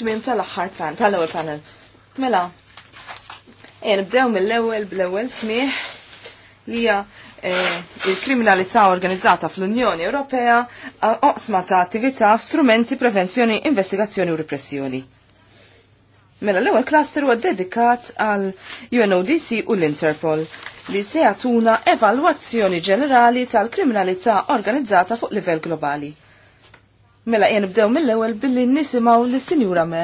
Tmien tal-axħar plan, tal-ewwel panel. Mela, e nibdew mill-ewwel bl-ewwel smih li hija eh, il-kriminalità organizzata fl-Unjoni Ewropea oqsma ta' attività, strumenti, prevenzjoni, investigazzjoni u repressjoni. Mela l-ewwel cluster huwa dedikat għal UNODC u l-Interpol li se jagħtuna evalwazzjoni ġenerali tal-kriminalità organizzata fuq livell globali. Mela jen bdew mill-ewwel billi nisimgħu lis sinjura me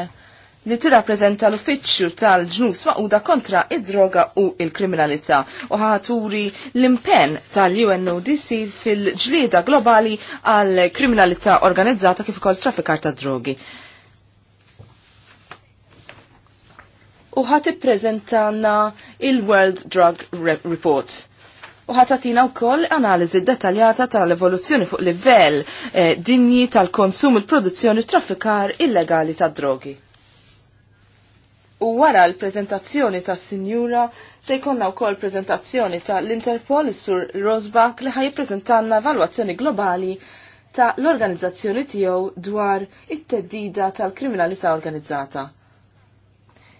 li tirrappreżenta l-uffiċċju tal-ġnus maquda kontra id-droga u il-kriminalità u ħaturi l-impenn tal-UNODC fil-ġlieda globali għal kriminalità organizzata kif ukoll traffikar ta' drogi. U ħat prezentana il-World Drug Report u ħatatina u koll analizi dettaljata tal-evoluzzjoni fuq livell eh, dinji tal-konsum il-produzzjoni traffikar illegali ta' drogi. U wara l-prezentazzjoni ta' sinjura se jkonna u koll prezentazzjoni ta' l-Interpol sur Rosbach li prezentanna valwazzjoni globali ta' l-organizzazzjoni tiegħu dwar it-teddida tal-kriminalità organizzata.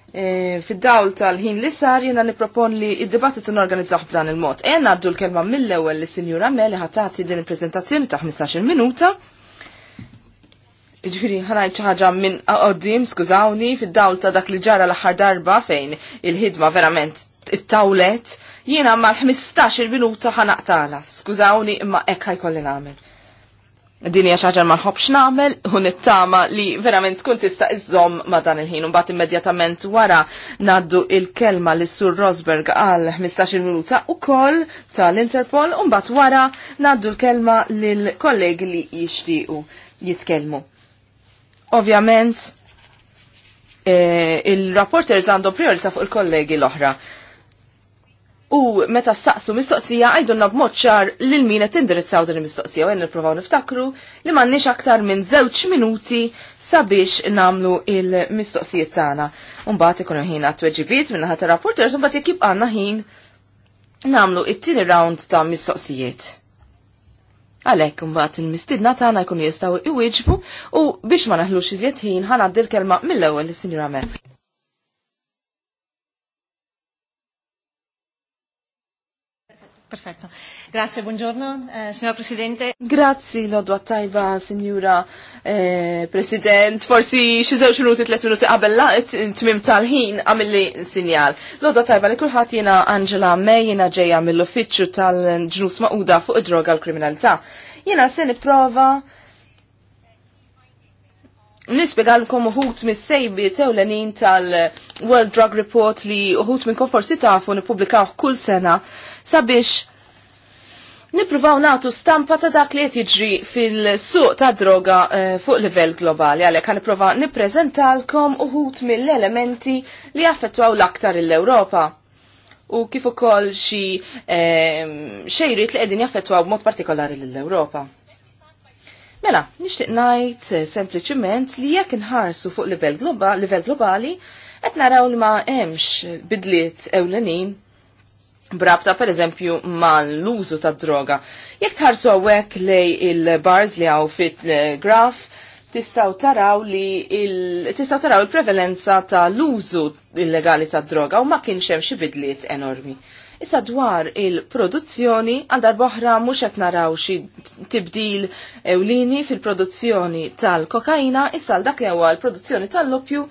E, fid-dawl tal-ħin li sar jena nipropon li id-dibattitu norganizzaw b'dan il-mod. E għaddu l-kelma mill-ewel li Sinjur Ameli ħatati din il-prezentazzjoni ta' 15 minuta. Ġifiri, ħanajt ħaġa minn għoddim, skużawni, fid-dawl ta' dak li ġara l-aħħar darba fejn il-ħidma verament it-tawlet, jiena mal-15 minuta ħanaqtala. Skużawni, imma ekk kollin namel din hija xi ħaġa ma nħobbx nagħmel u nittama li verament kun tista' iżżomm ma dan il-ħin u mbagħad immedjatament wara ngħaddu il-kelma lis sur Rosberg għal 15-il minuta ukoll tal-Interpol u mbagħad wara ngħaddu l-kelma lil kollegi li jixtiequ jitkellmu. Ovvjament, eh, il-rapporters għandhom priorita fuq il-kollegi l-oħra. U meta saqsu mistoqsija għajdunna b-moċċar ċar lil min qed indirizzaw din il-mistoqsija u nippruvaw niftakru li m'għandniex aktar minn żewġ minuti sabiex namlu il-mistoqsijiet tagħna. Mbagħad ikunu ħin għat tweġibiet minn ħat rapporters u mbagħad jekk jibqa' ħin namlu it-tieni round ta' mistoqsijiet. Għalhekk imbagħad il-mistidna tagħna jkunu jistgħu iwieġbu u biex ma naħlux iżjed ħin ħan l-kelma mill-ewwel lis-Sinjura Mel. Perfetto. Grazie, buongiorno, eh, signora Presidente. Grazzi, lodwa tajba, signora eh, President. Forsi xizew xinuti tlet minuti qabel laqt tmim tal-ħin għamilli sinjal. Lodwa tajba li kulħadd jiena Angela May jiena ġejja mill-uffiċċju tal-ġnus maquda fuq id-droga l-kriminalità. Jiena se nipprova prova nispiegalkom uħut mis-sejbi l-enin tal-World Drug Report li uħut minn konforsi tafu nipublikaw kull sena sabiex nipruvaw natu stampa ta' dak li qed jiġri fil-suq ta' droga eh, fuq livell globali għalhekk ħanipprova nippreżentalkom uħut mill-elementi li affettwaw l-aktar l-Ewropa u kif ukoll xi eh, xejrit li qegħdin jaffettwaw b'mod partikolari lill-Ewropa. Mela, nixtieq ngħid eh, sempliciment li jekk inħarsu fuq livell globali, level globali qed naraw li ma hemmx bidliet ewlenin brabta per eżempju mal-użu ta' droga. Jekk tħarsu għawek lej il-bars li għaw fit-graf, eh, tistaw taraw li il, tistaw taraw il-prevalenza ta' l-użu illegali ta' droga u ma kienx hemm xi bidliet enormi. Issa dwar il-produzzjoni għal darboħra mhux qed naraw xi tibdil ewlini fil-produzzjoni tal-kokaina, issa għal dak li huwa l-produzzjoni tal-loppju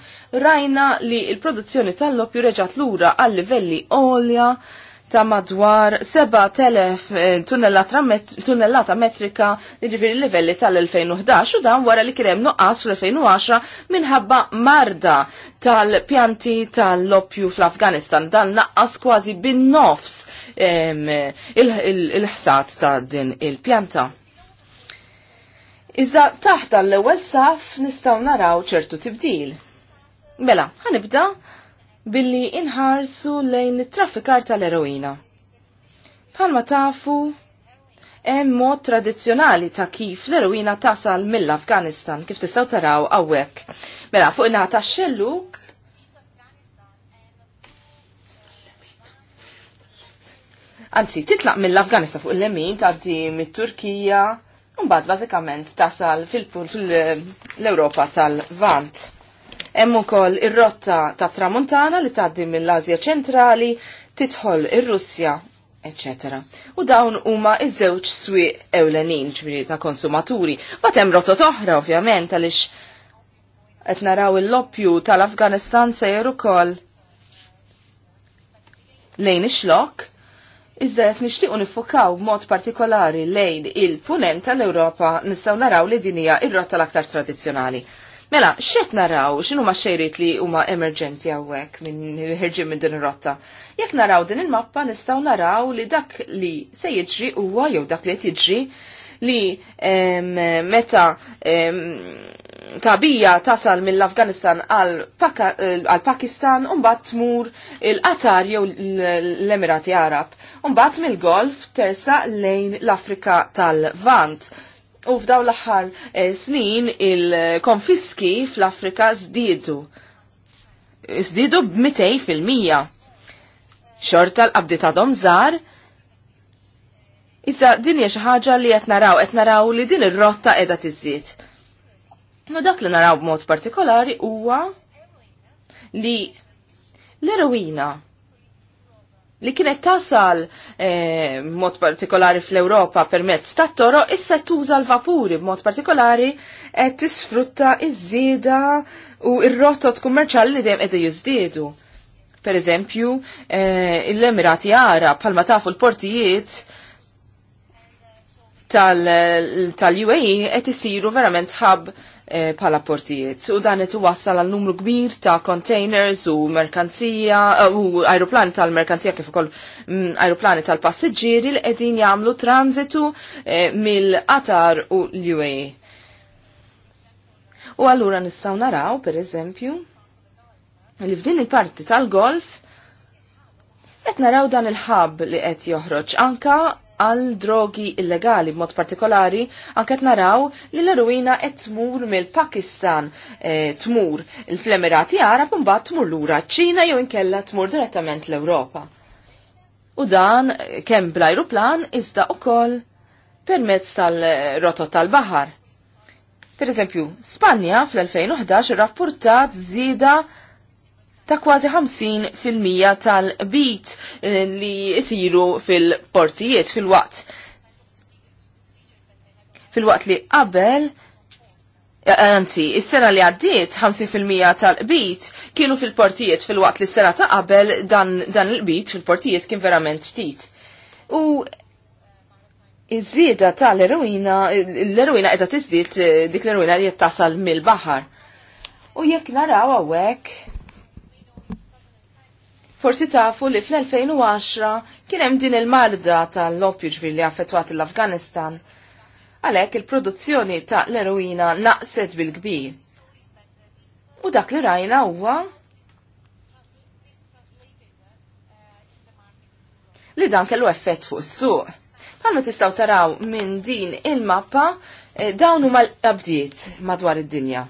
rajna li l-produzzjoni tal-loppju reġgħet lura għal livelli olja ta' madwar 7000 eh, tunnellat met tunnellata metrika ġifiri livelli tal-2011 u dan wara li kien hemm nuqqas fl-2010 minħabba marda tal-pjanti tal-loppju fl-Afganistan dan naqqas kważi bin-nofs il-ħsat ta' din il-pjanta. Iżda taħt l ewwel saf nistgħu naraw ċertu tibdil. Mela, ħanibda billi inħarsu lejn it-traffikar tal-eroina. Bħalma tafu, hemm mod tradizzjonali ta' kif l-eroina tasal mill-Afganistan, kif tistgħu taraw għawek. Mela fuq ta' xelluk Anzi, titlaq mill-Afganistan fuq il-lemin, di mit-Turkija, un-bad bażikament tasal fil-Europa tal-Vant. Hemm ukoll ir-rotta ta' Tramuntana li tgħaddi mill-Asja ċentrali titħol ir-Russja etc. U dawn huma iż-żewġ swieq ewlenin ġbiri ta' konsumaturi. Ma hemm rotot oħra ovvjament għaliex qed naraw il-loppju tal-Afganistan sejjer ukoll lejn ix Iżda qed nixtiequ nifukaw b'mod partikolari lejn il-punent tal-Ewropa nistgħu naraw li din hija r-rotta l-aktar tradizzjonali. Mela, xet naraw, xinu ma xejrit li huma emerġenti għawek minn ħirġin minn din rotta. Jekk naraw din il-mappa nistaw naraw li dak li se jiġri huwa jew dak li jġri jiġri li em, meta em, tabija tasal mill-Afganistan għal Pakistan umbat tmur il-Qatar jew l-Emirati Arab. Umbat mill-Golf tersa lejn l-Afrika tal-Vant U f'daw l-aħħar eh, snin il-konfiski fl-Afrika żdiedu. Żdiedu b'200 fil-mija. Xorta l-qabdi ta' domżar, Iżda din hija xi ħaġa li qed naraw qed naraw li din ir-rotta qiegħda tiżdied. U dak li naraw b'mod partikolari huwa li l erwina li kienet tasal eh, mod partikolari fl-Europa permezz ta' toro issa tuża l-vapuri b'mod partikolari qed tisfrutta iż-żieda u r-rotot kummerċali li dejjem qegħdu jiżdiedu. Per eżempju, eh, l-Emirati Arab bħalma tafu l-portijiet tal-UAE qed isiru verament ħab Eh, pala portijiet. U dan qed iwassal għal numru kbir ta' containers u merkanzija eh, u aeroplani tal-merkanzija kif ukoll mm, aeroplani tal-passiġġieri li qegħdin jagħmlu transitu eh, mill-qatar u l ua e. U allura nistgħu naraw, pereżempju, li f'din il-parti tal-golf qed naraw dan il-ħab li qed joħroġ anka għal drogi illegali b'mod partikolari, anke naraw li l-eruina qed tmur mill-Pakistan e, tmur il-Flemirati Arab mbagħad tmur lura ċ-Ċina jew inkella tmur direttament l-Ewropa. U dan kemm bl-ajruplan iżda wkoll permezz tal-rotot tal-baħar. Per eżempju, Spanja fl-2011 rapportat zida ta' kważi 50% tal-bit eh, li jisiru fil-portijiet fil-waqt. Fil-waqt li qabel eh, Anzi, is-sena li għaddiet 50% tal bit kienu fil-portijiet fil-waqt li s-sena ta' qabel dan, dan il bit fil-portijiet kien verament ftit. U iż-żieda tal-eroina, l-eroina qiegħda tiżdiet eh, dik l-eroina li jittasal mill-baħar. U jekk naraw għawek, Forsi tafu li fl-2010 kien hemm din il-marda tal-opju ġvir li affettwat l-Afganistan. Għalhekk il-produzzjoni ta' l-eroina naqset bil-kbir. U dak li rajna huwa li dan kellu effett fuq is-suq. Palma tistgħu taraw minn din il-mappa eh, dawn huma l abdiet madwar id-dinja.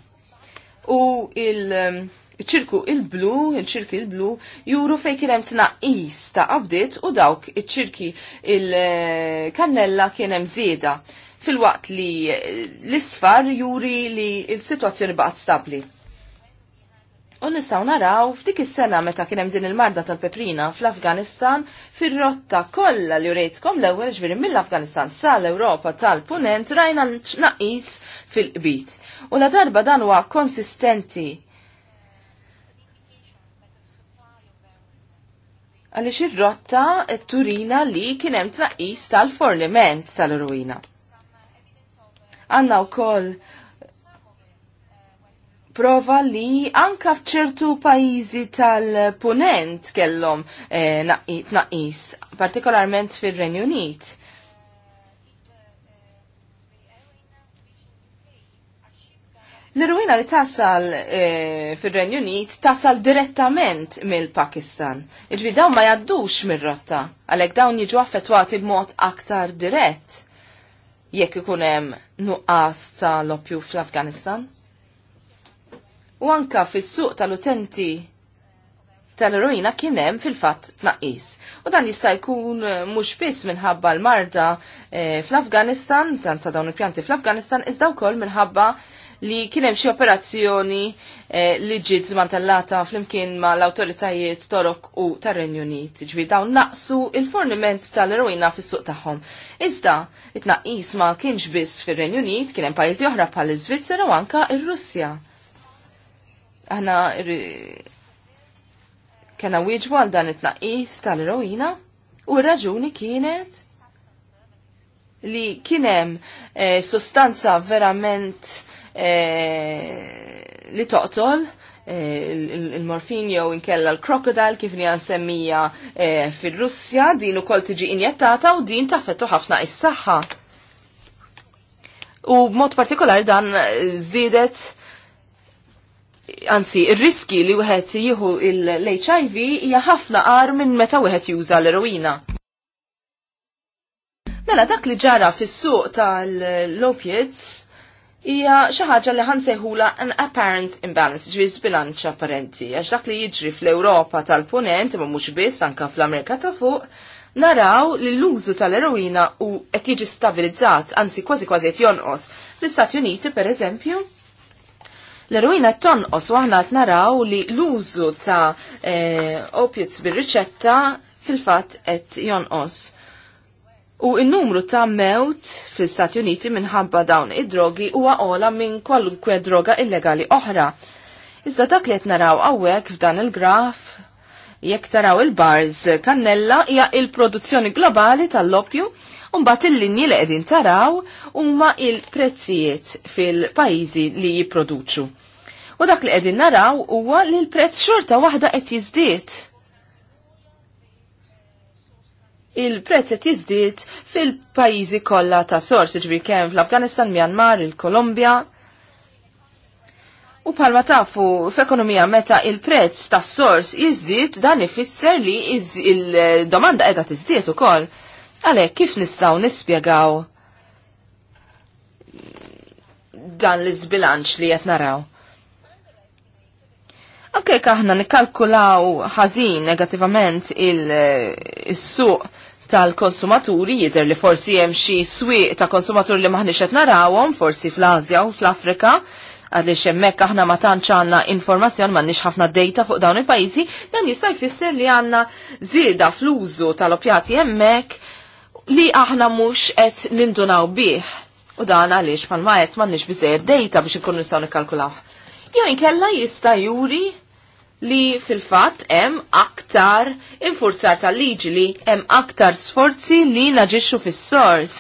U il- ċirku il-blu, il-ċirki il-blu, juru fej kienem tnaqis ta' qabdiet u dawk il-ċirki il-kannella kienem zieda fil-waqt li l-isfar juri li il-situazzjoni baqat stabli. U nistaw naraw f'dik is-sena meta kien hemm din il-marda tal-peprina fl-Afganistan fir-rotta kollha li jurejtkom l-ewwel ġifieri mill-Afganistan sa l ewropa tal-Punent rajna naqis fil-qbit. U la darba dan huwa konsistenti għaliex ir-rotta turina li kien hemm tnaqqis tal-forniment tal Għanna u wkoll prova li anka fċertu pajizi tal-punent kellhom eh, tnaqis, partikolarment fir-Renju Unit. l li tasal e, fil-Renju Unit tasal direttament mill-Pakistan. Iġvi dawn ma jaddux mir-rotta, għalek dawn jiġu affettwati b'mod aktar dirett jekk ikun hemm nuqqas l oppju fl-Afganistan. U anka fis-suq tal-utenti tal-eroina kien hemm fil-fatt naqis. U dan jista' jkun e, mhux biss minħabba l-marda e, fl-Afganistan, tant ta' dawn il-pjanti fl-Afganistan, iżda wkoll minħabba li kien hemm xi operazzjoni eh, li ġiet zman tal-lata flimkien ma l-awtoritajiet Torok u tar-Renju Unit. Ġvi dawn naqsu il-forniment tal erwina fis-suq tagħhom. Iżda, it-tnaqqis ma kienx biss fir-Renju Unit, kien hemm pajjiżi oħra pal iżvizzera u anka il russja Aħna kena wieġbu għal dan it-tnaqqis tal-erojna u r-raġuni kienet li kienem eh, sostanza verament Eh, li toqtol eh, il-morfin jew inkella l-krokodil kif li semmija eh, fil-Russja din ukoll tiġi injettata u din taffettu ħafna is-saħħa. U b'mod partikolari dan żdiedet anzi, ir-riski li wieħed jieħu l-HIV hija ħafna qar minn meta wieħed juża l-eroina. Mela dak li ġara fis-suq tal-opiates hija xi ħaġa li ħansejħula an apparent imbalance, ġifieri sbilanċ apparenti, għax dak li jiġri fl-Ewropa tal-Punent imma mhux biss anke fl-Amerika ta' fuq, naraw li l-użu tal-eroina u qed jiġi stabilizzat, anzi kważi kważi qed jonqos. L-Istati Uniti, per eżempju, l-eroina tonqos u aħna qed naraw li l-użu ta' eh, opiates bir-riċetta fil-fatt qed jonqos. U n-numru ta' mewt fil-Stati Uniti minħabba dawn id-drogi huwa ola minn kwalunkwe droga illegali oħra. Iżda dak li qed naraw hawnhekk f'dan il-graf jekk taraw il-bars kannella hija il-produzzjoni globali tal lopju u mbagħad il-linji li qegħdin taraw huma il-prezzijiet fil-pajjiżi li jipproduċu. U dak li qegħdin naraw huwa li l-prezz xorta waħda qed jiżdied il-prezz qed jiżdied fil-pajjiżi kollha ta' sors, jiġri kemm fl-Afganistan, Myanmar, il-Kolombja. U palma tafu f'ekonomija meta il-prezz tas sors jiżdied dan ifisser li il-domanda qiegħda tiżdied ukoll. Għalhekk kif nistgħu nispjegaw dan l-iżbilanċ li qed naraw? Anke aħna nikkalkulaw ħażin negattivament il-suq tal-konsumaturi jidher li forsi hemm xi swieq ta' konsumaturi li maħniex qed narawhom forsi fl-Asja u fl-Afrika għaliex hemmhekk aħna ma tantx għandna informazzjoni m'għandniex ħafna data fuq dawn il-pajjiżi, dan jista' jfisser li għandna żieda fl-użu tal-opjati hemmhekk li aħna mhux qed nindunaw bih. U dan għaliex palma qed m'għandniex biżejjed data biex inkunu nistgħu nikkalkulaw. Jo inkella jista' juri li fil-fatt hemm aktar infurzar tal-liġi li hemm aktar sforzi li naġixxu fis-sors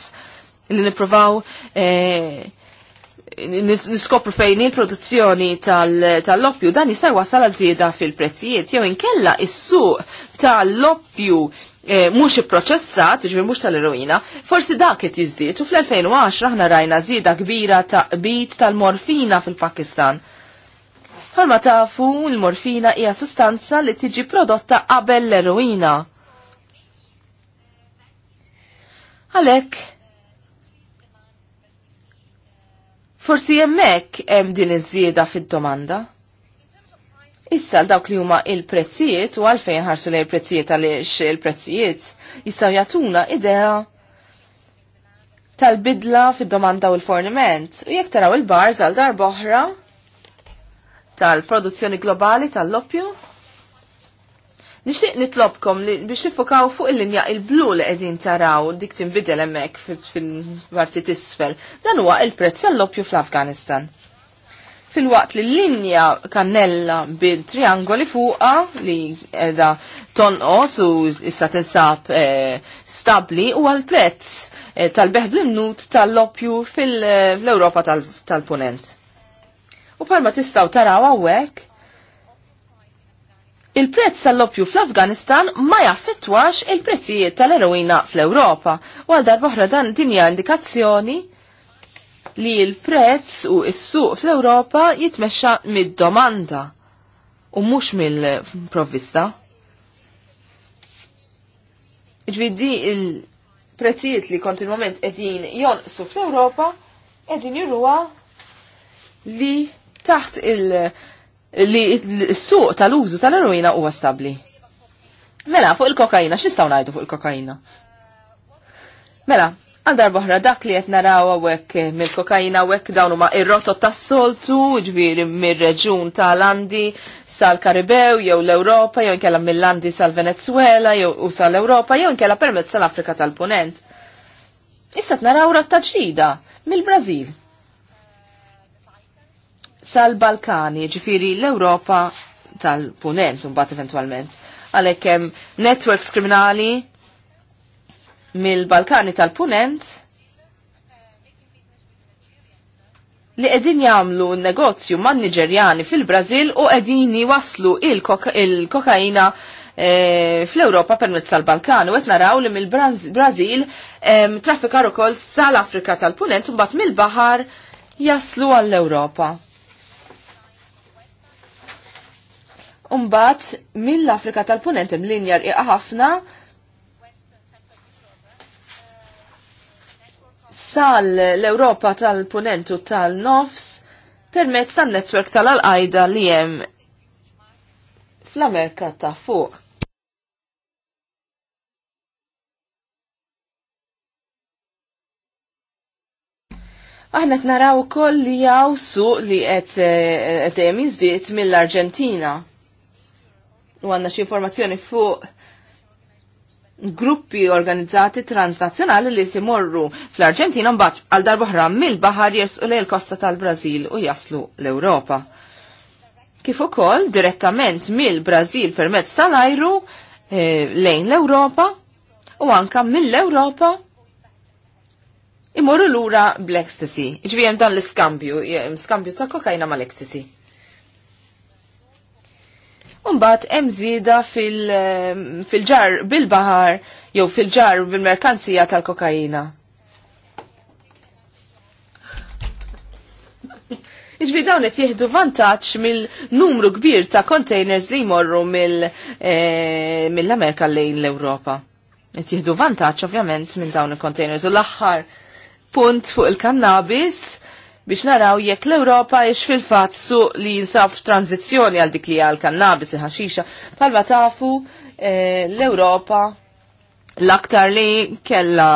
li nippruvaw eh, niskopru fejn il-produzzjoni tal-loppju dan jista' jwassal żieda fil-prezzijiet jew inkella is-suq tal-loppju eh, mhux ipproċessat, ġifier mhux tal-eroina, forsi dak qed jiżdied u fl-2010 aħna rajna żieda kbira ta' qbit tal-morfina fil-Pakistan. Palma tafu l-morfina hija sustanza li tiġi prodotta qabel l-eroina. Għalek, forsi jemmek hemm din iż-żieda fid-domanda. Issa l-dawk li huma il-prezzijiet u għalfejn ħarsu lej il-prezzijiet għaliex il-prezzijiet jistaw jatuna idea tal-bidla fid-domanda u l-forniment. U jekk taraw il-bars għal darba oħra, tal-produzzjoni globali tal-loppju. Nixtieq nitlobkom li biex nifokaw fuq il-linja il-blu li qegħdin taraw dik tinbidel hemmhekk fil-parti tisfel. Dan huwa il-prezz tal-loppju fl-Afganistan. Fil-waqt li l-linja kannella bil triangoli fuqa li edha tonqos u issa tinsab eh, stabli u għal-prezz eh, tal-beħblimnut tal-loppju fil-Europa tal-Punent. tal beħblimnut tal loppju fil europa tal ponent tal tal punent U parma tistaw taraw għawek, il-prezz tal-lopju fl-Afganistan ma jaffettwax il-prezzijiet tal-eroina fl-Europa. U għal boħra dan dinja indikazzjoni li il-prezz u s-suq fl-Europa jitmexxa mid-domanda u mhux mill-provvista. Ġvidi il-prezzijiet li edin qegħdin jonqsu fl-Europa qegħdin jirruha li taħt il- li s-suq tal-użu tal-eroina huwa stabbli. Mela, fuq il-kokaina, xistaw ngħidu fuq il-kokaina? Mela, għandar boħra dak li qed narawa wek mill-kokaina wek dawn huma ir-rotot tas-soltu, ġviri mir-reġun tal-Andi sal-Karibew jew l-Ewropa jew nkella mill-Andi sal-Venezuela jew u sal europa jew nkella permezz tal-Afrika tal-Punent. Issa naraw rotta ġdida mill-Brażil sal-Balkani, ġifiri l-Europa tal-punent, bat eventualment. Għalek hemm networks kriminali mill-Balkani tal-punent li edin jamlu negozju man nigerjani fil-Brazil u edin waslu il-kokaina e, fl-Europa permezz tal-Balkan u qed naraw li mill-Brażil e, traffikar ukoll sal-Afrika tal-Punent un bat mill-baħar jaslu għall-Ewropa. Umbat, mill-Afrika tal-Punent imlinjar iqa ħafna sal l-Europa tal-Punent u tal-Nofs permezz tan-netwerk tal-Al-Qaida li hemm fl-Amerika ta' fuq. Aħna t-naraw koll li jaw suq li għet għet eh, mill-Arġentina u għanna xie informazzjoni fuq gruppi organizzati transnazzjonali li simorru fl-Arġentina mbagħad għal darbohra mill-baħar jersqu lejn il-kosta tal-Brażil u jaslu l-Ewropa. Kif ukoll direttament mill-Brażil permezz tal-ajru e, lejn l-Ewropa u anka mill-Ewropa imorru lura bl-ecstasy. Iġvijem dan l-skambju, skambju ta' kokajna mal-ecstasy. Unbat hemm żieda ehm, fil-ġar bil-baħar jew fil-ġar bil-merkanzija tal-kokaina. Iġbi dawn qed jieħdu vantaġġ mill-numru kbir ta' containers li jmorru ehm, mill-Amerika eh, mil lejn l-Ewropa. Qed jieħdu vantaġġ ovvjament minn dawn il-containers u l-aħħar punt fuq il-kannabis biex naraw jekk l-Ewropa ix fil-fat su li jinsab tranzizjoni għal dik li għal kannabis il-ħaxixa. Palma tafu eh, l-Ewropa l-aktar li kella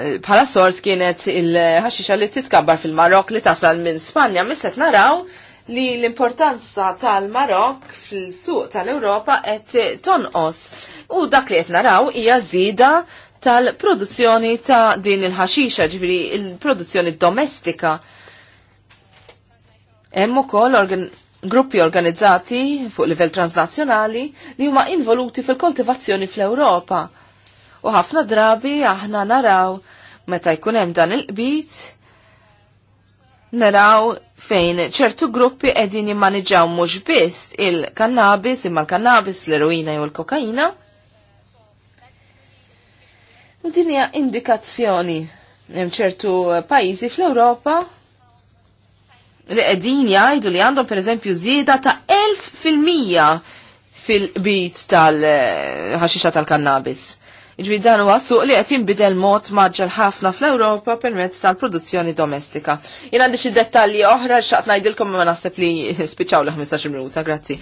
eh, bħala sors kienet il-ħaxixa li titkabbar fil-Marok li tasal minn Spanja. Misset naraw li l-importanza tal-Marok fil-suq tal-Ewropa qed tonqos. U dak li qed naraw hija żida tal-produzzjoni ta' din il-ħaxixa, ġifieri il-produzzjoni domestika Hemm ukoll organ gruppi organizzati fuq livell transnazzjonali li huma involuti fil-koltivazzjoni fl-Ewropa. U ħafna drabi aħna naraw meta jkun hemm dan il-qbit naraw fejn ċertu gruppi qegħdin jimmaniġġaw mhux biss il-kannabis imma l-kannabis, l-eroina jew l-kokaina. U din hija indikazzjoni hemm ċertu pajjiżi fl-Ewropa li qegħdin jgħidu li għandhom pereżempju żieda ta' 1000% fil-bit tal-ħaxixa tal-kannabis. Ġvid dan huwa suq li qed jinbidel mod maġġar ħafna fl-Ewropa permezz tal-produzzjoni domestika. Jien għandi xi dettalji oħra x'qed ngħidilkom ma naħseb li spiċċaw l 15 minuta, grazzi.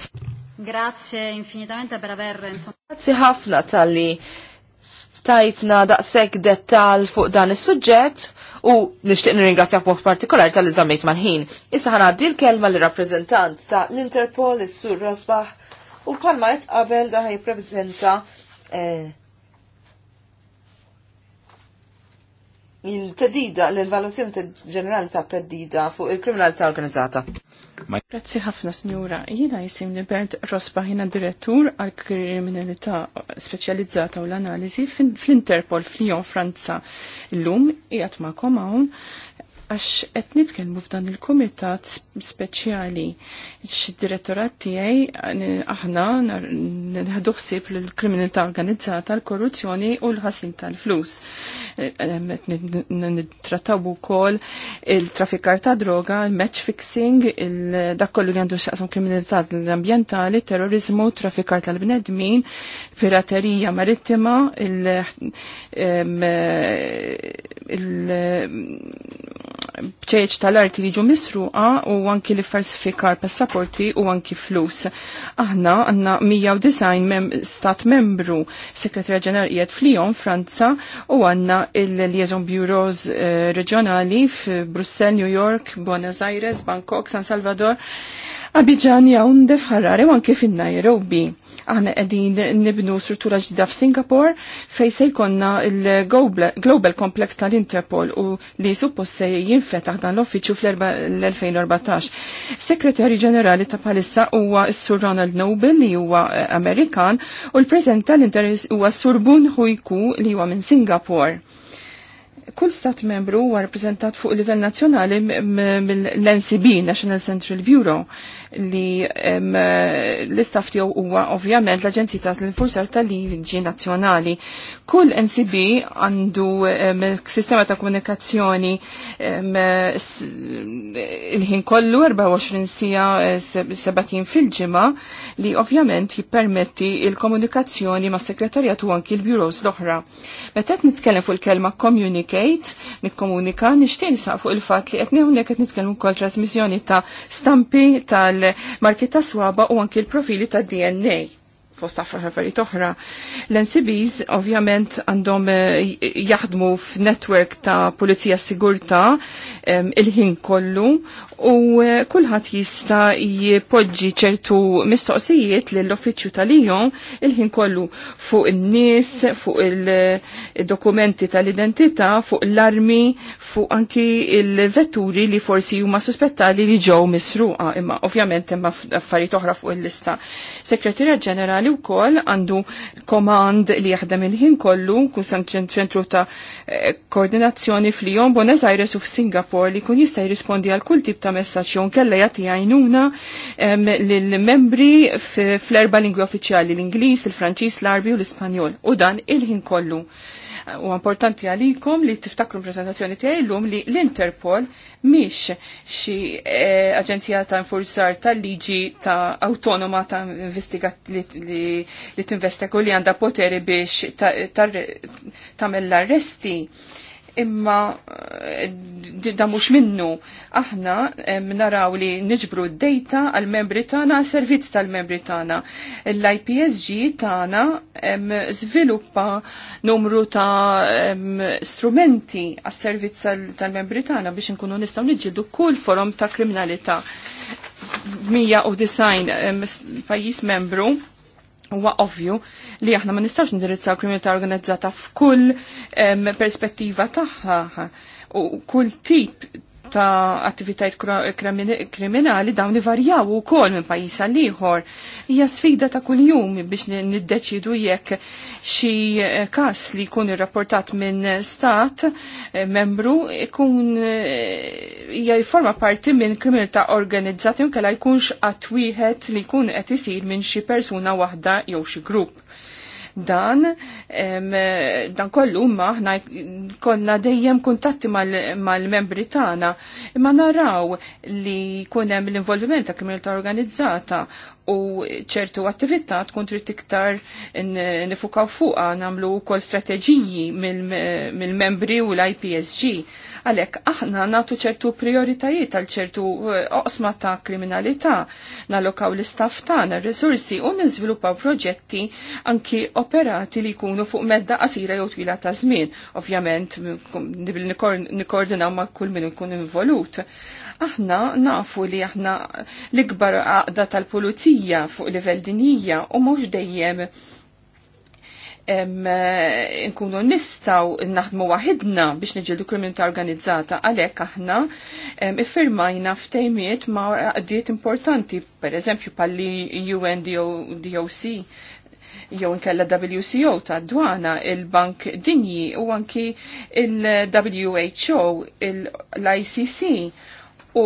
Grazie infinitamente per aver insomma. Grazzi ħafna tal-li tajtna daqshekk dettal fuq dan is-suġġett u nixtieq nirringrazzjak b'mod partikolari tal iżammejt mal-ħin. Issa ħanaddi l-kelma l-rappreżentant ta' l-Interpol is-Sur Rosbach u palma qed qabel da jippreżenta. eh, il tadida l evaluazzjoni ġenerali ta' tadida fuq il-kriminalità organizzata. Grazzi ħafna, Signora. Jina jisim li Bert Rosba jina direttur għal kriminalità specializzata u l-analizi fl-Interpol fl-Lyon Franza. L-lum jgħat ma' komawn għax qed nitkellmu f'dan il-kumitat speċjali x-direttorat tiegħi aħna nħadu ħsieb l-kriminalità organizzata, l-korruzzjoni u l ħasim tal-flus nittrattaw ukoll il-traffikar ta' droga, il-match fixing, dak kollu li għandu xaqsam kriminalità ambientali, terrorizmu, trafikar tal-bnedmin, piraterija marittima, il- bċeċ tal-arti li ġu misruqa u anki li falsifikar passaporti u anki flus. Aħna għanna 109 mem stat membru sekretarja ġenerijiet flijon Franza u għanna il-liaison bureaus eh, reġjonali f'Brussel, New York, Buenos Aires, Bangkok, San Salvador, Abidjan, Jaun, Harare u għanki fin-Nairobi Aħna qegħdin nibnu struttura ġdida f'Singapore fejn se jkollna il-Global Complex tal-Interpol u li suppost se jinfetaħ dan l offiċu fl-2014. Sekretari Ġenerali ta' palissa huwa s-Sur Ronald Noble li huwa eh, Amerikan u l prezent tal-Interess huwa Sur Bun Huiku li huwa minn Singapore kull stat membru huwa rappreżentat fuq livell nazzjonali mill-NCB, National Central Bureau, li l-istaff tiegħu huwa ovvjament l-Aġenzija tal-Infurzar tal-Liġi Nazzjonali. Kull NCB għandu sistema ta' komunikazzjoni il-ħin kollu 24 sija 70 fil-ġimgħa li ovvjament jippermetti il-komunikazzjoni ma' sekretarjat u anki l-bureaus l-oħra. Meta nitkellem fuq il-kelma communicate, ngħid, nikkomunika, nixtieq nisaq fuq il-fatt li qed hawnhekk qed nitkellmu wkoll trasmissjoni ta' stampi tal-marki ta' swaba u anki l-profili tad-DNA fost għafra ħaffariet oħra. L-NCBs ovvjament għandhom eh, jaħdmu f'netwerk ta' pulizija sigurta il-ħin kollu u eh, kulħadd jista' jipoġġi ċertu mistoqsijiet lill uffiċċju tal-ijom il-ħin kollu fuq in-nies, fuq il-dokumenti eh, tal-identità, fuq l-armi, fuq anki il-vetturi li forsi huma suspettali li ġew misruqa, imma ovvjament imma affarijiet oħra fuq il-lista. Sekretarja Ġenerali u wkoll għandu komand li jaħdem il-ħin kollu kun ċentru ta' eh, koordinazzjoni fl-jom Buenos Aires u f-Singapore li kun jista' jirrispondi għal kull tip ta' messaċjon kella jagħti għajnuna lill-membri fl-erba' lingwi uffiċjali l inglis il-Franċiż, l-Arbi u l-Ispanjol u dan il-ħin kollu. U importanti għalikom li tiftakru prezentazzjoni tiegħi llum li l-Interpol mhix xi eh, aġenzija ta' infurzar tal-liġi ta' autonoma ta' investigat li tinvestek u li għandha poteri biex tagħmel l-arresti imma eh, da mhux minnu. Aħna eh, naraw li niġbru d-data għall membri tagħna servizz tal-membri tagħna. L-IPSG tagħna żviluppa numru ta' strumenti għas servizz tal-membri tagħna biex inkunu nistgħu niġġieldu kull forum ta' kriminalità. 190 pajjiż membru Huwa ovvju li aħna ma nistax ndirizzaw kriminalità organizzata f'kull perspettiva tagħha u kull tip ta' attivitajt kriminali dawn ivarjaw u kol minn pajis għal-liħor. Hija sfida ta' kuljum biex niddeċidu jekk xi eh, kas li jkun irrapportat minn stat eh, membru kun eh, ija jforma parti minn kriminalità organizzati u kella jkunx qatt wieħed li kun qed isir minn xi persuna waħda jew xi grupp dan, dan kollu ma ħna konna dejjem kuntatti mal-membri mal tagħna imma naraw li jkun hemm l-involviment ta' kriminalità organizzata u ċertu attività tkun trid iktar nifukaw fuqha nagħmlu wkoll strateġiji mill-membri u l-IPSG. Għalhekk aħna nagħtu ċertu prioritajiet għal ċertu eh, oqsma ta' kriminalità, nallokaw l-istaff tagħna r-resursi u niżviluppaw proġetti anki operati li jkunu fuq medda qasira jew twila ta' żmien. Ovvjament nikkoordinaw ma' kull min ikun involut. Aħna nafu li aħna l-ikbar għaqda tal-pulizija fuq livell dinija u mhux dejjem nkunu nistaw naħdmu waħidna biex nġildu kriminalità organizzata għalhekk aħna iffirmajna ftejmiet ma' għaddiet importanti, pereżempju palli UNDOC jew nkella WCO ta' dwana il-Bank Dinji u anki il-WHO, l-ICC u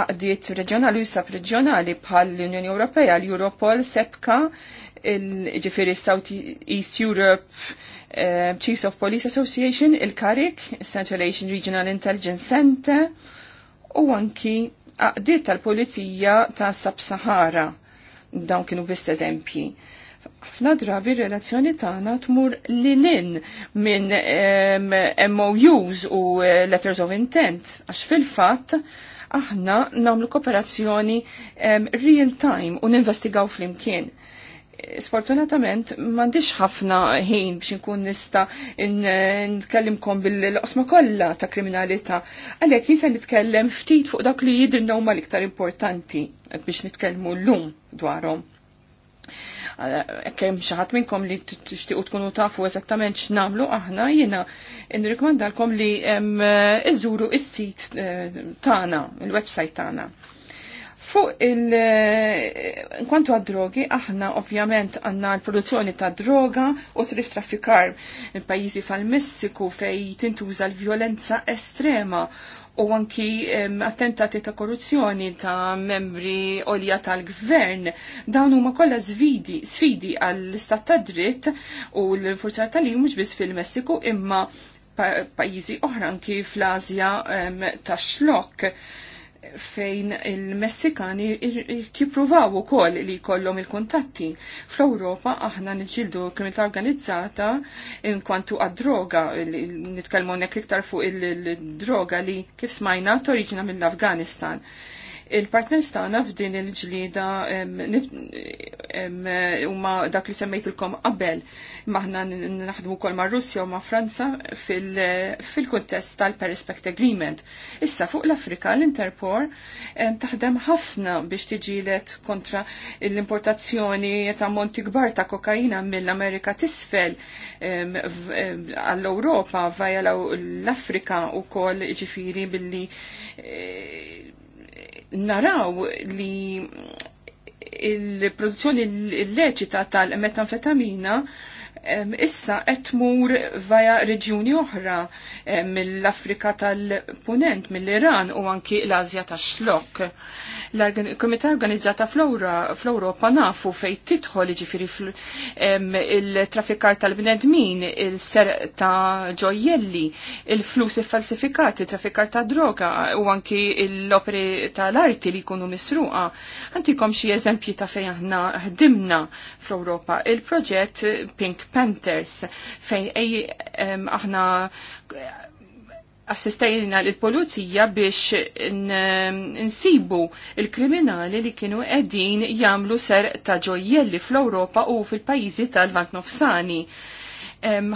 għaqdiet reġjonali u sab reġjonali bħal l-Unjoni Ewropea, l-Europol, SEPCA, ġifiri South East Europe, uh, Chiefs of Police Association, il-Karik, Central Asian Regional Intelligence Center, u anki għaqdiet tal-Polizija ta' Sab-Sahara. Dawn kienu biss eżempji. F'na drabi relazzjoni tagħna tmur lilin minn um, MOUs u eh, letters of intent, għax fil-fatt aħna namlu kooperazzjoni um, real time u ninvestigaw fl-imkien. Sfortunatament m'għandix ħafna ħin biex nkun nista nkellimkom bil osma kollha ta' kriminalità. Għalhekk jisa nitkellem ftit fuq dak li jidrinna huma l-iktar importanti biex nitkellmu llum dwarhom Kemm xi ħadd minnkom li tixtiequ tkunu tafu eżattament x'namlu aħna jiena nirrikmandalkom li iżuru is-sit eh, tagħna, il-website tagħna. Fuq il- eh, kwantu għad-drogi, aħna ovvjament għanna l-produzzjoni ta' droga u trif traffikar il-pajizi fal-Messiku fej tintuża l-violenza estrema u anki attentati ta' korruzzjoni ta' membri olja tal-gvern. Dawn huma kollha sfidi, sfidi għall-istat ta' dritt u l-forzar tal-li mhux biss fil-Messiku imma pajjiżi oħra anki fl-Asja tax-xlok fejn il-Messikani kipruvaw u koll li kollom il-kontatti. Fl-Europa aħna nġildu kriminalità organizzata kwantu għad-droga, nitkalmu nek iktar fuq il-droga li kif smajna t-oriġina mill-Afganistan il-partners tagħna f'din il-ġlieda huma dak li semmejtilkom qabel maħna naħdmu wkoll ma' Russja u ma' Franza fil-kuntest tal-Perspect Agreement. Issa fuq l-Afrika l-Interpol taħdem ħafna biex tiġilet kontra l-importazzjoni ta' monti kbar ta' kokaina mill-Amerika tisfel għall-Ewropa vaja l-Afrika u kol ġifiri billi eh, naraw li il-produzzjoni illeċita tal-metanfetamina issa qed tmur vaja reġjuni oħra mill-Afrika tal-Punent, mill-Iran u anki l-Azja tax-xlok. L-Komitat Organizzata fl-Ewropa nafu fejn tidħol jiġifieri il-traffikar tal-bnedmin, il-ser ta' ġojjelli, il-flus il-falsifikati, traffikar ta' droga u anki l-operi tal-arti li jkunu misruqa. Antikom xi eżempji ta' fejn aħna ħdimna fl-Ewropa. Il-proġett Pink Panthers fejn ej aħna assistejna l-polizija biex nsibu il-kriminali li kienu edin jamlu ser ta' ġojjelli fl-Europa u fil-pajizi tal-Vant Nofsani.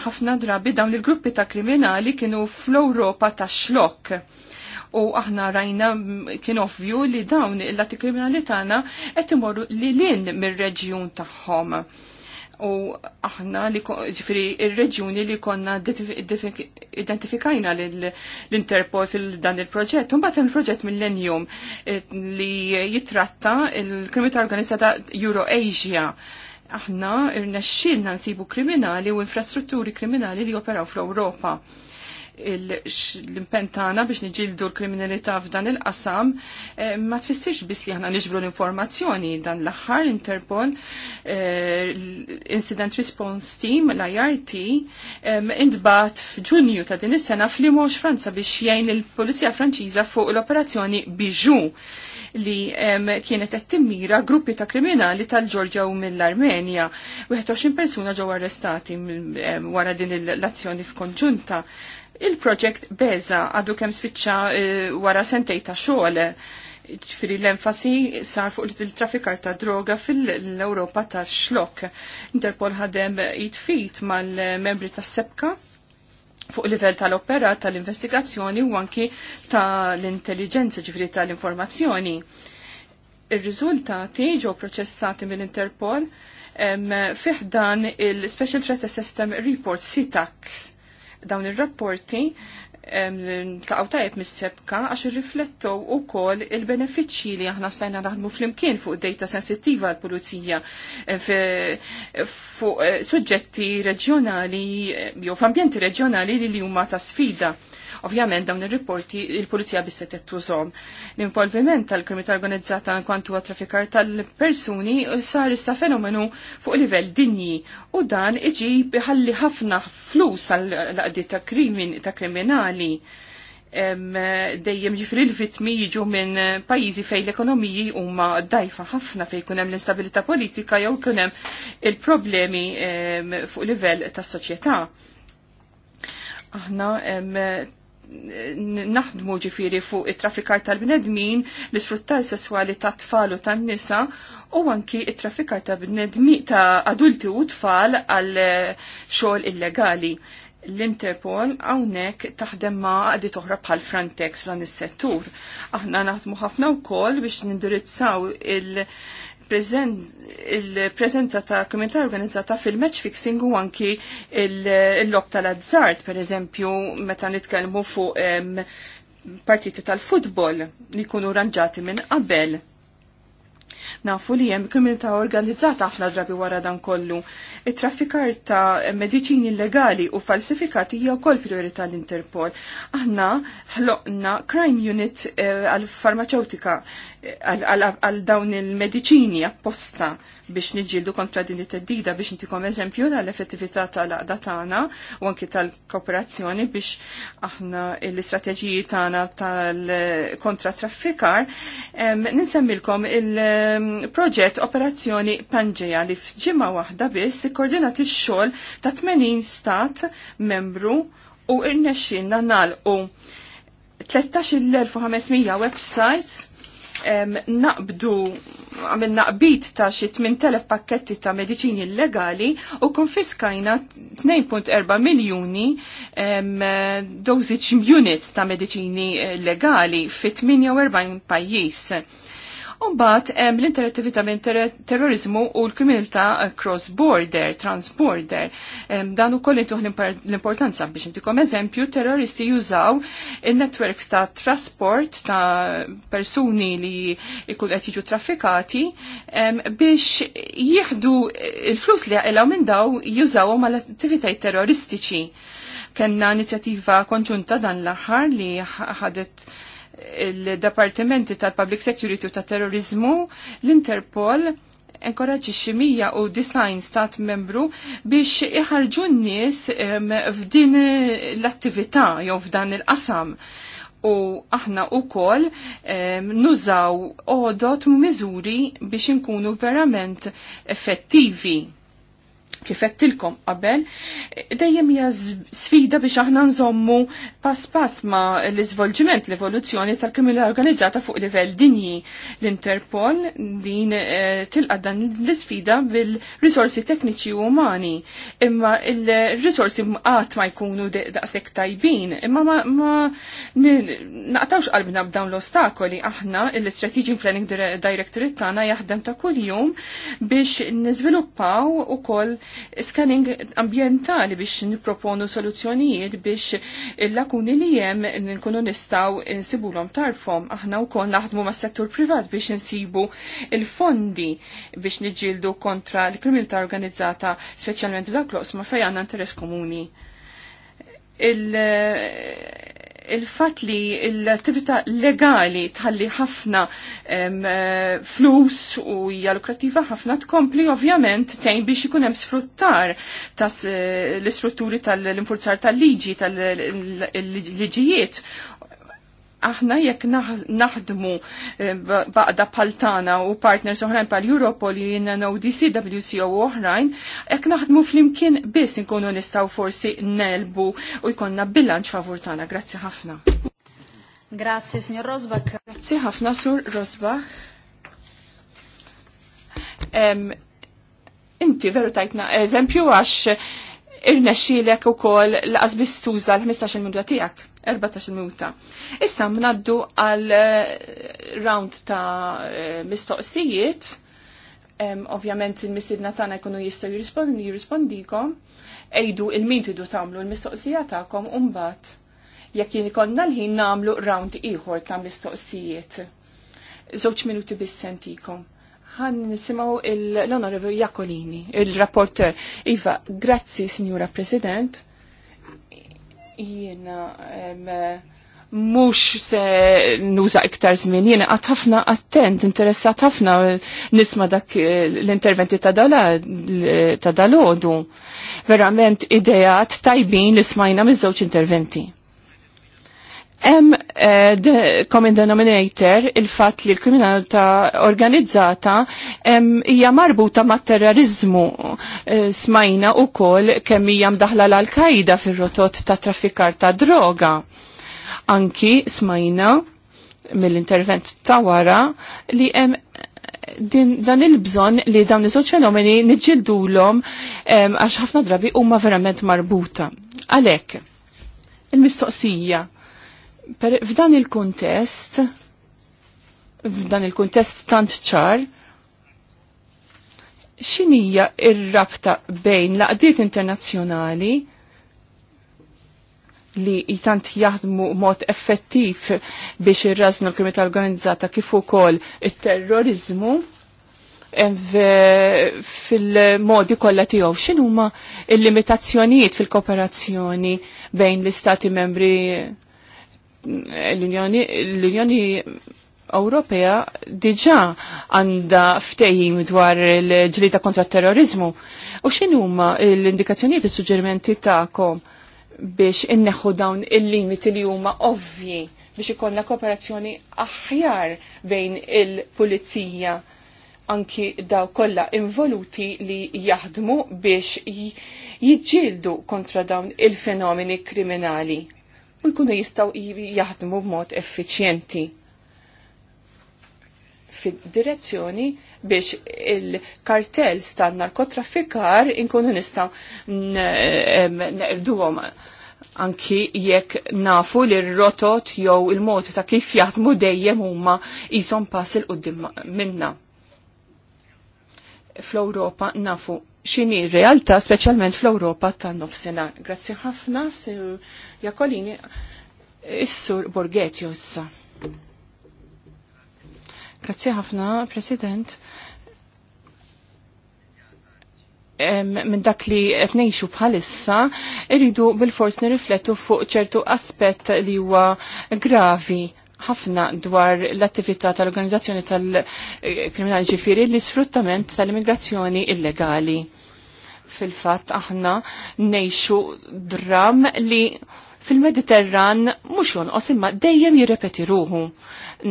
ħafna drabi dawn il-gruppi ta' kriminali kienu fl-Europa ta' xlok. U aħna rajna kien ovvju li dawn il-lati kriminali tagħna qed imorru li lin mir-reġjun tagħhom u aħna li ġifiri il-reġjuni li konna identifikajna l-Interpol fil-dan il-proġett. Un batem il-proġett millennium eh, li jitratta il ta' organizzata Euro-Asia. Aħna irnexxilna nsibu kriminali u infrastrutturi kriminali li operaw fl-Ewropa l-impentana biex niġildu l-kriminalità f'dan il-qasam, eh, ma tfissirx biss li ħana niġbru l-informazzjoni dan l-aħħar Interpol, eh, Incident Response Team, l-IRT, eh, indbat f'Ġunju ta' din is-sena f'Limox Franza biex jgħin il-Polizija Franċiża fuq l-operazzjoni Bijou li kienet qed timmira gruppi ta' kriminali tal-Ġorġja u mill-Armenja. 21 persuna ġew arrestati wara din l-azzjoni f'konġunta Il-proġett Beza għadu kem spiċċa eh, wara sentej ta' xogħol ċifiri l-enfasi sar fuq il-traffikar ta' droga fil-Europa ta' xlok. Interpol ħadem jitfit mal-membri ta' sebka fuq livell tal-opera tal-investigazzjoni u anki tal-intelligenza ġifiri tal-informazzjoni. Ir-riżultati ġew proċessati mill-Interpol fiħdan il-Special Threat System Report SITAX Dawn ir-rapporti taqaw tajjeb mis-sebka għax irriflettow ukoll il-benefiċċji li aħna stajna naħdmu flimkien fuq data sensittiva għall-pulizija eh, fuq eh, suġġetti reġjonali eh, jew f'ambjenti reġjonali li huma ta' sfida Ovvjament dawn ir-riporti il-Pulizija bisset tużom. L-involviment tal-kriminalità organizzata kwantu għat-trafikar tal-persuni sar issa fenomenu fuq livell dinji u dan iġi ħalli ħafna flus għal-laqdi ta' krimin ta' kriminali dejjem ġifri l-vitmi jiġu minn pajjiżi fej l-ekonomiji huma dajfa ħafna fej kunem l-instabilità politika jew kunem il-problemi fuq livell tas soċjetà. Aħna naħdmu ġifiri fuq it-traffikar tal-bnedmin, l-isfruttar sessuali ta' tfal u tan nisa u anki it-traffikar ta' bnedmin ta' adulti u tfal għal eh, xogħol illegali. L-Interpol hawnhekk taħdem ma' għaddi toħra bħal Frontex lan is-settur. Aħna naħdmu ħafna wkoll biex nindirizzaw il- il-prezenza ta' komunità organizzata fil-match fixing u anki il lok tal-azzart, per eżempju, meta nitkellmu fuq partiti tal-futbol li kunu ranġati minn qabel. Nafu li jem komunità organizzata ħafna drabi wara dan kollu. It-traffikar ta' medicini illegali u falsifikati hija wkoll priorità l-Interpol. Aħna ħloqna crime unit eh, għal-farmaceutika għal dawn il-medicini apposta biex nġildu kontra din it-teddida biex ntikom eżempju tal-effettività tal-aqda tagħna u anki tal-kooperazzjoni biex aħna l-istrateġiji tagħna tal-kontra traffikar. Ninsemmilkom il-proġett Operazzjoni Panġeja li f'ġimgħa waħda biss ikkoordinat x xogħol ta' 80 stat membru u irnexxinna nagħlqu 13,500 website naqbdu għamil naqbit ta' xi 8000 pakketti ta' mediċini illegali u konfiskajna 2.4 miljuni dosage units ta' mediċini eh, legali fi 48 pajjiż Umbat, l-interattività minn terrorizmu u l-kriminalità cross-border, trans-border. Dan u kollin intuħ l-importanza biex intikom eżempju, terroristi jużaw il-networks ta' trasport ta' persuni li ikun qed jiġu traffikati biex jieħdu il-flus li għelaw minn daw jużaw mal attivitajiet terroristiċi. Kenna inizjattiva konġunta dan l-aħħar li ħadet ha il-Departimenti tal-Public Security u tal-Terrorizmu, l-Interpol, enkoraġi ximija u design stat membru biex iħarġu n-nies f'din l-attività jew f'dan il-qasam. U aħna u kol nużaw odot miżuri biex inkunu verament effettivi kifettilkom qabel, dejjem hija sfida biex aħna nżommu pass pass ma l izvolġiment l-evoluzzjoni tal-kriminalità organizzata fuq livell dinji. L-Interpol din eh, tilqa dan l-isfida bil-risorsi tekniċi u umani, imma il-risorsi mqat ma jkunu daqshekk tajbin, imma ma, naqtawx qalbna b'dawn l-ostakoli aħna l strategic Planning Directorate tagħna jaħdem ta' kuljum biex niżviluppaw ukoll scanning ambientali biex niproponu soluzzjonijiet biex l-lakuni li jem nkunu nistaw l-om tarfom. Aħna u kon naħdmu ma' settur privat biex nsibu il-fondi biex nġildu kontra l-kriminalità organizzata, specialment dak l-osma fejn għanna interess komuni. Il il-fat li l-attività legali tħalli ħafna flus u hija lukrattiva ħafna tkompli ovvjament tejn biex ikun hemm sfruttar tas l-istrutturi tal-infurzar tal-liġi tal-liġijiet aħna jekk naħdmu eh, baqda paltana u partners oħrajn pal Europol, UNODC, WCO u oħrajn, jekk naħdmu flimkien biss nkunu nistaw forsi nelbu u jkonna bilanċ favur tagħna. Grazzi ħafna. Grazzi, signor Rosbach. Grazzi ħafna, sur Rosbach. Inti veru tajtna eżempju għax irnexxilek ukoll laqas biss tuża l-15 minuta tiegħek, 14 minuta. Issa mnaddu għal eh, round ta' eh, mistoqsijiet, ovvjament il-mistidna tagħna jkunu jistgħu jirrispondi jirrispondikom, ejdu il-min tidu tagħmlu l-mistoqsija tagħkom u mbagħad jekk jien ikollna l-ħin nagħmlu round ieħor ta' mistoqsijiet. Żewġ minuti biss sentikom Għan nisimaw l-Honorable Jakolini, il-rapporter. Iva, grazzi, Signora President. Jiena, mux se nuża iktar żmien, jiena għat ħafna attent, interessat ħafna nisma dak eh, l-interventi ta' ta' dalodu. Verament idejat tajbin li smajna miż-żewġ interventi. Em the eh, common denominator il-fat li l-kriminalità organizzata hija marbuta ma' terrorizmu eh, smajna u kol kemm hija mdaħla l-Al-Qaida fir-rotot ta' traffikar ta' droga. Anki smajna mill-intervent ta' wara li hemm din, dan il-bżon li dawn iż-żewġ fenomeni niġġildulhom għax ħafna drabi huma verament marbuta. Għalhekk, il-mistoqsija f'dan il-kuntest, f'dan il-kuntest tant ċar, xinija ir-rabta bejn laqdiet internazzjonali li jtant jaħdmu mod effettiv biex irraznu l-kriminalità organizzata kif ukoll it-terrorizmu fil-modi kollha tiegħu x'inhuma il limitazzjonijiet fil-kooperazzjoni bejn l-istati membri l-Unjoni Ewropea diġa għanda ftejim dwar il-ġlita kontra terrorizmu. U x'inhuma l-indikazzjonijiet is-suġġerimenti tagħkom biex inneħħu dawn il-limiti li huma ovvji biex ikollna kooperazzjoni aħjar bejn il-pulizija anki daw kollha involuti li jaħdmu biex jiġġieldu kontra dawn il-fenomeni kriminali u jkunu jistaw jaħdmu b'mod effiċjenti fid-direzzjoni biex il-kartel stan narkotrafikar inkunu nistaw nerduhom anki jekk nafu li r-rotot jew il-mod ta' kif jaħdmu dejjem huma jisom pass il qudiem minna. Fl-Ewropa nafu x'inhi r-realtà speċjalment fl-Ewropa tan-nofsinhar. Grazzi ħafna, Jakolini is-sur Borgetio Grazie Grazzi ħafna, President. Minn dak li qed ngħixu bħalissa, irridu bil-fors nirriflettu fuq ċertu aspett li huwa gravi ħafna dwar l-attività tal-organizzazzjoni tal-kriminali ġifiri li sfruttament tal-immigrazzjoni illegali. Fil-fatt aħna nejxu dram li fil-Mediterran mhux jonqos imma dejjem jirrepeti ruħu.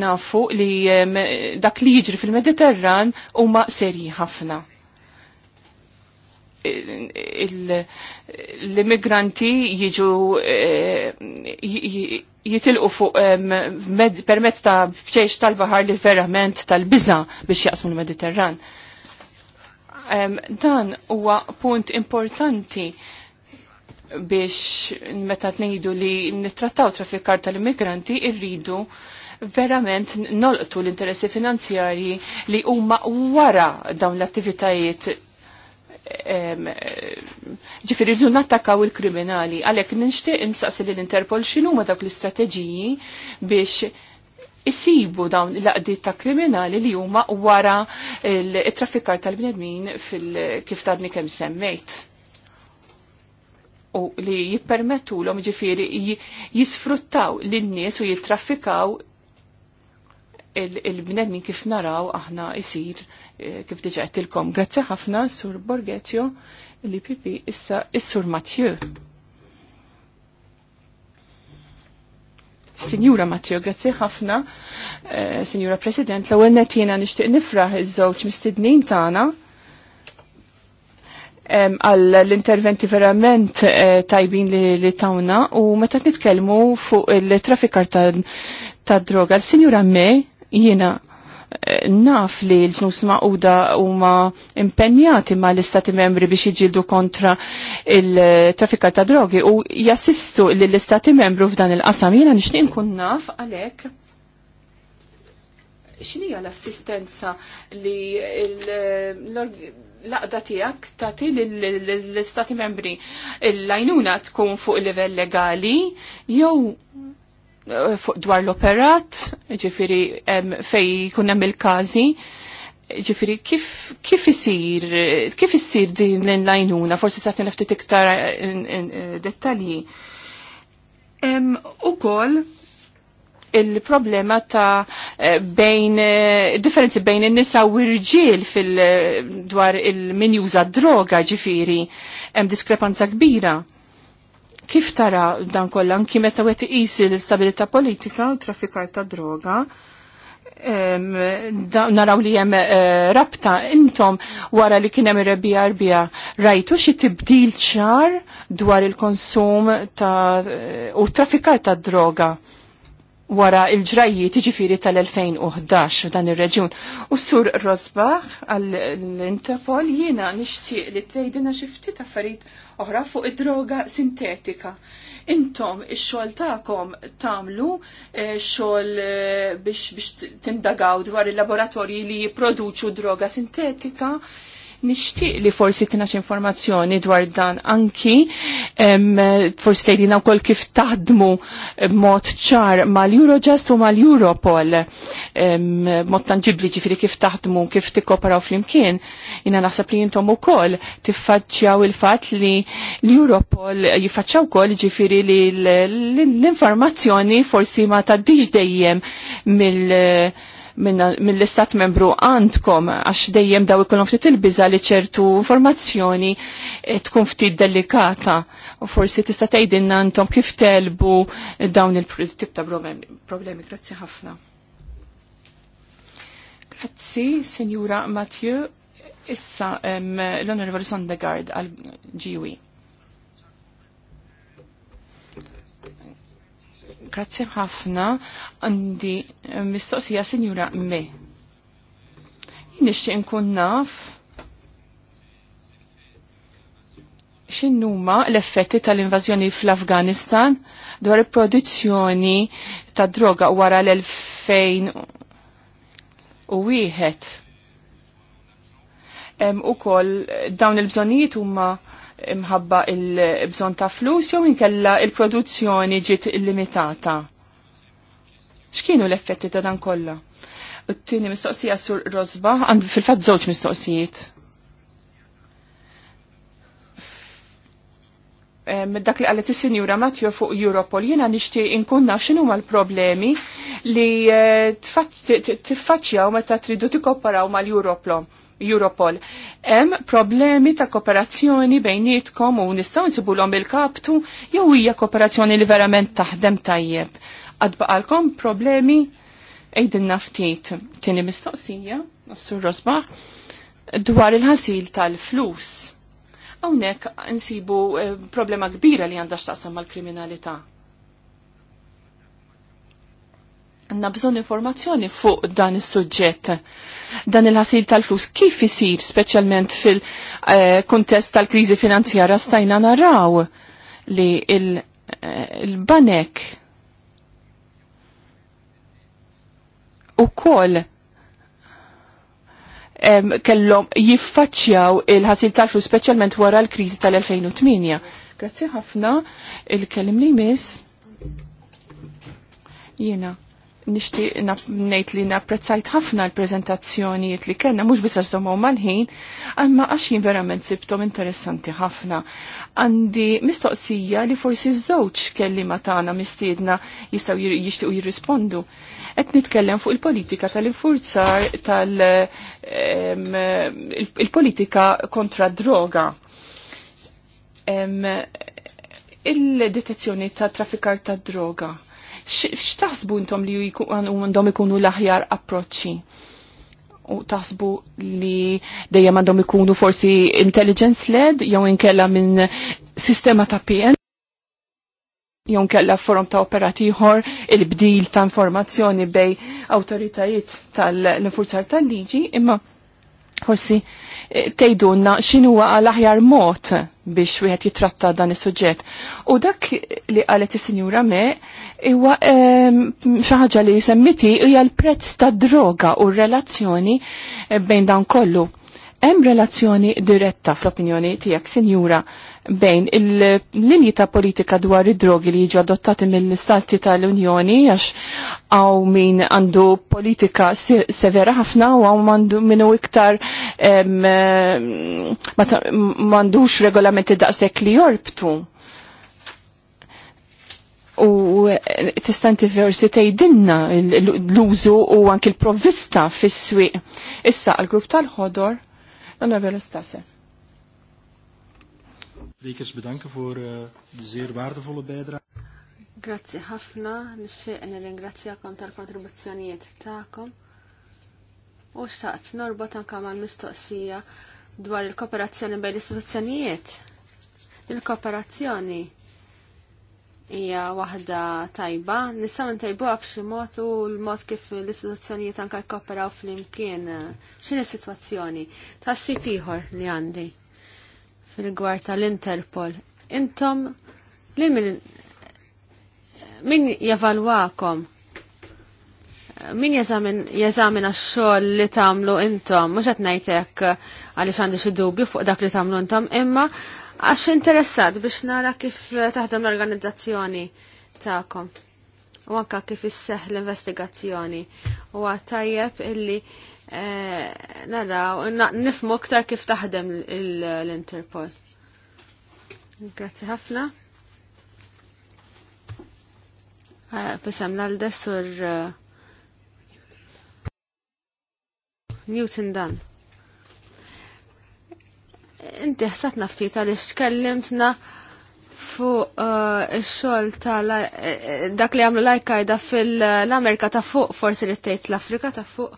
Nafu li dak li jiġri fil-Mediterran huma serji ħafna. L-immigranti jiġu eh, jitilqu fuq permezz ta' bċejx tal-bahar li verament tal-biża biex jaqsmu l-Mediterran. Dan huwa punt importanti biex meta tnejdu li nittrattaw traffikar tal-immigranti irridu verament nolqtu l-interessi finanzjarji li huma wara dawn l-attivitajiet ġifiri rridu nattakaw il-kriminali, għalek ninxtieq insaqsi l interpol xinu ma dawk l-istrateġiji biex isibu dawn l-qdiet ta' kriminali li huma wara il-traffikar tal-bnedmin fil-kif tadni kemm semmejt u li jippermettu l-om ġifiri jisfruttaw l-nies u jittraffikaw il-bnedmin kif naraw aħna jisir eh, kif il-kom. Grazzi ħafna, Sur Borgetio, li pipi issa is-Sur Mathieu. Signora Matteo, grazzi ħafna. Eh, Signora President, l-ewwel net jiena nixtieq nifraħ iż-żewġ mistednin tagħna għall l-interventi verament eh, tajbin li tawna u meta nitkellmu fuq il-trafikar ta' droga. L-Sinjura me jiena eh, naf li l-ġnus u huma impenjati ma l-istati membri biex jiġildu kontra il-trafikar ta' drogi u jassistu li l-istati membru f'dan il-qasam jiena nixtieq nkun naf għalhekk xinija l-assistenza li l laqda tijak tati l-istati membri l-lajnuna tkun fuq il-level legali jew eh, fuq dwar l-operat ġifiri fej kunna il-kazi ġifiri kif isir kif isir din l-lajnuna forsi tagħti naftit tiktar eh, dettalji. U kol il-problema ta' eh, bejn eh, differenzi bejn in-nisa u r fil-dwar eh, il-min juża droga ġifiri hemm diskrepanza kbira. Kif tara dan kollha anki meta wet isi l-istabilità politika u traffikar ta' droga? naraw li jem rabta intom wara li kienem rebija rbija rajtu xie tibdil ċar dwar il-konsum ta' u traffikar ta' droga wara il-ġrajiet ġifiri tal-2011 dan ir-reġjun. U sur Rosbach għall-Interpol jiena nixtieq li tgħidilna xi ftit affarijiet oħra fuq id-droga sintetika. Intom ix-xogħol tagħkom tagħmlu eh, xogħol eh, biex biex tindagaw dwar il-laboratorji li jipproduċu droga sintetika Nixtieq li forsi tina informazzjoni dwar dan anki, forsi tgħidilna wkoll kif taħdmu mod ċar mal-Eurojust u mal-Europol, mod tanġibli ġifiri kif taħdmu, kif fl flimkien. jina naħseb li u ukoll tiffaċċjaw il-fatt li l-Europol jiffaċċjaw ukoll ġifiri li l-informazzjoni forsi ma tgħaddix dejjem mill- mill-istat membru għandkom għax dejjem daw ikollhom ftit il-biża li ċertu informazzjoni eh, tkun ftit delikata u forsi tista' tgħidilna għandhom kif telbu eh, dawn il-tip ta' problemi. Grazzi ħafna. Grazzi, Sinjura Mathieu. Issa, l-Honorable Sondegard għal gui Grazzi ħafna għandi eh, mistoqsija Sinjura Me. Nixtieq nkun naf x'innuma l-effetti tal-invażjoni fl-Afganistan dwar il-produzzjoni ta' droga wara l-2001 u koll dawn il-bżonijiet huma imħabba il-bżon ta' flus jew inkella il-produzzjoni ġiet limitata. X'kienu l-effetti ta' dan kollha? It-tieni mistoqsija sur Rosba għand fil-fatt żewġ mistoqsijiet. dak li għalet is sinjura Matjo fuq Europol, jiena nixtieq inkun naf x'inhu l-problemi li eh, tiffaċċjaw meta tridu tikkopparaw mal-Europol. Europol. Hemm problemi ta' kooperazzjoni bejnietkom u nistgħu nsibulhom il-kaptu jew hija kooperazzjoni li verament taħdem tajjeb. Adbaqalkom baqalkom problemi ejdin naftit tieni mistoqsija, Sur Rosba, dwar il-ħasil tal-flus. Hawnhekk nsibu eh, problema kbira li għandha x'taqsam mal-kriminalità. għanna bżon informazzjoni fuq dan is suġġett Dan il-ħasil tal-flus kif isir, specialment fil-kontest eh, tal-krizi finanzjara stajna naraw li eh, il-banek u kol kellom jiffaċċjaw il-ħasil tal-flus specialment wara l-krizi tal-2008. Grazzi ħafna il-kellim li mis. Jena nishti nejt li napprezzajt ħafna l-prezentazzjonijiet li kena, mux bisa s mal-ħin, għamma għaxin verament sibtom interessanti ħafna. Għandi mistoqsija li forsi z-żoċ kelli matana mistiedna jistaw u jirrispondu. Et nitkellem fuq il-politika tal-infurzar tal-politika kontra droga. Il-detezzjoni ta' traffikar ta' droga X'taħsbu intom li għandhom ikunu l-aħjar approċċi? U taħsbu li dejjem għandhom ikunu forsi intelligence led jew inkella minn sistema ta' PN jew kella forum ta' operatiħor il-bdil ta' informazzjoni bej autoritajiet tal-infurzar tal-liġi imma forsi eh, tejdunna xinuwa għal-aħjar mot biex wieħed jitratta dan is-suġġett. U dak li qalet is-sinjura me huwa ehm, xi ħaġa li semmiti hija l-prezz ta' droga u r-relazzjoni eh, bejn dan kollu. Hemm relazzjoni diretta fl-opinjoni tiegħek, sinjura, bejn il-linji ta' politika dwar id-drogi li jiġu adottati mill-istati tal-Unjoni għax għaw min għandu politika severa ħafna u għaw min minu iktar mandux regolamenti daqsek li jorbtu. U tista' diversi tgħidilna l-użu u anki l-provvista fis-swieq. Issa għall-grupp tal-ħodor, l-onorevoli Stase sprekers bedanken voor eh, de zeer waardevolle bijdrage. Grazie ħafna, nixxieq nirringrazzjakom tal-kontribuzzjonijiet tagħkom. U xtaqt norbot anke mal-mistoqsija dwar il-kooperazzjoni bejn l-istituzzjonijiet. Il-kooperazzjoni hija waħda tajba, nistgħu ntajbuha b'xi mod u l-mod kif l-istituzzjonijiet anke jkoperaw flimkien x'inhi sitwazzjoni. Tassib ieħor li għandi fil-gwar tal-Interpol. Intom, li min, min javalwakom? Min jeżamina x-xogħol li tagħmlu intom? Mhux qed ngħidlek għaliex għandi xi dubju fuq dak li tagħmlu intom, imma għax interessat biex nara kif taħdem l-organizzazzjoni tagħkom. U anke kif isseħ l-investigazzjoni. Huwa tajjeb illi Eh, naraw, nifmu aktar kif taħdem l-Interpol. Grazzi ħafna. Eh, fisem l-dessur eh, Newton Dan. Inti ħsat nafti tal-ix fuq il-xol tal dak li għamlu lajkajda fil-Amerika ta' fuq, forsi li tejt l-Afrika ta' fuq.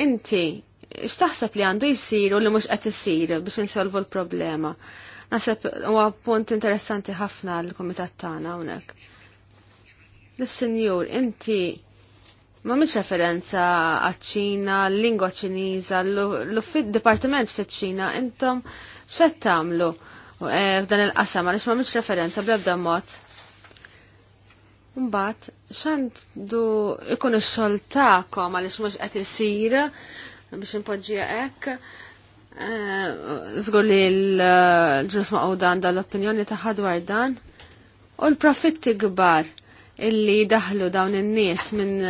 inti x'taħseb li għandu jisir u li mhux qed isir biex insolvu l-problema? Naseb huwa punt interessanti ħafna l-kumitat tagħna hawnhekk. l sinjur inti ma mux referenza għat ċina lingwa Ċiniża, l-dipartiment fiċ-Ċina, intom x'qed tagħmlu eh, f'dan il-qasam għaliex ma mux referenza bl-ebda mod xant du ikun ix-xogħol tagħkom għaliex mhux qed sir biex impoġġija hekk. Zgur eh, li l-ġus dan dal l-opinjoni ta' dwar dan. U l-profitti kbar illi daħlu dawn in-nies minn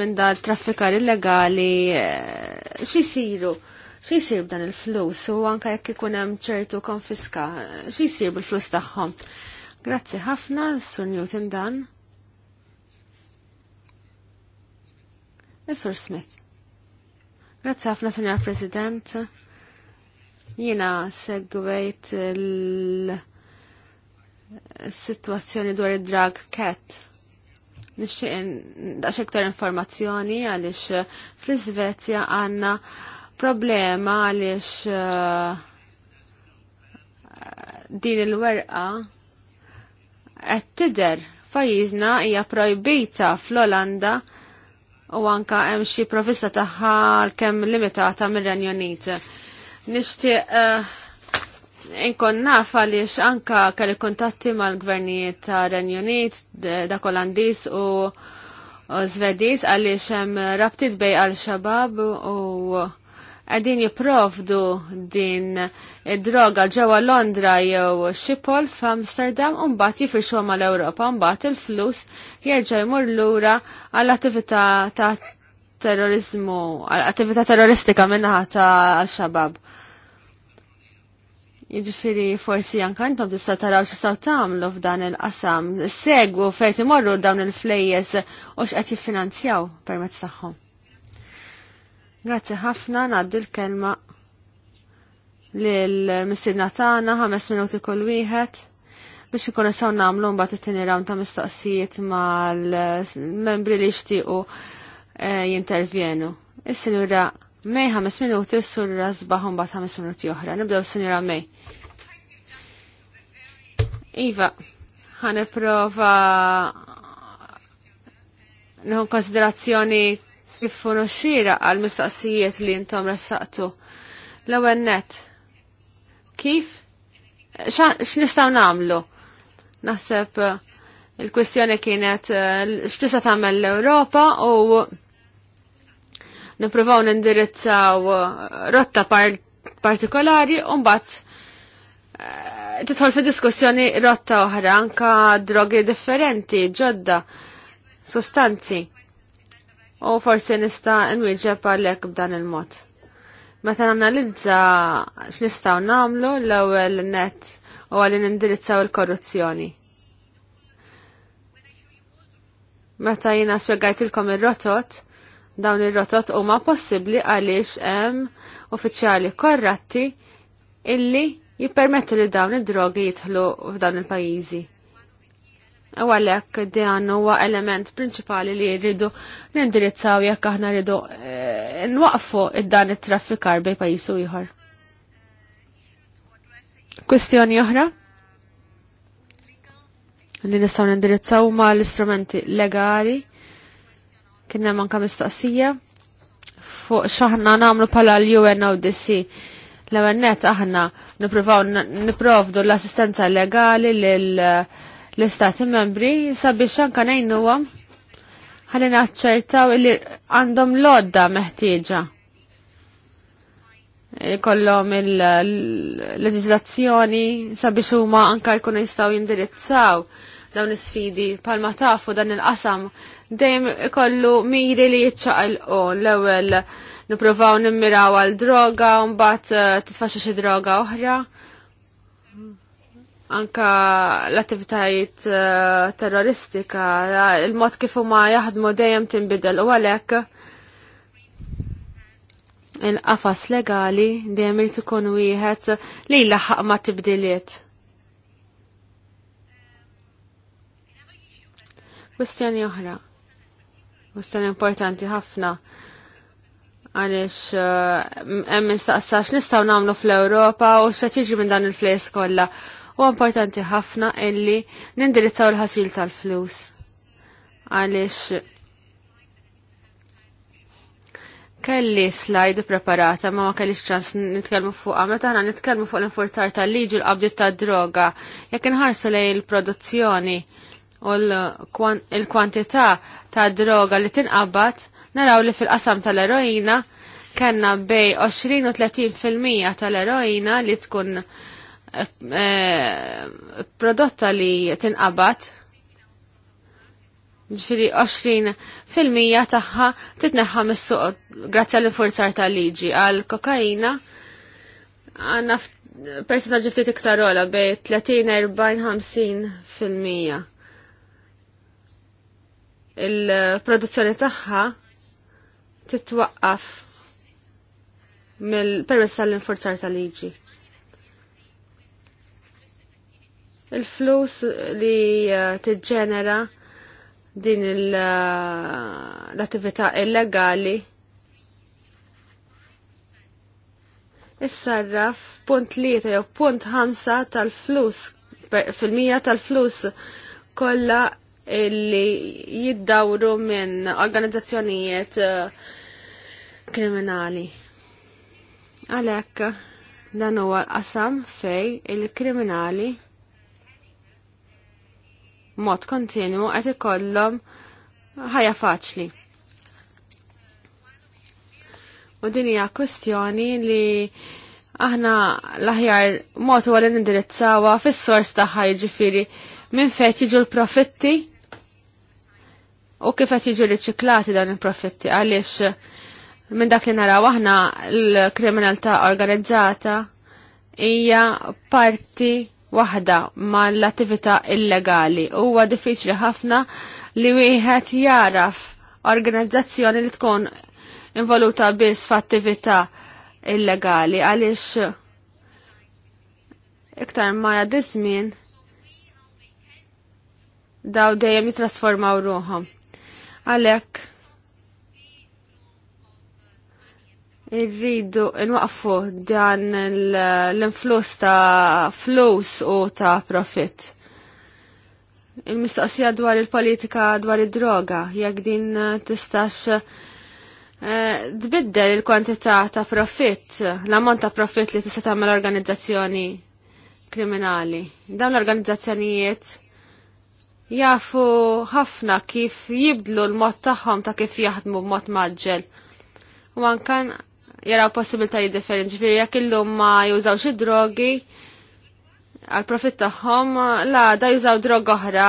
min da traffikar illegali eh, x'isiru. Xi sir b'dan il-flus u anke jekk ikun hemm ċertu konfiska, xi jsir bil-flus tagħhom. Grazzi ħafna, Sur Newton dan. Mr. Smith. Grazzi ħafna, Signor President. Jiena segwejt l-situazzjoni dwar id-drag cat. Nixtieq daċ iktar informazzjoni għalix eh, fl-Iżvezja għandna problema għaliex eh, din il-werqa qed tidher fajjiżna hija projbita fl-Olanda u anka hemm xi provista tagħha kemm limitata mir-Renju Unit. Nixtieq eh, inkun inkon naf għaliex anka kelli kontatti mal-gvernijiet ta' Renju Unit, dak Olandis u Zvediż għaliex hemm rabtiet bej għal xabab u għadin jiprofdu din droga ġewwa Londra jew Xipol f'Amsterdam u mbagħad jifirxu mal-Ewropa mbagħad il-flus jerġa' jmur lura għall attività ta' terrorizmu, għall attività terroristika minnaħa ta' xabab. Jiġifieri forsi anke intom tista' taraw x'istgħu tagħmlu f'dan il-qasam, segwu fejn imorru dawn il-flejjes u x'qed jiffinanzjaw permezz tagħhom. Grazzi ħafna ngħaddi l-kelma lil mistinna tagħna ħames minuti kull wieħed biex ikun saw nagħmlu mbagħad it-tieni rawn ta' mistoqsijiet mal-membri li jixtiequ eh, jintervjenu. Is-sinjura Mej ħames minuti s-surra sbaħ mbagħad ħames minuti oħra. Nibdew s-sinjura Mej. Iva, ħaniprofa nħu konsiderazzjoni il xira għal-mistaqsijiet li jintom rassaqtu. L-ewel net. Kif? X'nistgħu namlu? Naħseb eh, il-kwestjoni kienet eh, x'tista' tagħmel l-Ewropa u nippruvaw nindirizzaw eh, rotta partikolari u mbagħad tidħol fi diskussjoni rotta oħra anka drogi differenti, ġodda, sostanzi u forsi nista' nwieġeb għalhekk b'dan il-mod. Meta nanalizza x'nistgħu nagħmlu l-ewwel net u għalli nindirizzaw il-korruzzjoni. Meta jiena spjegajtilkom ir-rotot, dawn ir-rotot huma possibbli għaliex hemm uffiċjali korratti illi jippermettu li dawn id-drogi jidħlu f'dawn il-pajjiżi. U di dan huwa element prinċipali li rridu nindirizzaw jekk aħna rridu eh, nwaqfu id-dan it-traffikar bej pajjiżu u ieħor. Kwistjoni oħra? Li nistgħu nindirizzaw ma l-istrumenti legali kien hemm anke mistoqsija fuq x'aħna nagħmlu bħala l-UNODC l-ewwel net aħna nippruvaw nipprovdu l-assistenza legali lil uh, l-istati membri sabiex anka nejnuwam ħalli naċċertaw li għandhom lodda meħtieġa kollom il-leġizlazzjoni sabiex huma anka jkunu jistgħu jindirizzaw dawn is-sfidi palma tafu dan il-qasam dejjem ikollu miri li jiċċaqalqu l-ewwel nippruvaw nimmiraw għal droga u mbagħad eh, titfaxxa xi droga oħra anka l-attivitajiet eh, terroristika, eh, il-mod kif huma jaħdmu dejjem tinbidel u għalhekk il-qafas legali dejjem irid ikun wieħed li laħħaq ma' tibdiliet. Kwestjoni oħra. Kwestjoni importanti ħafna għaliex eh, hemm uh, instaqsax nistgħu nagħmlu fl-Ewropa u x'qed jiġri minn dan il-flejs kollha u importanti ħafna illi nindirizzaw il-ħasil tal-flus. Għalix kelli slide preparata ma ma kellix ċans nitkellmu fuq meta aħna nitkellmu fuq l-infurtar tal-liġi l-qabdi tad-droga jekk inħarsu lej il-produzzjoni u l-kwantità ta' droga li tinqabad naraw li fil-qasam tal-eroina kellna bej 20 u 30% tal-eroina li tkun Eh, prodotta li tinqabad ġifiri 20 fil-mija taħħa titneħħa mis-suq grazzi għall infurzar tal-liġi għal kokaina għanna persona ġifti iktar ola bej 30-40-50 fil-mija il-produzzjoni taħħa titwaqqaf mill permessa l inforzar tal-liġi. il-flus li eh, tiġġenera din eh, l-attività illegali issarraf punt lieta jew punt ħamsa tal-flus fil-mija tal-flus kollha li jiddawru minn organizzazzjonijiet eh, kriminali. Għalhekk dan huwa qasam fej il-kriminali mod kontinu qed ikollhom ħajja faċli. U din hija kwestjoni li aħna l-aħjar mod u li nindirizzawha fis-sors tagħha jiġifieri minn fejn jiġu l-profitti u kif qed jiġu riċiklati dawn il-profitti għaliex minn dak li naraw aħna l-kriminalità organizzata hija parti waħda mal-attività illegali. Huwa diffiċli ħafna li wieħed jaraf organizzazzjoni li tkun involuta biss f'attività illegali għaliex iktar ma jadizmin daw dejjem jitrasformaw ruħom. Għalhekk Irridu nwaqfu dan l-influss ta' flus u ta' profit. Il-mistoqsija dwar il-politika dwar id-droga, jekk din tistax eh, tbiddel il-kwantità ta' profit, l-ammont ta' profit li tista' tagħmel organizzazzjoni kriminali. Dawn l-organizzazzjonijiet jafu ħafna kif jibdlu l-mod tagħhom ta' kif jaħdmu b'mod maġġel. U jaraw possibiltajiet differenti, ġifieri jekk illum ma jużaw id-drogi għal profit tagħhom, la da jużaw drog oħra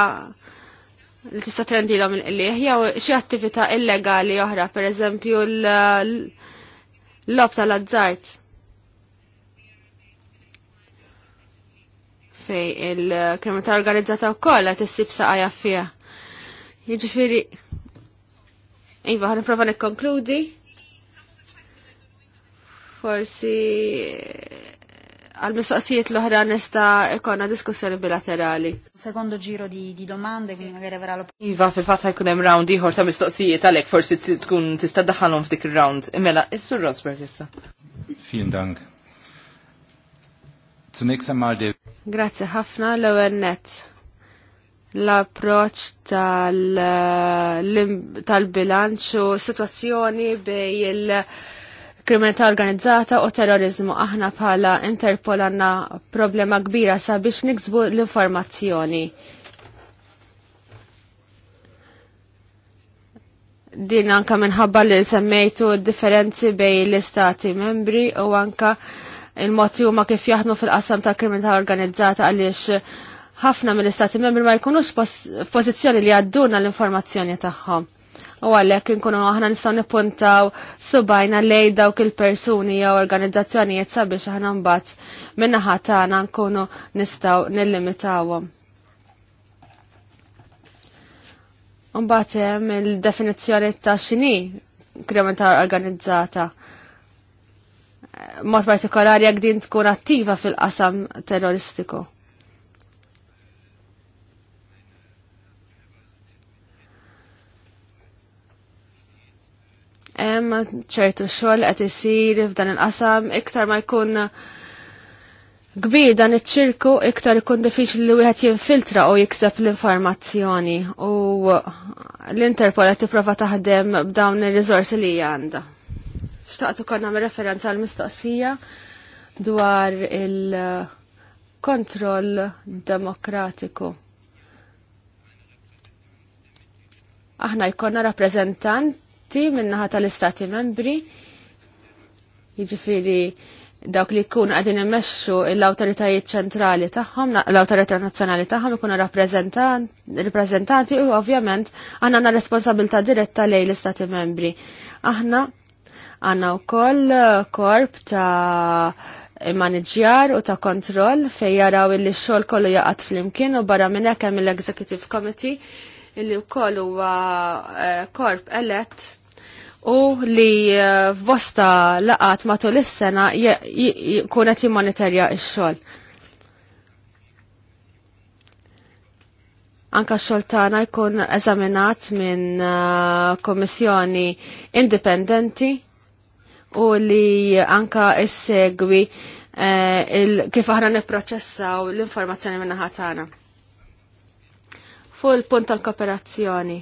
li tista' trendilhom il-qlieħ jew xi attività illegali oħra, pereżempju l-lob tal-azzart. Fej il krimata organizzata wkoll qed sib saqajja fiha. Jiġifieri Iva, ħan prova nikkonkludi. Forsi għal-mistoqsijiet l-oħra nista ikonna diskussjoni bilaterali. Sekondo ġiro di, di domande, quindi magari vera lo... Iva, fil-fatta jkun hemm round ieħor ta' mistoqsijiet għalhekk forsi tkun tista' daħħalhom f'dik ir-round. Imela, is Rosberg issa. Vielen Dank. Zunächst einmal der Grazie ħafna l-ewwel net. L-approċċ tal-bilanċu tal eh, situazzjoni bej il- kriminalità organizzata u terrorizmu. Aħna bħala Interpol għanna problema kbira sabiex niksbu l-informazzjoni. Din anka minħabba li semmejtu differenzi bej l-istati membri u anka il-mod huma kif jaħdmu fil-qasam ta' kriminalità organizzata għaliex ħafna mill-istati membri ma jkunux pożizzjoni li għadduna l-informazzjoni tagħhom u għalhekk inkunu aħna nistgħu nippuntaw subajna lej dawk il-persuni jew organizzazzjonijiet sabiex aħna mbagħad min-naħa tagħna nkunu nistgħu nillimitawhom. Mbagħad hemm il-definizzjoni ta' x'inhi kriminta organizzata mod partikolari jekk din tkun attiva fil-qasam terroristiku. hemm ċertu xogħol qed isir f'dan il-qasam iktar ma jkun Kbir dan iċ-ċirku iktar ikun diffiċli li wieħed jinfiltra u jikseb l-informazzjoni u l-Interpol qed tipprova taħdem b'dawn ir-riżorsi li hija għandha. Xtaqt ukoll nagħmel referenza għal mistoqsija dwar il-kontroll demokratiku. Aħna jkollna rappreżentant diretti minnaħa tal-istati membri, jiġifieri dawk li jkun għadin immexxu l-awtoritajiet ċentrali tagħhom, l autoritajiet nazzjonali tagħhom ikunu rappreżentanti u ovvjament għanna għandna responsabilità diretta lej l-istati membri. Aħna għandna wkoll eh, korp ta' maniġjar u ta' kontrol fej jaraw li xol kollu jaqat fl-imkien u barra minn hekk hemm l-Executive Committee illi wkoll huwa eh, korp elett u li vosta eh, laqat matul is-sena kunet jimmonitorja x-xogħol. Anka x-xogħol tagħna jkun eżaminat minn eh, kommissjoni indipendenti u li anka issegwi eh, kif aħna nipproċessaw l-informazzjoni minn tagħna. Fu l punt tal-kooperazzjoni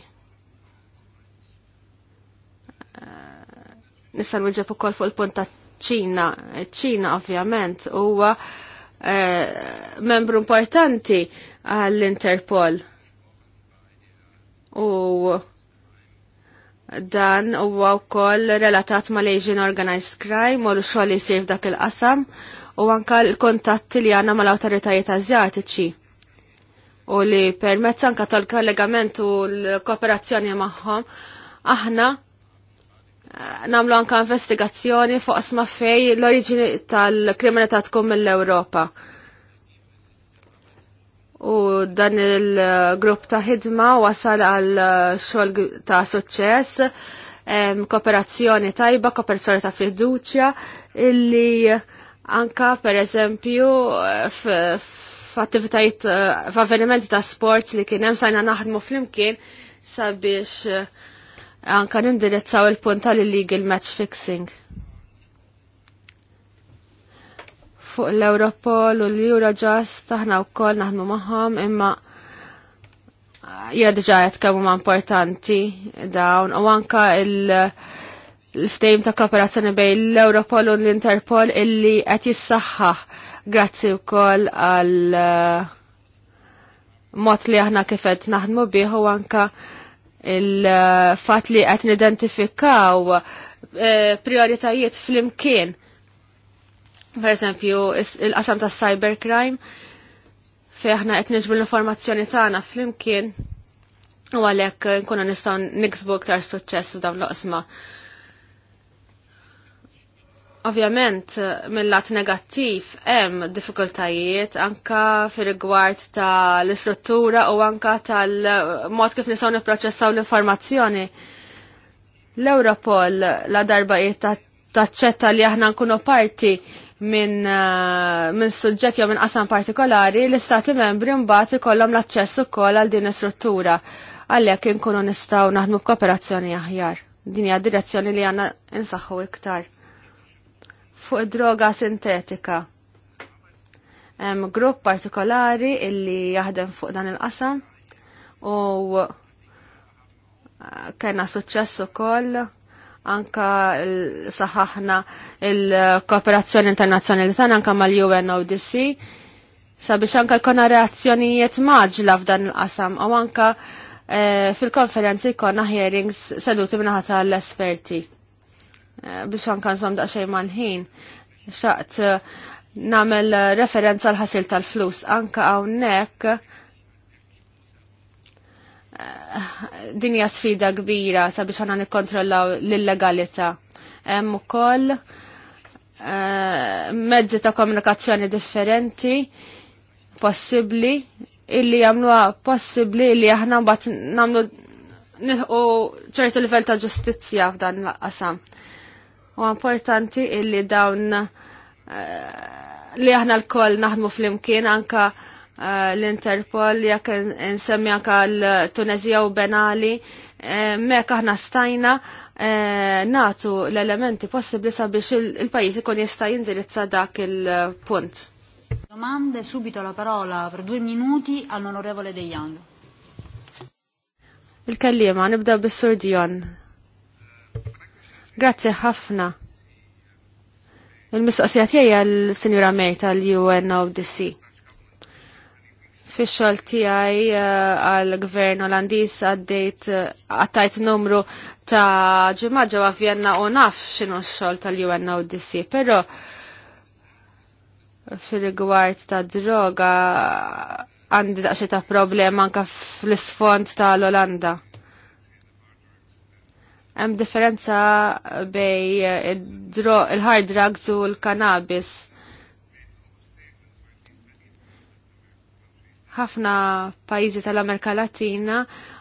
Nisa nwiġġeb ukoll fuq il-punt ċina. ċina ovvjament huwa eh, membru importanti għall-Interpol. U dan huwa wkoll relatat ma' Asian Organized Crime u l-xogħol li jsir f'dak il-qasam u anka l-kontatti li għandna mal-awtoritajiet Azjatiċi u li permezz anka tal-kollegament u l-kooperazzjoni magħhom aħna namlu anka investigazzjoni fuq asma fej l-oriġini tal-kriminalità tkun mill-Ewropa. U dan il-grupp ta' ħidma wasal għal xogħol ta' suċċess, kooperazzjoni tajba, kooperazzjoni ta' fiduċja, illi anka per eżempju f'attivitajiet f'avvenimenti ta' sports li kien hemm sajna naħdmu flimkien sabiex anka nindirizzaw il-punt tal-illegal match fixing. Fuq l-Europol u l-Eurojust aħna wkoll naħdmu magħhom imma uh, jadġajet diġà ma' huma importanti dawn u anka l-ftejm ta' kooperazzjoni bejn l-Europol u l-Interpol illi qed jissaħħa grazzi wkoll għal uh, mod li aħna kif qed naħdmu bih u anka il-fat li qed nidentifikaw eh, prioritajiet fl-imkien. Per eżempju, il-qasam ta' cybercrime, feħna aħna qed niġbu l-informazzjoni tagħna fl-imkien u għalhekk nkunu nistgħu niksbu iktar suċċess f'dawn l osma Ovvjament, eh, mill-lat negattiv hemm diffikultajiet anka fir-rigward tal istruttura u anka tal-mod kif nisaw nipproċessaw l-informazzjoni. L-Europol la darba taċċetta li aħna nkunu parti minn eh, min suġġett jew minn qasam partikolari, l-istati membri mbagħad ikollhom l-aċċess ukoll għal din is-struttura għalhekk inkunu nistgħu naħdmu b'kooperazzjoni aħjar. Din hija direzzjoni li għandna insaħħu iktar fuq droga sintetika. Hemm grupp partikolari illi jaħdem fuq dan il-qasam u eh, kena suċċess ukoll anka saħaħna il-kooperazzjoni internazzjonali tagħna anka mal-UNODC sabiex anka jkollna reazzjonijiet maġla f'dan il-qasam u anka eh, fil-konferenzi jkollna hearings seduti min-ħata l esperti Eh, biex anka nżom daqsxejn mal-ħin. Xaqt eh, namel eh, referenza l-ħasil tal-flus anka hawnhekk dinja sfida kbira sabiex għana nikkontrollaw l-legalità. Hemm ukoll mezzi ta' komunikazzjoni differenti possibbli illi jagħmluha possibbli illi aħna mbagħad nagħmlu nilħu ċertu livell ta' ġustizzja f'dan l-qasam. U importanti illi dawn eh, li aħna l-koll naħdmu fl-imkien anka eh, l-Interpol, jekk nsemmi anka l-Tunezija u Benali, eh, mek aħna stajna natu l-elementi possibli sabiex il-pajis ikun jista' jindirizza dak il-punt. Domande, subito la parola per due minuti all'onorevole De Young. Il-kellima, nibda bis-Sur Dion. Grazzi ħafna. Il-mistoqsija tiegħi l sinjura May tal-UNODC. Fix-xogħol tiegħi uh, għall-Gvern Olandiż għaddejt uh, għattajt numru ta' ġimgħa ġewwa Vienna u naf x'inhu x-xogħol tal-UNODC, però fil-rigward ta' droga għandi daqxie ta' problema anke fl-isfond tal-Olanda. Hemm differenza bej eh, il-hard drugs u l-cannabis. ħafna pajjiżi tal-Amerika Latina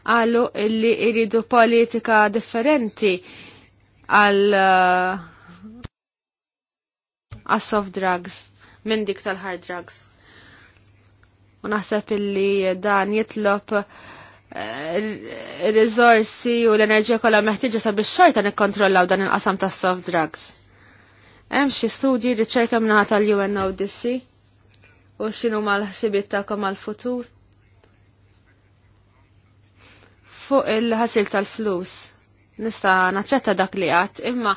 għallu illi iridu politika differenti għal eh, għas soft drugs minn dik tal-hard drugs. U naħseb illi dan jitlob uh, Eh, il-rizorsi u l-enerġija kollha meħtieġa sabiex xorta nikkontrollaw dan il-qasam tas soft drugs. Hemm xi studji riċerka minnaħa tal-UNODC u x'inhu mal-ħsibiet tagħkom għall-futur fuq il-ħasil tal-flus. Nista' naċċetta dak li qatt, imma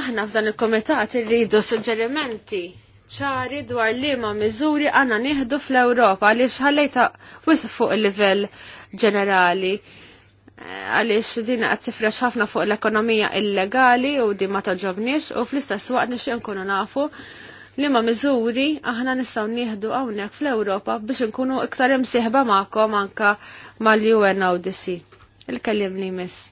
aħna f'dan il-komitat irridu suġġerimenti ċari dwar li ma miżuri għanna nieħdu fl-Ewropa li xħallejta wisq fuq il-livell ġenerali għaliex din qed tifrex ħafna fuq l-ekonomija illegali u din ma toġobniex u fl-istess waqt nix nkunu nafu li ma miżuri aħna nistgħu nieħdu hawnhekk fl-Ewropa biex inkunu iktar imsieħba magħkom anka mal-UNODC. Il-kellim li miss.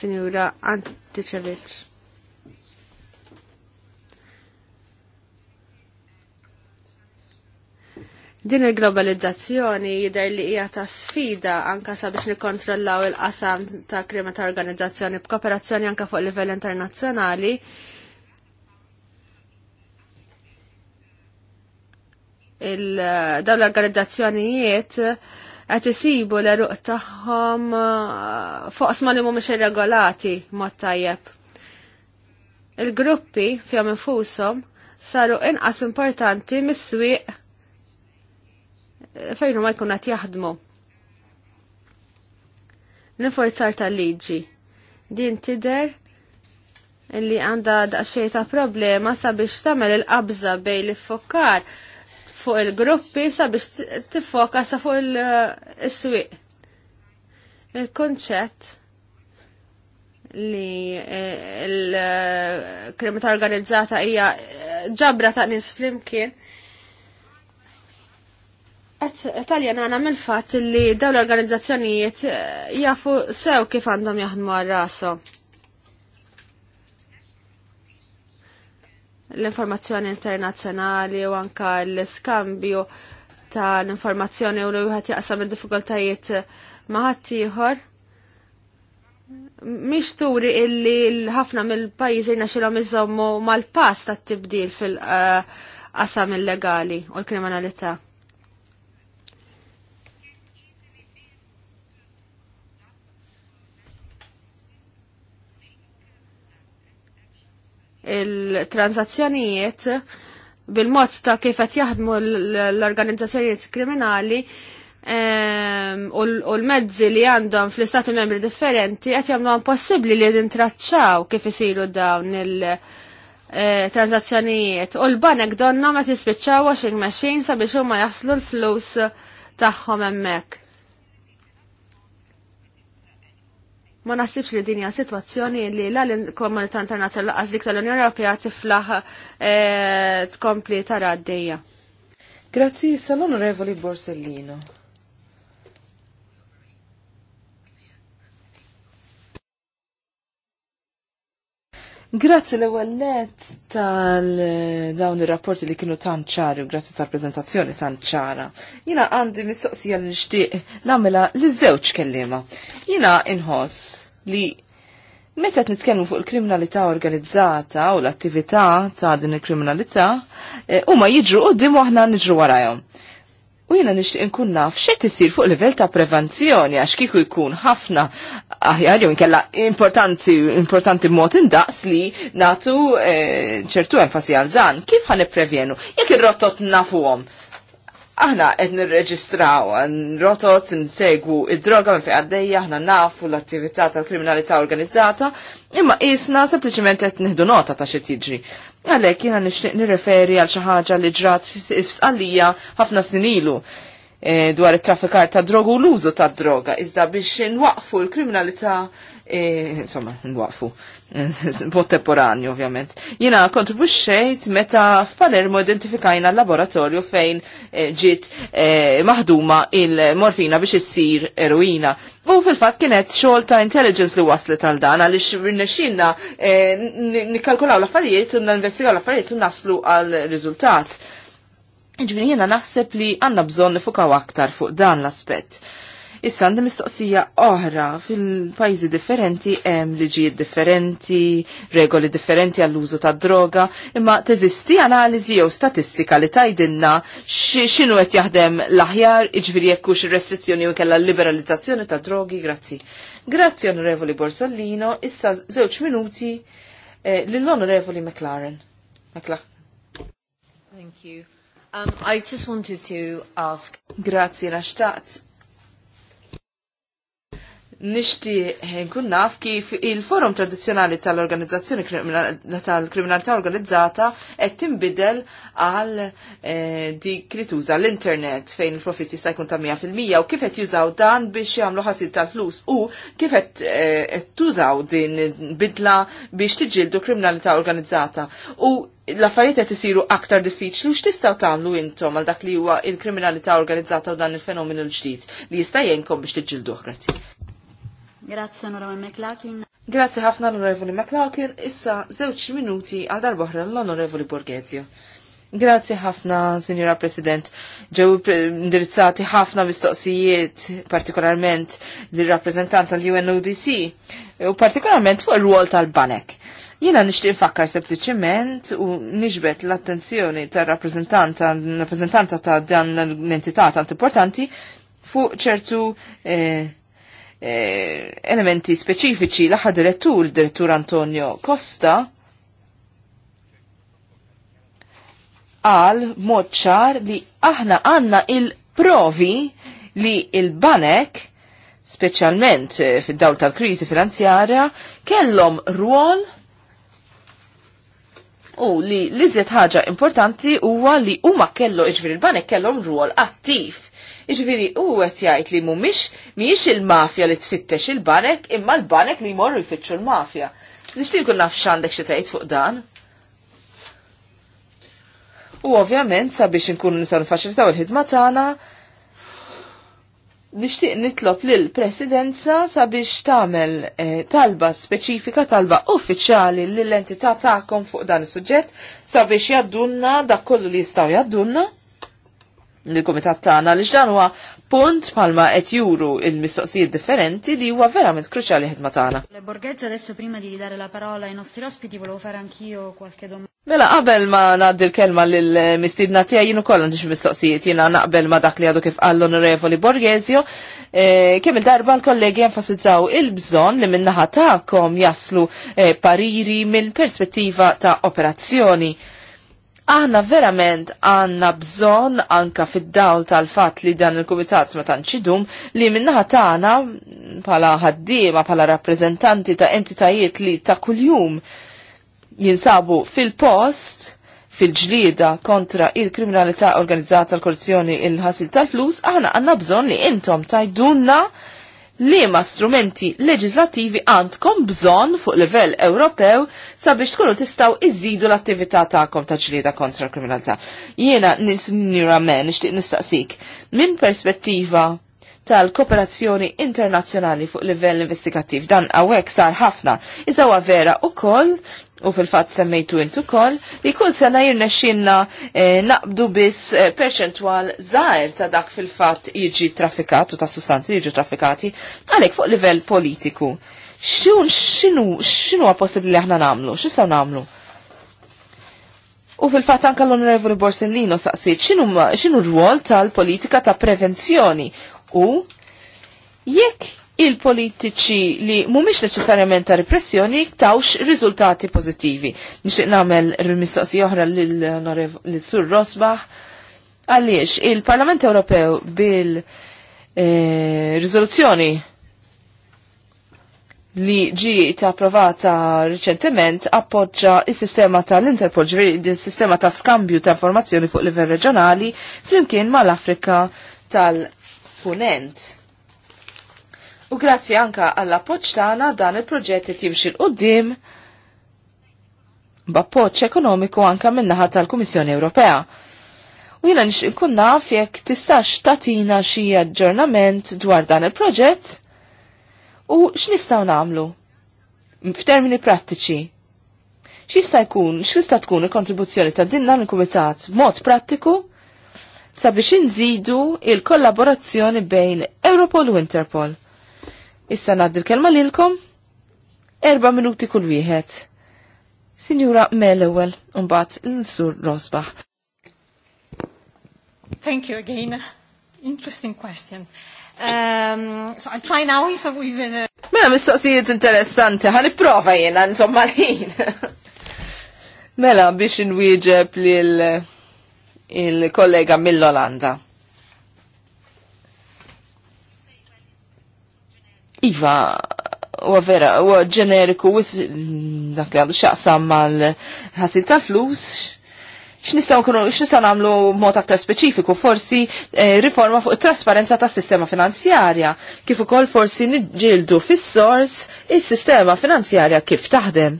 Signora Antichevich. Din il-globalizzazzjoni jidher li hija ta' sfida anka sabiex nikkontrollaw il-qasam ta' krima ta' organizzazzjoni b'kooperazzjoni anka fuq livell internazzjonali. Dawn l-organizzazzjonijiet qed isibu l-eruq tagħhom uh, fuq sma li mhumiex irregolati mod tajjeb. Il-gruppi fihom infushom saru inqas importanti mis-swieq fejn ma jkun qed jaħdmu. L-inforzar tal-liġi. Din tider li għanda daqxej ta' problema sabiex tagħmel il-qabża bejn l iffokkar fuq il-gruppi sabiex tiffoka sa fuq il-swieq. Il-konċett li eh, l eh, krimita organizzata hija eh, ġabra ta' nies flimkien Taljan għana mill fatt li daw l-organizzazzjonijiet eh, jafu sew kif għandhom jaħdmu għal-raso. L-informazzjoni internazzjonali u anka l-skambju ta' l-informazzjoni u li wieħed jaqsam id-diffikultajiet ma' ħaddieħor. turi illi l-ħafna mill pajizi naxilhom iżommu mal-pass tat-tibdil fil-qasam eh, illegali u l-kriminalità. il-transazzjonijiet bil-mod ta' kif qed jaħdmu l-organizzazzjonijiet kriminali ehm, u l-mezzi li għandhom fl-istati membri differenti qed jagħmlu possibbli li nintraċċaw kif isiru dawn il-transazzjonijiet. Eh, u l-banek donna ma tispiċċaw washing machine sabiex huma jaslu l-flus tagħhom hemmhekk. ma nasibx li dinja situazzjoni li l-komunità internazzjonali laqas dik tal-Unjoni Ewropea tiflaħ eh, tkompli tara għaddejja. Grazzi, sal-Onorevoli Borsellino. Grazzi l ewwellet tal-dawn eh, ir-rapporti li kienu tan ċari u grazzi tal-prezentazzjoni tan ċara. Jina għandi mistoqsija li nixtieq nagħmilha li żewġ kellima. Jina inħoss li meta qed nitkellmu fuq il-kriminalità organizzata u l-attività ta' din il-kriminalità eh, huma jiġru qudiem aħna niġru warajhom. U jena nixtieq nkun naf x'qed isir fuq livell ta' prevenzjoni għax kieku jkun ħafna aħjar jew kella importanti importanti mot indaqs li natu eh, ċertu enfasi għal dan. Kif ħan nipprevjenu? Jekk ir-rotot nafuhom Aħna qed nirreġistraw, nrotot, nsegwu id-droga minn fejn għaddejja, aħna nafu l-attività tal-kriminalità organizzata, imma isna sempliċiment qed nieħdu nota ta' xi tiġri. Għalhekk jiena nixtieq nirreferi għal xi ħaġa li ġrat fisqalija ħafna snin ilu eh, dwar it-traffikar ta' droga u l-użu ta' droga, iżda biex nwaqfu l-kriminalità E, insomma, nwaqfu, bot temporanju ovvjament. Jina kontribuxxejt meta f'Palermo identifikajna l-laboratorju fejn e, ġiet e, maħduma il-morfina biex issir eroina. U fil-fat kienet xogħol ta' intelligence li waslet għal dan għaliex rinnexxinna nikkalkulaw l-affarijiet u investigaw l-affarijiet u naslu għal riżultat. Ġvini jiena naħseb li għandna bżonn nifukaw aktar fuq dan l-aspett. Issa għandi mistoqsija oħra fil-pajzi differenti hemm liġijiet differenti, regoli differenti għall-użu ta' droga, imma teżisti analiżi jew statistika li tajdinna x'inhu qed jaħdem l-aħjar, iġifieri jekk hux ir-restrizzjoni u kellha liberalizzazzjoni ta' drogi, grazzi. Grazzi Onorevoli Borsellino, issa żewġ minuti eh, lill-Onorevoli McLaren. McLaren. Thank you. Um, I just wanted to ask. Grazie, naxtaqt nishti nkun naf kif il-forum tradizjonali tal-organizzazzjoni tal-kriminalità organizzata qed tinbidel għal eh, dik li tuża l-internet fejn il-profitt jista' jkun ta' 100% u kif qed jużaw dan biex jagħmlu ħasil tal-flus u kif eh, qed tużaw din bidla biex tiġġieldu kriminalità organizzata. U l-affarijiet qed isiru aktar diffiċli u x'tistgħu tagħmlu intom għal dak li huwa il-kriminalità organizzata u dan il-fenomenu l-ġdid li jista' jgħinkom biex tiġġilduh. Grazzi. Grazie, onorevole McLaughlin. Grazie ħafna onorevole McLaughlin. Issa żewġ minuti għal darboħra l-onorevoli Borghezio. Grazie ħafna, Signora President. Ġew indirizzati ħafna mistoqsijiet, partikolarment l-rappresentant tal-UNODC, u partikolarment fuq il-rwol tal-Banek. Jina nishtiq infakkar sempliciment u nixbet l-attenzjoni tal-rappresentanta ta' dan l-entità tant importanti fuq ċertu eh, Eh, elementi speċifiċi l-aħħar direttur, direttur Antonio Costa, għal moċċar li aħna għanna il-provi li il-banek, specialment eh, fid-dawl tal-krizi finanzjarja, kellhom ruol u li l-iżjed ħaġa importanti huwa li huma kellu iġvir il-banek kellhom rwol attiv Iġviri, u għet jajt li mumiex, miex il-mafja li tfittex il-banek, imma l-banek li jmorru jfittxu l-mafja. Nishtiq kun naf xandek xitajt fuq dan. U ovvjament, sabiex nkun nisan faċilitaw il-ħidma tagħna, nixtieq nitlob lil presidenza sabiex tagħmel eh, talba speċifika, talba uffiċjali lill-entità tagħkom fuq dan is-suġġett sabiex jaddunna dak kollu li jistgħu jaddunna l-komitat tagħna li x'dan huwa punt palma qed juru il-mistoqsijiet differenti li huwa verament kruċjali ħedma tagħna. Le Borghezza adesso prima di dare la parola ai nostri ospiti volevo fare anch'io qualche domanda. Mela qabel ma ngħaddi l-kelma lill-mistidna tiegħi jien koll għandix mistoqsijiet jiena naqbel ma dak li għadu kif għall l-Onorevoli Borghezio. Eh, kemm il-darba l-kollegi enfasizzaw il-bżonn li minnaħa tagħkom jaslu eh, pariri mill-perspettiva ta' operazzjoni Aħna verament għanna bżon anka fid-dawl tal-fat li dan il-Kumitat ma tanċidum li minnaħa tagħna bħala ħaddiema bħala rappreżentanti ta' entitajiet li ta' kuljum jinsabu fil-post fil-ġlida kontra il-kriminalità organizzata l-korruzzjoni il-ħasil tal-flus, aħna għanna bżon li intom tajdunna liema strumenti leġislattivi għandkom bżonn fuq livell Ewropew sabiex tkunu tistaw iżidu l-attività tagħkom ta' ġlieda kontra kriminalità. Jiena nisinjura men nixtieq nistaqsik minn perspettiva tal-kooperazzjoni internazzjonali fuq livell investigattiv dan hawnhekk sar ħafna iżda huwa vera wkoll u fil-fat semmejtu intu kol, li kull sena jirnexxinna eh, naqbdu biss eh, perċentwal zaħir ta' dak fil-fat jiġi u ta' sustanzi jiġi traffikati għalek fuq livell politiku. Xun xinu xinu possibli li aħna namlu, x'istgħu namlu? U fil-fat anka l-Onorevoli Borsellino saqsiet xinu, xinu r-rwol tal-politika ta' prevenzjoni u jekk il-politiċi li mumiex neċessarjament ta' repressjoni tawx riżultati pozittivi. Nixtieq nagħmel mistoqsija oħra l sur Rosbach għaliex il-Parlament Ewropew bil-riżoluzzjoni eh, li ġi ta' approvata riċentement appoġġa il-sistema tal-Interpol, il-sistema ta' skambju ta' informazzjoni fuq livell reġjonali flimkien mal-Afrika tal-Punent U grazzi anka għall-appoġġ tagħna dan il-proġett li jimxi l qudiem b'appoġġ ekonomiku anka min-naħa tal-Kummissjoni Ewropea. U jiena nkun naf jekk tistax tatina xi aġġornament dwar dan il-proġett u x'nistgħu nagħmlu f'termini prattiċi xista jkun, xista tkun il-kontribuzzjoni ta' dinna l-Kumitat mod prattiku sabiex inżidu il-kollaborazzjoni bejn Europol u Interpol. Issa naddi l-kelma lilkom. Erba minuti kull wieħed. Sinjura Melewel, mbagħad l-Sur Rosbach. Thank you again. Interesting question. Um, so I'll try now if I've even... Uh, mela mistaqsijiet interessanti, ħan prova jena, insomma l-ħin. mela biex nwieġeb li l kollega mill-Olanda. Iva, u vera, u ġeneriku, dak li għandu xaqsam mal-ħasil tal-flus, x'nistgħu nkunu x'nistgħu nagħmlu mod aktar speċifiku forsi eh, riforma fuq it-trasparenza tas-sistema finanzjarja kif ukoll forsi niġġieldu fis-sors is-sistema finanzjarja kif taħdem.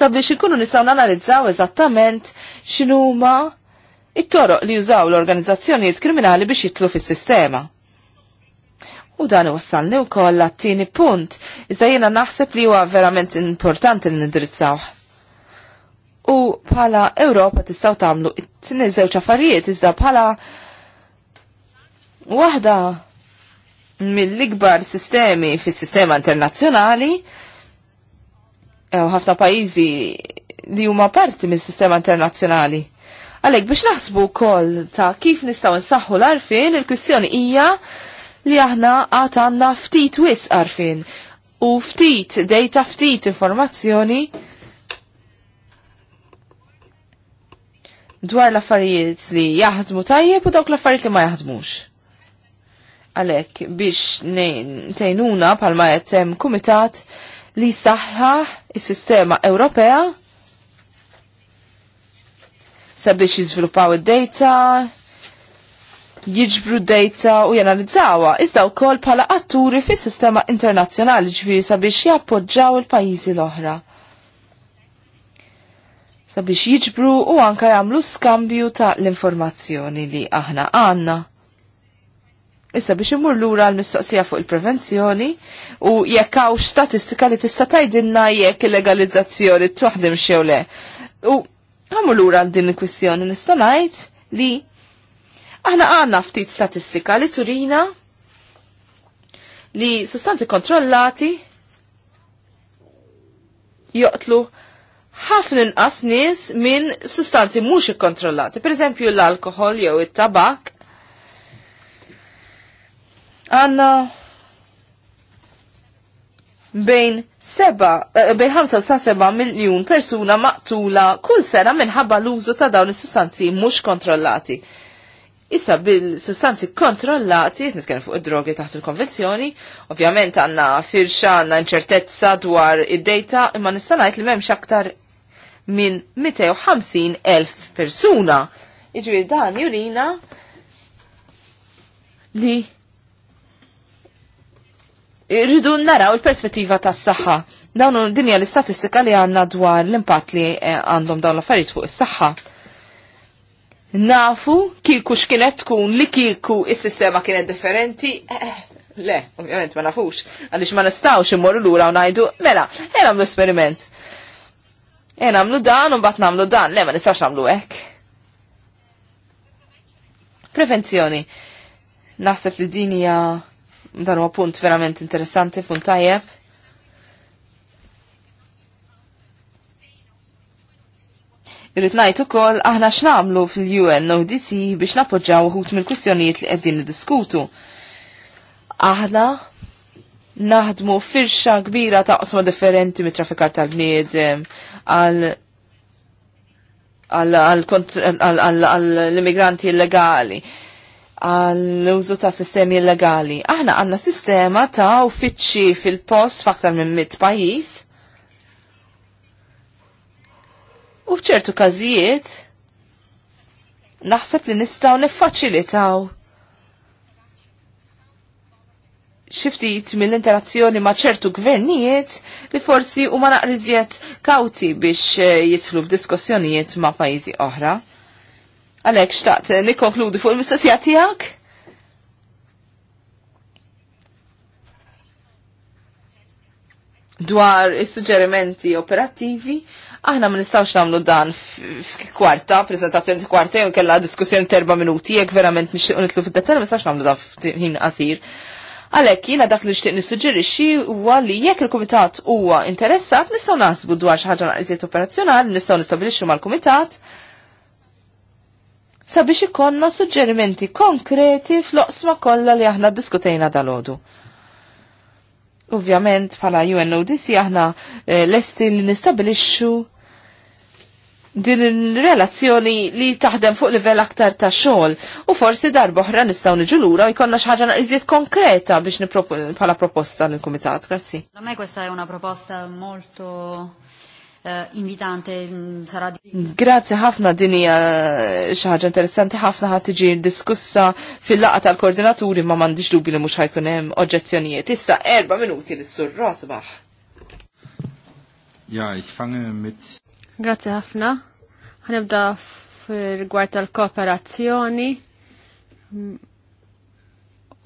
Sabiex ikunu nistgħu nanalizzaw eżattament x'inhuma it-toroq li jużaw l-organizzazzjonijiet kriminali biex jitlu fis-sistema. U dan wassalni u koll għattini punt, iżda jena naħseb li huwa verament importanti li nidrizzawh. U bħala Ewropa tistaw tamlu it-tinizzew affarijiet iżda bħala waħda mill-ikbar sistemi fis sistema internazzjonali, u ħafna pajizi li huma parti mis sistema internazzjonali Għalek biex naħsbu kol ta' kif nistaw nsaħħu l-arfin, il-kwistjoni hija li aħna għatanna ftit wis arfin u ftit dejta ftit informazzjoni dwar l-affarijiet li jaħdmu tajjeb u dawk l-affarijiet li ma jaħdmux. Għalek biex tejnuna palma jettem kumitat li saħħa il-sistema Ewropea sabiex jizvilupaw id-data, jiġbru data u janalizzawa, iżda wkoll bħala atturi fis-sistema internazzjonali ġviri sabiex jappoġġaw il-pajjiżi l-oħra. Sabiex jiġbru u anka jagħmlu skambju ta' l-informazzjoni li aħna għandna. Issa biex imur lura l-mistoqsija fuq il-prevenzjoni u jekk statistika li tista' tgħidilna jekk il-legalizzazzjoni t xew le. U għamlu lura din il-kwistjoni nista' ngħid li aħna għandna ftit statistika li turina li sostanzi kontrollati joqtlu ħafna inqas nies minn sustanzi mhux ikkontrollati, pereżempju l-alkohol jew it-tabak. Għandna bejn seba, eh, bej 5 sa 7 miljon persuna maqtula kull sena minħabba l-użu ta' dawn is-sustanzi mhux kontrollati. Issa bil-sustanzi kontrollati, nitkellem fuq id-drogi taħt il-konvenzjoni, ovvjament għanna firxa għanna inċertezza dwar id-data, imma nistanajt li memx aktar minn 250 elf persuna. Iġvi dan jurina li irridu naraw il-perspettiva tas saħħa Dawn dinja l-istatistika li għanna dwar l-impatt li eh, għandhom dawn l-affarijiet fuq is-saħħa. Nafu kieku x'kienet tkun li kieku is-sistema kienet differenti. Eh, eh, le, ovvjament ma nafux, għaliex ma nistgħux immorru lura u ngħidu, mela, e nagħmlu esperiment. E nagħmlu dan u mbagħad nagħmlu dan, le ma nistgħux nagħmlu hekk. Prevenzjoni. Naħseb li din hija Dan huwa punt verament interessanti, punt tajjeb. Irrid ngħid ukoll aħna x'namlu fil-UN ODC biex nappoġġaw uħut mill-kwistjonijiet li qegħdin niddiskutu. Aħna naħdmu firxa kbira ta' qosma differenti mit traffikar tal-bniedem għal għall-immigranti illegali għall-użu ta' sistemi illegali. Aħna għanna sistema ta' uffiċċi fil-post f'aktar minn mit pajis. U f'ċertu każijiet naħseb li nistgħu niffaċilitaw xiftit mill-interazzjoni ma' ċertu gvernijiet li forsi huma naqriżiet kawti biex eh, jitlu f'diskussjonijiet ma' pajjiżi oħra. Għalek, xtaqt, eh, nikonkludi fuq il-mistassija tijak? Dwar il-suġġerimenti operattivi, aħna ma nistawx namlu dan f'kwarta, prezentazzjoni f'kwarta, jew kella diskussjoni terba minuti, jek verament nixtieq nitlu fid-dettal, ma nistawx namlu dan f'ħin qasir. Għalek, jina dak li nixtieq nissuġġerixxi huwa li jekk il-kumitat huwa interessat, nistgħu naħsbu dwar xi ħaġa naqriżiet operazzjonali, nistgħu nistabilixxu mal-kumitat, sabiex ikonna suġġerimenti konkreti fl-oqsma kollha li aħna diskutejna dal-ħodu. Ovvjament, bħala UNODC aħna eh, lesti li nistabilixxu din relazzjoni li taħdem fuq livell aktar ta' xogħol u forsi darboħra nistgħu niġu lura u jkollna xi ħaġa naqriżiet konkreta biex bħala proposta lill kumitat Grazzi. Ma questa è una proposta molto Eh, invitante mm, sarà Grazie ħafna din hija eh, xi ħaġa interessanti ħafna ħadd tiġi diskussa fil-laqgħa tal-koordinaturi ma m'għandix dubi li mhux ħajkun hemm oġġezzjonijiet. Issa erba' minuti lis-sur Rosbach. Ja, fange mit Grazie ħafna. Ħanibda fir tal-kooperazzjoni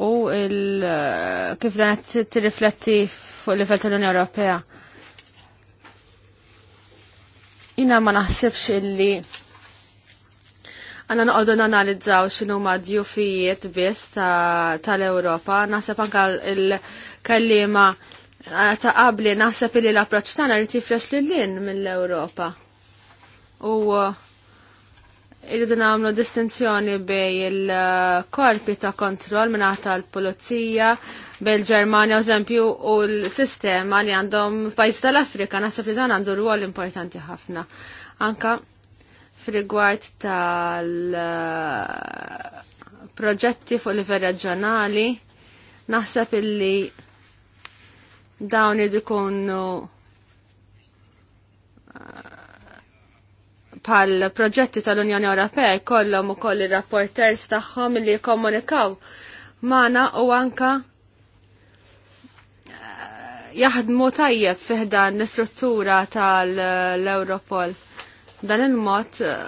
u eh, kif dan qed tirrifletti fuq livell tal Ewropea Jina ma naħsibx illi għanna noqogħdu nanalizzaw xinu ma djufijiet biss tal-Ewropa, ta naħseb anka il kallima eh, ta' qabli naħseb illi l-approċċ tagħna rid jifrex lil mill-Ewropa. U eh, irridu namlu distinzjoni bej il-korpi eh, ta' kontroll minna tal-polizija, bil-Ġermanja eżempju u l-sistema li għandhom pajz tal-Afrika naħseb li dan għandu rwol importanti ħafna. Anka fil tal-proġetti fuq livell reġjonali naħseb li dawn id eh, pal proġetti tal-Unjoni Ewropea kollhom ukoll ir-rapporters tagħhom li jikkomunikaw magħna u anka jaħdmu tajjeb fiħda l-istruttura tal-Europol. Dan il-mod eh,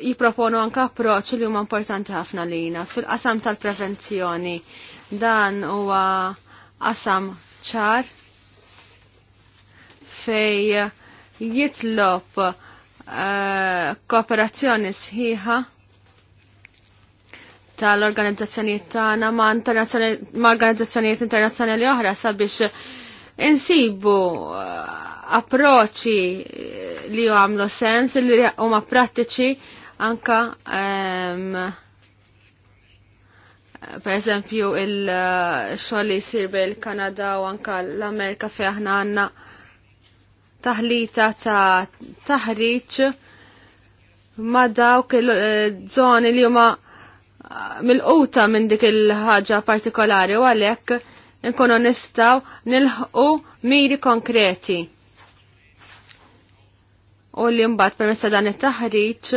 jiproponu anka approċ li huma importanti ħafna lina fil-qasam tal-prevenzjoni. Dan huwa qasam ċar fej jitlob uh, kooperazzjoni sħiħa tal-organizzazzjonijiet tagħna ma' organizzazzjonijiet internazzjonali oħra sabiex insibu eh, approċċi eh, li għamlu sens li huma prattiċi anka um, per eżempju il-xogħol eh, li jsir bil-Kanada u anka l-Amerika fi aħna għandna taħlita ta' taħriġ ma dawk il-żoni li huma mill-quta minn dik il-ħaġa partikolari u għalhekk nkunu nistaw nilħu miri konkreti. U li mbagħad permezz dan it-taħriġ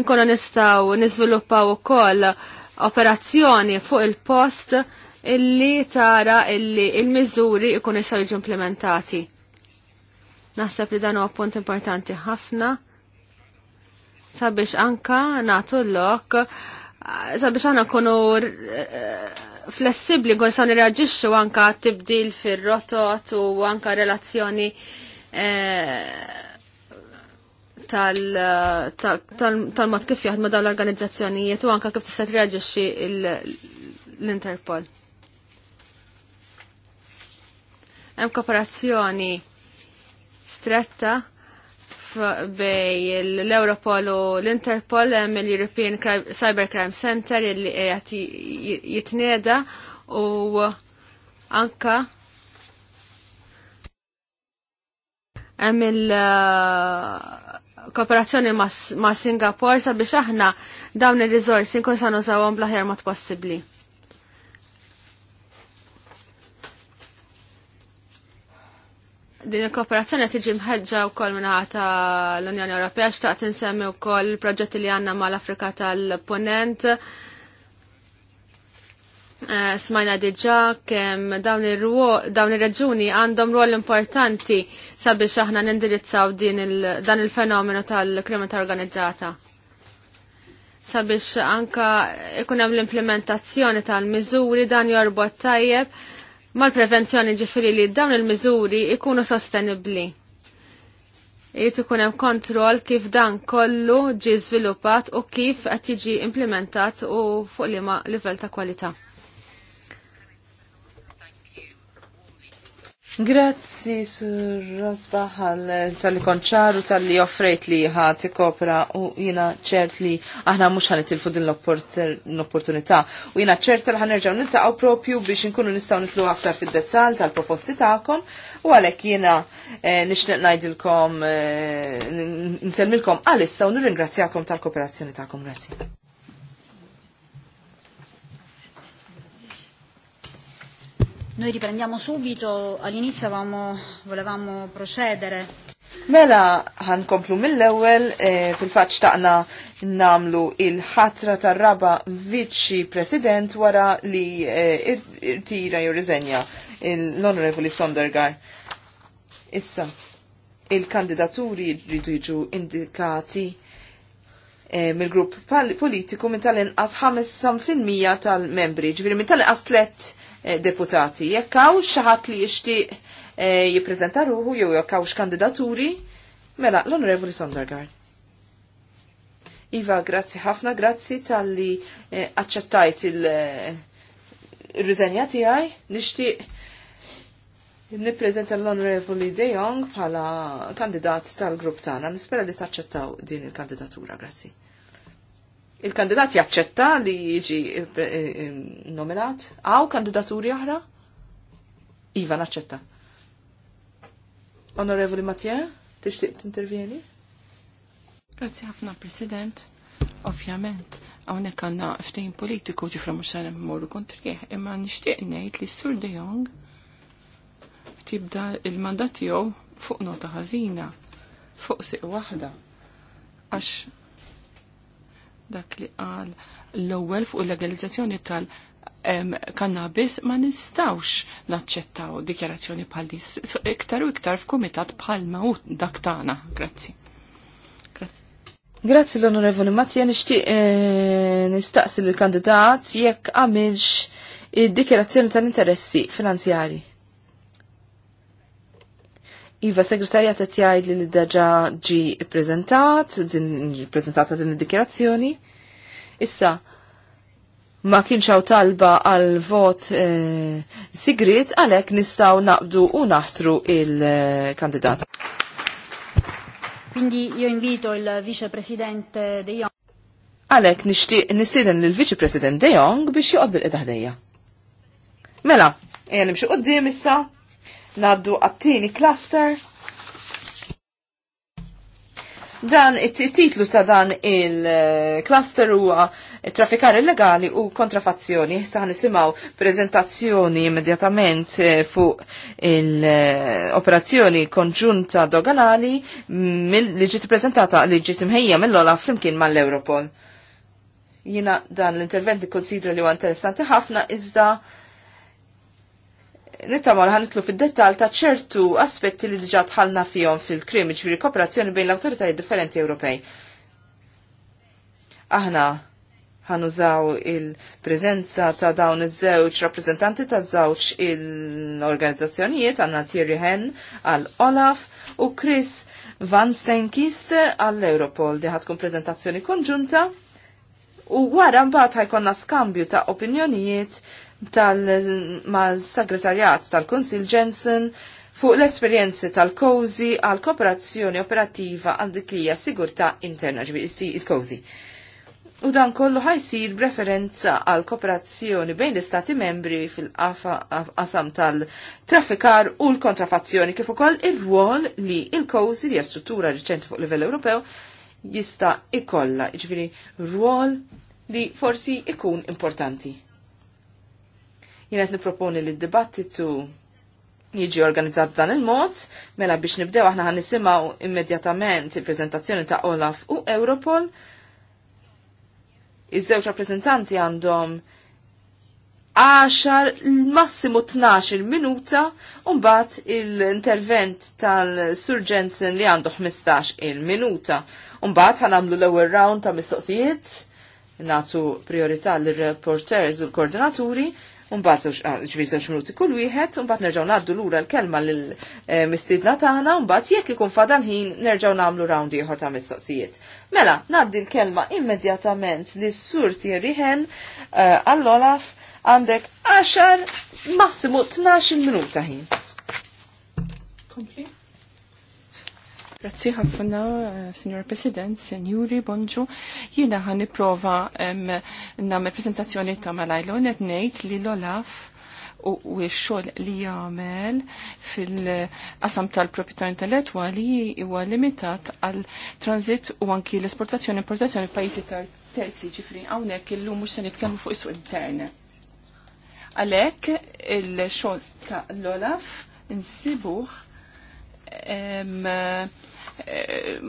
nkunu nistaw niżviluppaw ukoll operazzjoni fuq il-post illi tara illi il-miżuri jkunu jistgħu jiġu implementati. Naħseb li dan huwa punt importanti ħafna sabiex anka nagħtu l-lok sabiex aħna kunu flessibli kon sa nirraġixxu anka tibdil fir-rotot u anka relazzjoni eh, tal-mod kif jaħdmu ma l-organizzazzjonijiet u anka kif tista' tirraġiċi l-Interpol. Hemm kooperazzjoni stretta bej l-Europol u l-Interpol hemm eh, l-European Cybercrime Center li qed jitnieda u anka hemm il-kooperazzjoni eh, ma' Singapore sabiex aħna dawn ir-riżorsi nkun sa nużawhom bl-aħjar mod possibbli. Din il-kooperazzjoni tiġi mħeġġa wkoll minħata l-Unjoni Ewropea xtaqt insemmi wkoll proġetti li għandna mal-Afrika tal-Ponent. Eh, smajna diġà kemm dawn ir-reġuni għandhom rwol importanti sabiex aħna nindirizzaw din dan il-fenomenu tal-kriminalità organizzata. Sabiex anka ikun hemm l-implementazzjoni tal-miżuri dan jorbot tajjeb mal-prevenzjoni ġifiri li dawn il-miżuri ikunu sostenibli. Jitu ikun hemm kontroll kif dan kollu ġi żviluppat u kif qed jiġi implementat u fuq liema livell ta' kwalità. Grazzi, Sur Rosbaħal, tal-li u tal-li offrejt li ħat kopra u jina ċert li aħna mux ħan itilfu din l-opportunità. U jina ċert li ħan nerġaw niltaqaw propju biex nkunu nistaw nitlu aktar fil-detal tal-proposti ta'kom u għalek jina nixneq najdilkom, nselmilkom għalissa u nirringrazzjakom tal-kooperazzjoni ta'kom. Grazzi. Noi riprendiamo subito, all'inizio avevamo, volevamo procedere. Mela, għan komplu mill-ewel, e, fil-fat taqna namlu il-ħatra tar-raba viċi president wara li e, irtira jew riżenja l-onorevoli Sondergar. Issa, il-kandidaturi rridu jiġu indikati E, mill-grupp politiku minn tal-inqas 5% tal-membri, ġviri minn tal-inqas tlet Eh, deputati. Jekk hawn xi ħadd li jixtieq eh, jippreżenta ruħu jew jekk hawnx kandidaturi, mela l-Onorevoli Sondergard. Iva, grazzi ħafna, grazzi tal-li eh, aċċettajt il-riżenja tiegħi. Nixtieq nippreżenta l-Onorevoli De Jong bħala kandidat tal-grupp tagħna. Nispera li taċċettaw din il-kandidatura, grazzi il-kandidat jaċċetta li jiġi eh, eh, nominat? Aw kandidaturi oħra? Iva, naċċetta. Onorevoli Mattia, tixtieq tintervjeni? Grazzi ħafna, President. Ovvjament, hawnhekk għandna ftehim politiku ġifra mhux se mmorru kontrih, imma nixtieq ngħid li Sur De Jong tibda il-mandat tiegħu fuq nota ħażina, fuq siq waħda. Għax dak li qal l-ewwel fuq il-legalizzazzjoni tal-kannabis ma nistawx naċċettaw dikjarazzjoni bħal dis. Iktar u iktar f'kumitat bħal mawt dak tagħna. Grazzi. Grazzi. l-Onorevoli Mazzija, nishtiq eh, nistaqsi l-kandidat jekk għamilx id-dikjerazzjoni tal-interessi finanzjari. Iva, segretarja ta' tijaj li daġa ġi ppreżentat, prezentata din id-dikjerazzjoni. Issa, ma kienx talba għal vot e, sigrit għalhekk nistgħu naqdu u naħtru il-kandidata. Quindi io invito il vicepresidente De Jong. Għalek nistiden il vice President De Jong biex joqod bil-qedaħdejja. Mela, jgħan nimxu qoddim issa Naddu għattini cluster. Dan it-titlu ta' dan il-cluster eh, huwa traffikar illegali u kontrafazzjoni. Sa' nisimaw prezentazzjoni immedjatament eh, fuq il-operazzjoni eh, konġunta doganali mm, li ġiet prezentata li ġiet imħejja mill-ola flimkien mal-Europol. Jina dan l-intervent li konsidra li huwa interessanti ħafna iżda Nittamol ħanitlu fil-dettal ta' ċertu aspetti li diġa tħalna fihom fil-krim, ġviri kooperazzjoni bejn l-autoritajiet differenti Ewropej. Aħna ħanużaw il-prezenza ta' dawn iż-żewġ rappreżentanti ta' żewġ il-organizzazzjonijiet għanna Thierry Hen għal Olaf u Chris Van Steinkist għall Europol li ħadkun prezentazzjoni konġunta u wara mbagħad ħajkonna skambju ta' opinjonijiet tal-segretarjat tal konsil Jensen fuq l-esperienzi tal-Kozi għal kooperazzjoni operattiva għal dikija sigurta interna ġbiri il-Kozi. U dan kollu ħajsir b'referenza għal kooperazzjoni bejn l-Istati membri fil-qasam tal-traffikar u l-kontrafazzjoni kif ukoll ir-rwol li il kozi li struttura riċenti fuq livell Ewropew jista' ikolla, ġifieri rwol li forsi ikun importanti. Jienet niproponi li d-dibattitu jiġi organizzat dan il-mod, mela biex nibdew aħna ħan nisimaw immedjatament il-prezentazzjoni ta' Olaf u Europol. Iż-żewġ rappresentanti għandhom 10, massimu 12 minuta, mbagħad il-intervent tal-Sur Jensen li għandu 15 il-minuta. Unbat għanamlu l-ewel round ta' mistoqsijiet, natu priorità l-reporters u l-koordinaturi, Unbat ġviri zewġ minuti kull wieħed, unbat nerġaw naddu lura l-kelma l-mistidna eh, taħna, unbat jekk ikun fadal ħin nerġaw namlu round ieħor ta' mistoqsijiet. Mela, naddi l-kelma immedjatament li s-sur tjerriħen Hen eh, għall-Olaf għandek 10 massimu 12 minuta ħin. Grazzi ħafna, eh, Signor President, Senjuri, bonġu. Jina ħan niprofa namme prezentazzjoni ta' malajlon et nejt li l-Olaf u x-xogħol li jagħmel fil-qasam tal-proprjetà intellettwali huwa limitat għal transit u anki l-esportazzjoni e importazzjoni pajjiżi terzi ġifri hawnhekk illum mhux se nitkellmu fuq is-suq intern. Għalhekk il-xogħol ta' l-Olaf insibuh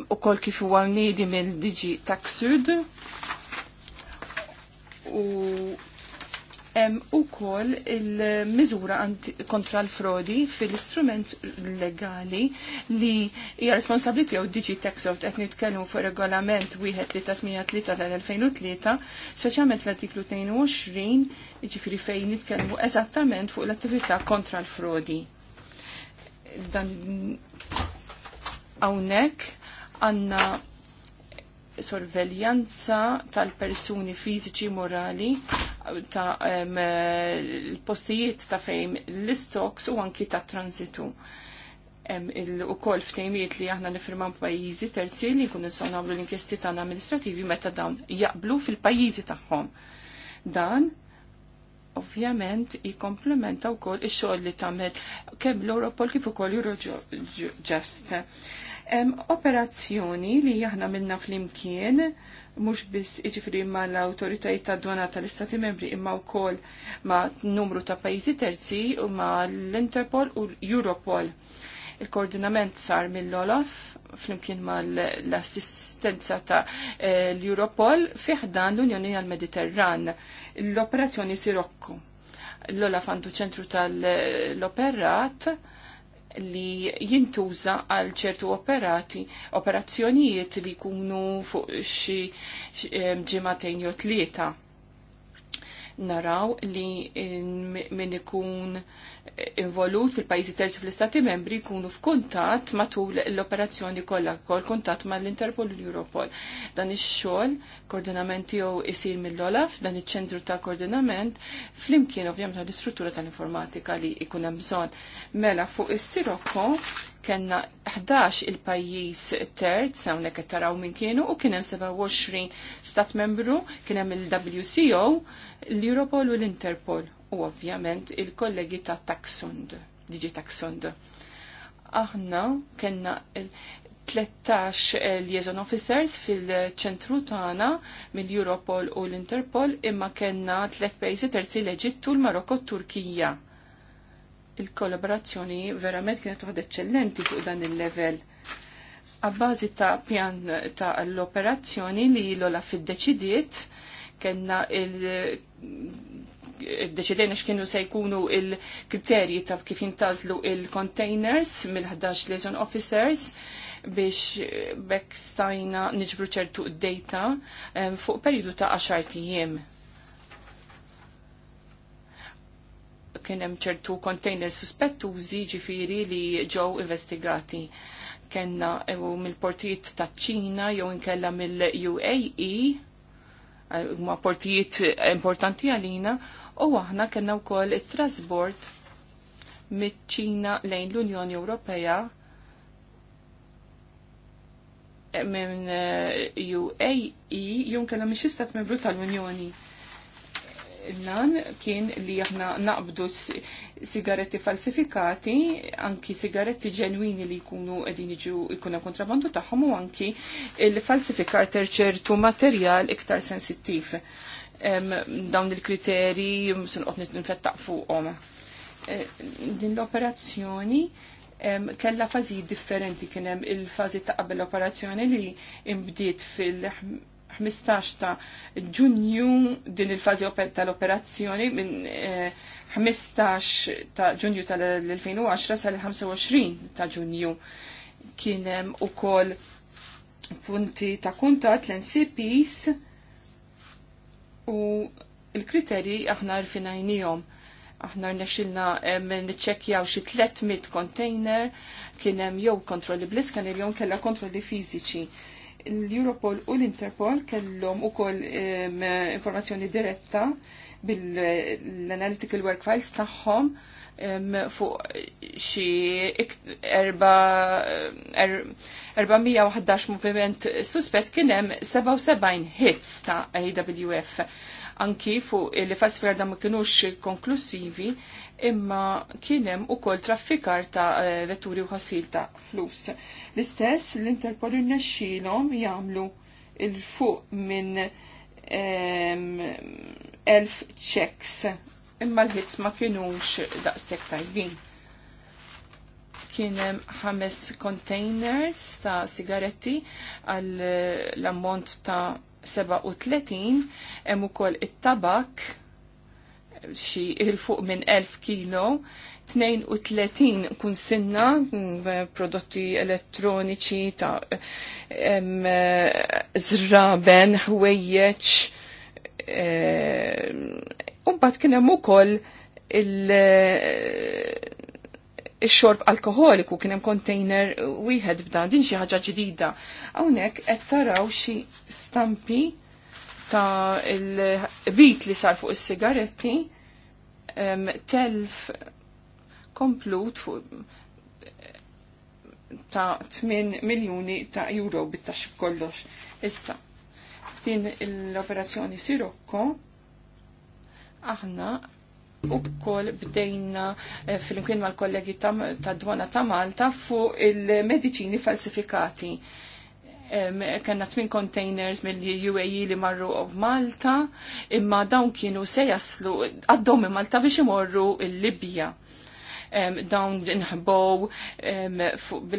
u kol kif huwa nidi mill diġi taksud u hemm ukoll il mizura kontra l-frodi fil-istrument legali li hija responsabbli tiegħu diġi taksud qed nitkellmu fuq regolament wieħed li tal-2003 speċjalment l-artiklu 22 jiġifieri fejn nitkellmu eżattament fuq l-attività kontra l-frodi dan hawnhekk għandna sorveljanza tal-persuni fiżiċi morali ta' l-postijiet ta' fejn l-istoks u anki ta' transitu u kol ftejmiet li aħna nifirmaw pajizi terzi li kun nistgħu nagħmlu l-inkjesti tagħna amministrativi meta dawn jaqblu fil-pajjiżi tagħhom. Dan ovvjament jikomplementa wkoll ix-xogħol li tagħmel kemm l-Europol kif ukoll Eurojust. Operazzjoni li aħna minna flimkien mhux biss jiġifieri mal l-autoritajiet ta' dwana tal-Istati Membri imma wkoll ma' numru ta' pajjiżi terzi u ma' l-Interpol u Europol. Il-koordinament sar mill-Olaf flimkien mal-assistenza ta' eh, l-Europol fiħdan l-Unjoni għal-Mediterran, l-operazzjoni Sirokku. L-Ola fandu ċentru tal-operat li jintuża għal ċertu operati, operazzjonijiet li kunu fuq xi ġimatejn jo tlieta. Naraw li min ikun involut fil pajzi terzi fl-istati membri jkunu f'kuntatt matul l-operazzjoni kollha kol kuntatt mal-Interpol u l-Europol. Dan ix-xogħol koordinament tiegħu isir mill-Olaf, dan iċ-ċentru ta' koordinament flimkien ovvjament l-istruttura tal-informatika li jkun hemm bżonn. Mela fuq is-Sirocco kellna 11 il-pajjiż terz hawnhekk qed taraw min kienu u kien hemm 27 stat membru, kien hemm il-WCO, l-Europol u l-Interpol u ovvjament il-kollegi ta' Taxund, Digi Taxund. Aħna kena 13 eh, liaison officers fil-ċentru tagħna mill-Europol u l-Interpol imma kellna tliet pajjiżi terzi l-Eġittu, l-Marokko, Turkija. Il-kollaborazzjoni verament kienet waħda eċċellenti fuq dan il-level għabbażi ta' pjan ta' l-operazzjoni li l-ola fid-deċidiet kena il deċidejna x'kienu se jkunu il-kriterji ta' kif jintażlu il-containers mill-11 liaison officers biex bekk stajna niġbru ċertu data fuq periodu ta' 10 jiem. Kien hemm ċertu containers suspettużi ġifieri li ġew investigati kenna mill-portijiet ta' ċina jew inkella mill-UAE ma portijiet importanti għalina u aħna kellna wkoll it-trasbord miċ-Ċina lejn l-Unjoni Ewropea minn eh, UAE jum kena mhix stat membru tal-Unjoni. Nan kien li aħna naqbdu sigaretti falsifikati, anki sigaretti ġenwini li jkunu qegħdin jiġu jkunu kontrabandu tagħhom u anki il falsifikati ċertu materjal iktar sensittiv dawn il-kriteri msin qotnit nfettaq fuqhom. Eh, din l-operazzjoni kella fazi differenti kien hemm il-fażi ta' qabel l-operazzjoni li imbdiet fil-15 ta' Ġunju din il-fażi tal-operazzjoni minn 15 eh, ta' Ġunju tal-2010 sal-25 ta' Ġunju kien hemm ukoll punti ta' kuntat l-NCPs u il-kriterji aħna rfinajnijom. Aħna rnexilna ċekjaw xi 300 container kien hemm jew kontrolli il-jom kella kontrolli fiżiċi. L-Europol u l-Interpol kellhom ukoll informazzjoni diretta bil-analytical work files tagħhom fuq xi erba' er, 411 moviment suspett kien hemm 77 hits ta' AWF anki fuq li fasfer da ma kienux konklusivi imma kien hemm ukoll traffikar ta' eh, vetturi u ħasil ta' flus. L-istess l-Interpol irnexxielhom jagħmlu il-fuq minn elf checks imma l hits ma kienux daqstek tajbin kienem ħames containers ta' sigaretti għal l-ammont ta' 37 hemm ukoll it-tabak xi il-fuq minn 1000 kilo 32 kun sinna prodotti elettroniċi ta' eh, zraben, ħwejjeċ, eh, un bat kien hemm ukoll il- ix-xorb alkoholiku kien hemm container wieħed b'dan din xi ħaġa ġdida. Hawnhekk qed taraw xi stampi ta' il-bit li sar fuq is-sigaretti telf komplut fuq ta' 8 miljuni ta' euro bit-tax kollox. Issa, din l-operazzjoni Sirocco aħna u kol bdejna eh, fil-imkien mal-kollegi ta' dwana ta' Malta fuq il-medicini falsifikati. Kenna tmin containers mill-UAE li marru Malta, imma dawn kienu se jaslu għaddom Malta biex imorru il-Libja. Dawn nħbow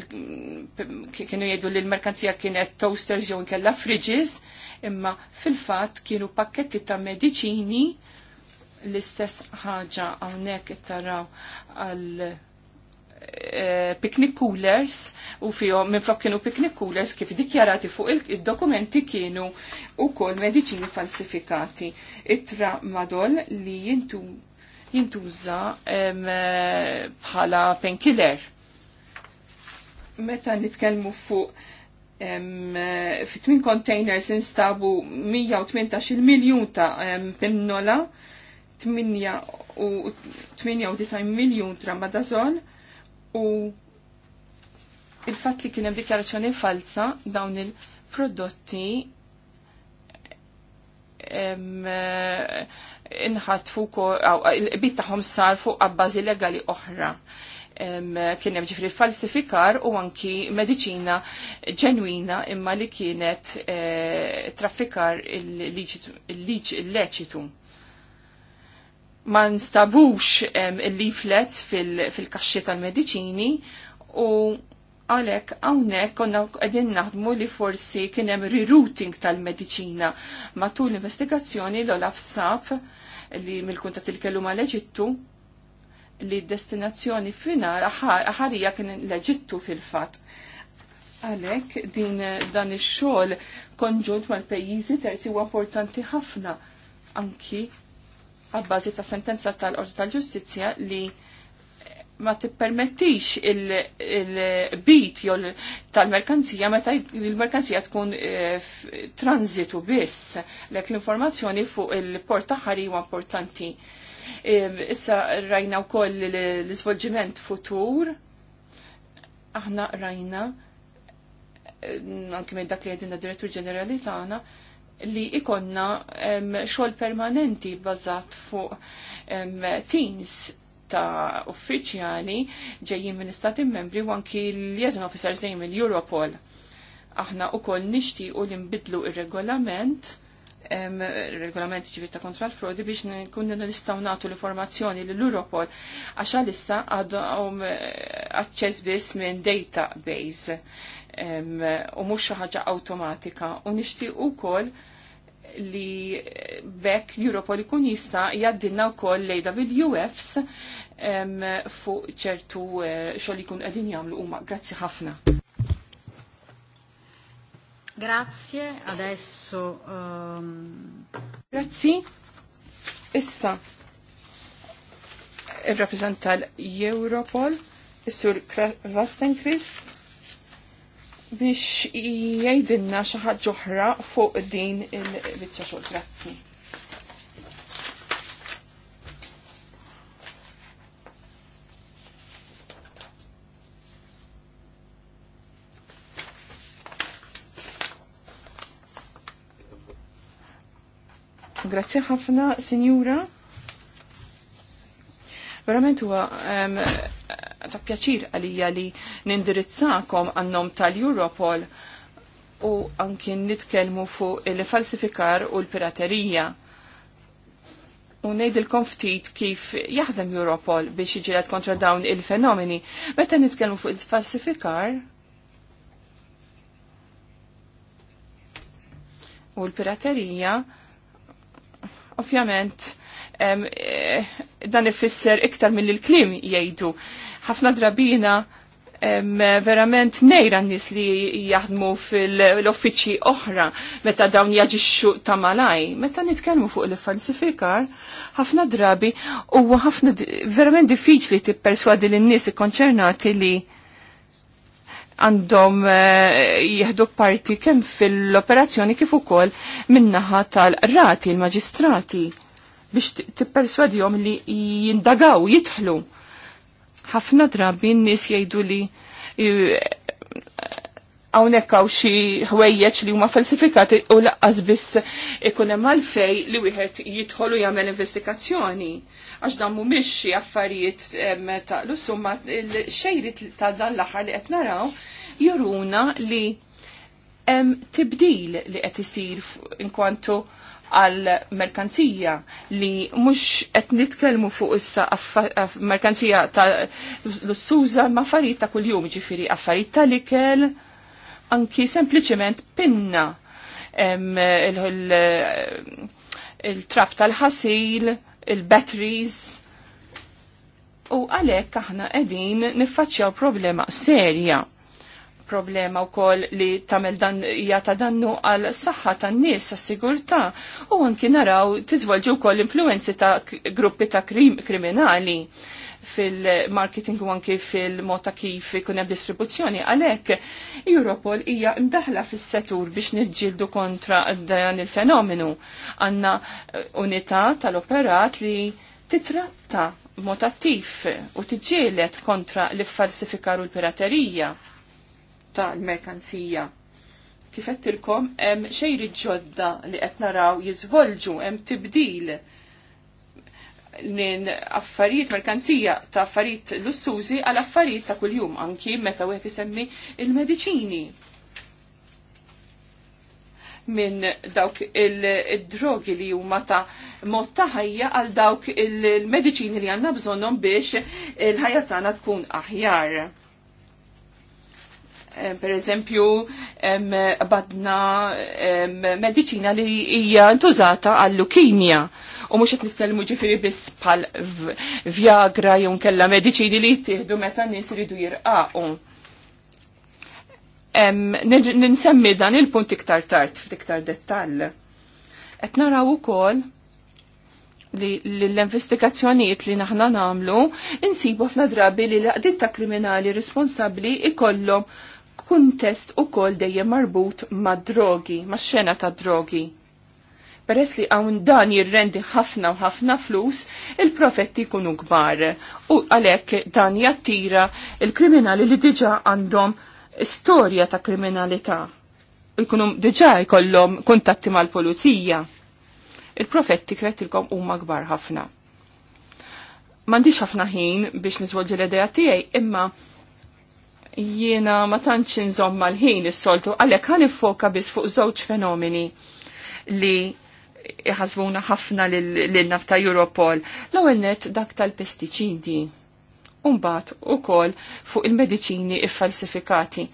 kienu jgħidu li l-merkanzija kienet toasters jew kella fridges, imma fil-fat kienu pakketti ta' medicini L-istess ħaġa hawnhekk taraw għal eh, picnic coolers u fihom minn fuq kienu picnic coolers kif dikjarati fuq il-dokumenti kienu kol medicini falsifikati. Itra madol li jintu jintuża eh, bħala painkiller. Meta nitkellmu fuq eh, fit-tmin containers instabu 118 miljun ta' pinnola 98 miljon tramadazol u il-fat li kienem dikjarazzjoni falsa dawn il-prodotti inħat fuq il-bit taħħom sar fuq abbażi legali oħra. Kienem ġifri falsifikar u anki medicina ġenwina imma li kienet eh, traffikar il-leċitu ma nstabux il-leaflets fil-kaxxi tal-mediċini u għalek għawnek konna għedin naħdmu li forsi kienem rerouting tal-medicina matul l-investigazzjoni l-olaf li mil-kuntat il-kellu ma leġittu li destinazzjoni final ħarija kien leġittu fil-fat. Għalek din dan ix-xogħol konġunt mal-pejjiżi terzi huwa importanti ħafna anki għabbażi ta' sentenza tal-Qorti tal-Ġustizzja li ma tippermettix il-bit il, jol tal-merkanzija meta il-merkanzija tkun e, transitu biss lek l-informazzjoni fuq il-port taħħari huwa importanti. issa rajna wkoll l svolġiment futur. Aħna rajna eh, anke minn dak li għedinna direttur ġenerali tagħna li ikonna xogħol permanenti bbażat fuq teams ta' uffiċjali ġejjin minn istati membri u anki l-liaison officer dejjem il-Europol. Aħna u koll u li nbidlu il-regolament regolament ġivit ta' kontra l-frodi biex nkun nistaw natu l-informazzjoni l-Europol għaxa lissa għadhom access biss minn database u mux ħaġa automatika u u koll li bekk Europol ikun jista jaddinna wkoll l-AWFs fuq ċertu eh, xogħol ikun qegħdin jagħmlu huma. Grazzi ħafna. Grazie, adesso um... Issa il-rappresentant Europol, is-sur Vastenkris biex jgħidilna xi ħaġa oħra fuq din il-biċċa xogħol. Grazzi. Grazzi ħafna, Signora. Verament huwa ta' pjaċir għalija li nindirizzakom għannom tal-Europol u anki nitkelmu fuq il-falsifikar u l-piraterija. U nejdilkom ftit kif jaħdem Europol biex iġilat kontra dawn il-fenomeni. Meta nitkelmu fuq il-falsifikar u l-piraterija, ovvjament, Eh, dan ifisser iktar mill il-klim jgħidu. Ħafna drabina verament nejra n-nis li jaħdmu fil-offiċi oħra meta dawn jaġixxu ta' malaj. Meta nitkellmu fuq il-falsifikar, ħafna drabi huwa ħafna verament diffiċli tipperswadi lin-nies ikkonċernati li għandhom eh, jihdu parti kemm fil-operazzjoni kif ukoll minnaħa tal-rati, il-maġistrati. l il maġistrati biex tipperswadihom li jindagaw, jidħlu. Ħafna drabi n-nies jajdu li hawnhekk hawn xi ħwejjeġ li huma falsifikati u laqqas biss ikun hemm għalfej li wieħed jidħol u jagħmel investigazzjoni. Għax dan mhumiex xi affarijiet l summa l-xejrit ta' dan l-aħħar li qed naraw juruna li hemm tibdil li qed isir inkwantu għal merkanzija li mhux qed nitkellmu fuq issa merkanzija ta' lussuża ma' affarijiet ta' kuljum, ġifiri affarijiet ta' likel anki sempliċement pinna il-trap tal-ħasil, il-batteries, u għalek aħna qegħdin niffaċċjaw problema serja problema wkoll li tagħmel dan hija ta' dannu għal saħħa tan-nies għas-sigurtà u anki naraw tiżvolġu wkoll influenzi ta' gruppi ta' krim, kriminali fil-marketing u anki fil mota kif ikun hemm distribuzzjoni. Għalhekk Europol hija mdaħla fis settur biex niġġieldu kontra dan il-fenomenu. Għanna eh, unità tal-operat li titratta mod attiv u tiġielet kontra l-falsifikar u l-piraterija tal-merkanzija. Kifett ilkom hemm xejri ġodda li qed naraw jiżvolġu hemm tibdil minn affarijiet merkanzija ta' affarijiet lussużi għal affarijiet ta' kuljum anki meta wieħed isemmi il-mediċini minn dawk il-drogi li huma ta' mod ta' ħajja għal dawk il-mediċini li għandna bżonnhom biex il-ħajja tagħna tkun aħjar. Eh, per eżempju badna medicina li hija ntużata għall-lukimja u mux qed nitkellmu ġifieri biss bħal Viagra jew nkella mediċini li jittieħdu meta nies iridu jirqaqu. Ninsemmi dan il-punt iktar tard f'iktar dettall. Qed naraw ukoll li l-investigazzjonijiet li naħna namlu insibu f'na drabi li l ta' kriminali responsabli ikollhom kuntest u kol dejjem marbut ma' drogi, ma' xena ta' drogi. Peress li għawn dan jirrendi ħafna u ħafna flus, il-profetti kunu gbar u għalek dan jattira il-kriminali li diġa għandhom storja ta' kriminalità. Ikunu diġa jkollhom kuntatti mal-pulizija. Il-profetti kretilkom huma gbar ħafna. Mandiċ ħafna ħin biex nizvolġi l-ideja tiegħi, imma jiena ma tantx inżomm mal-ħin is-soltu għalhekk ħan iffoka biss fuq żewġ fenomeni li jħasbuna ħafna lil nafta' Europol. L-ewwel net dak tal-pestiċidi. Umbat u kol fuq il-medicini iffalsifikati.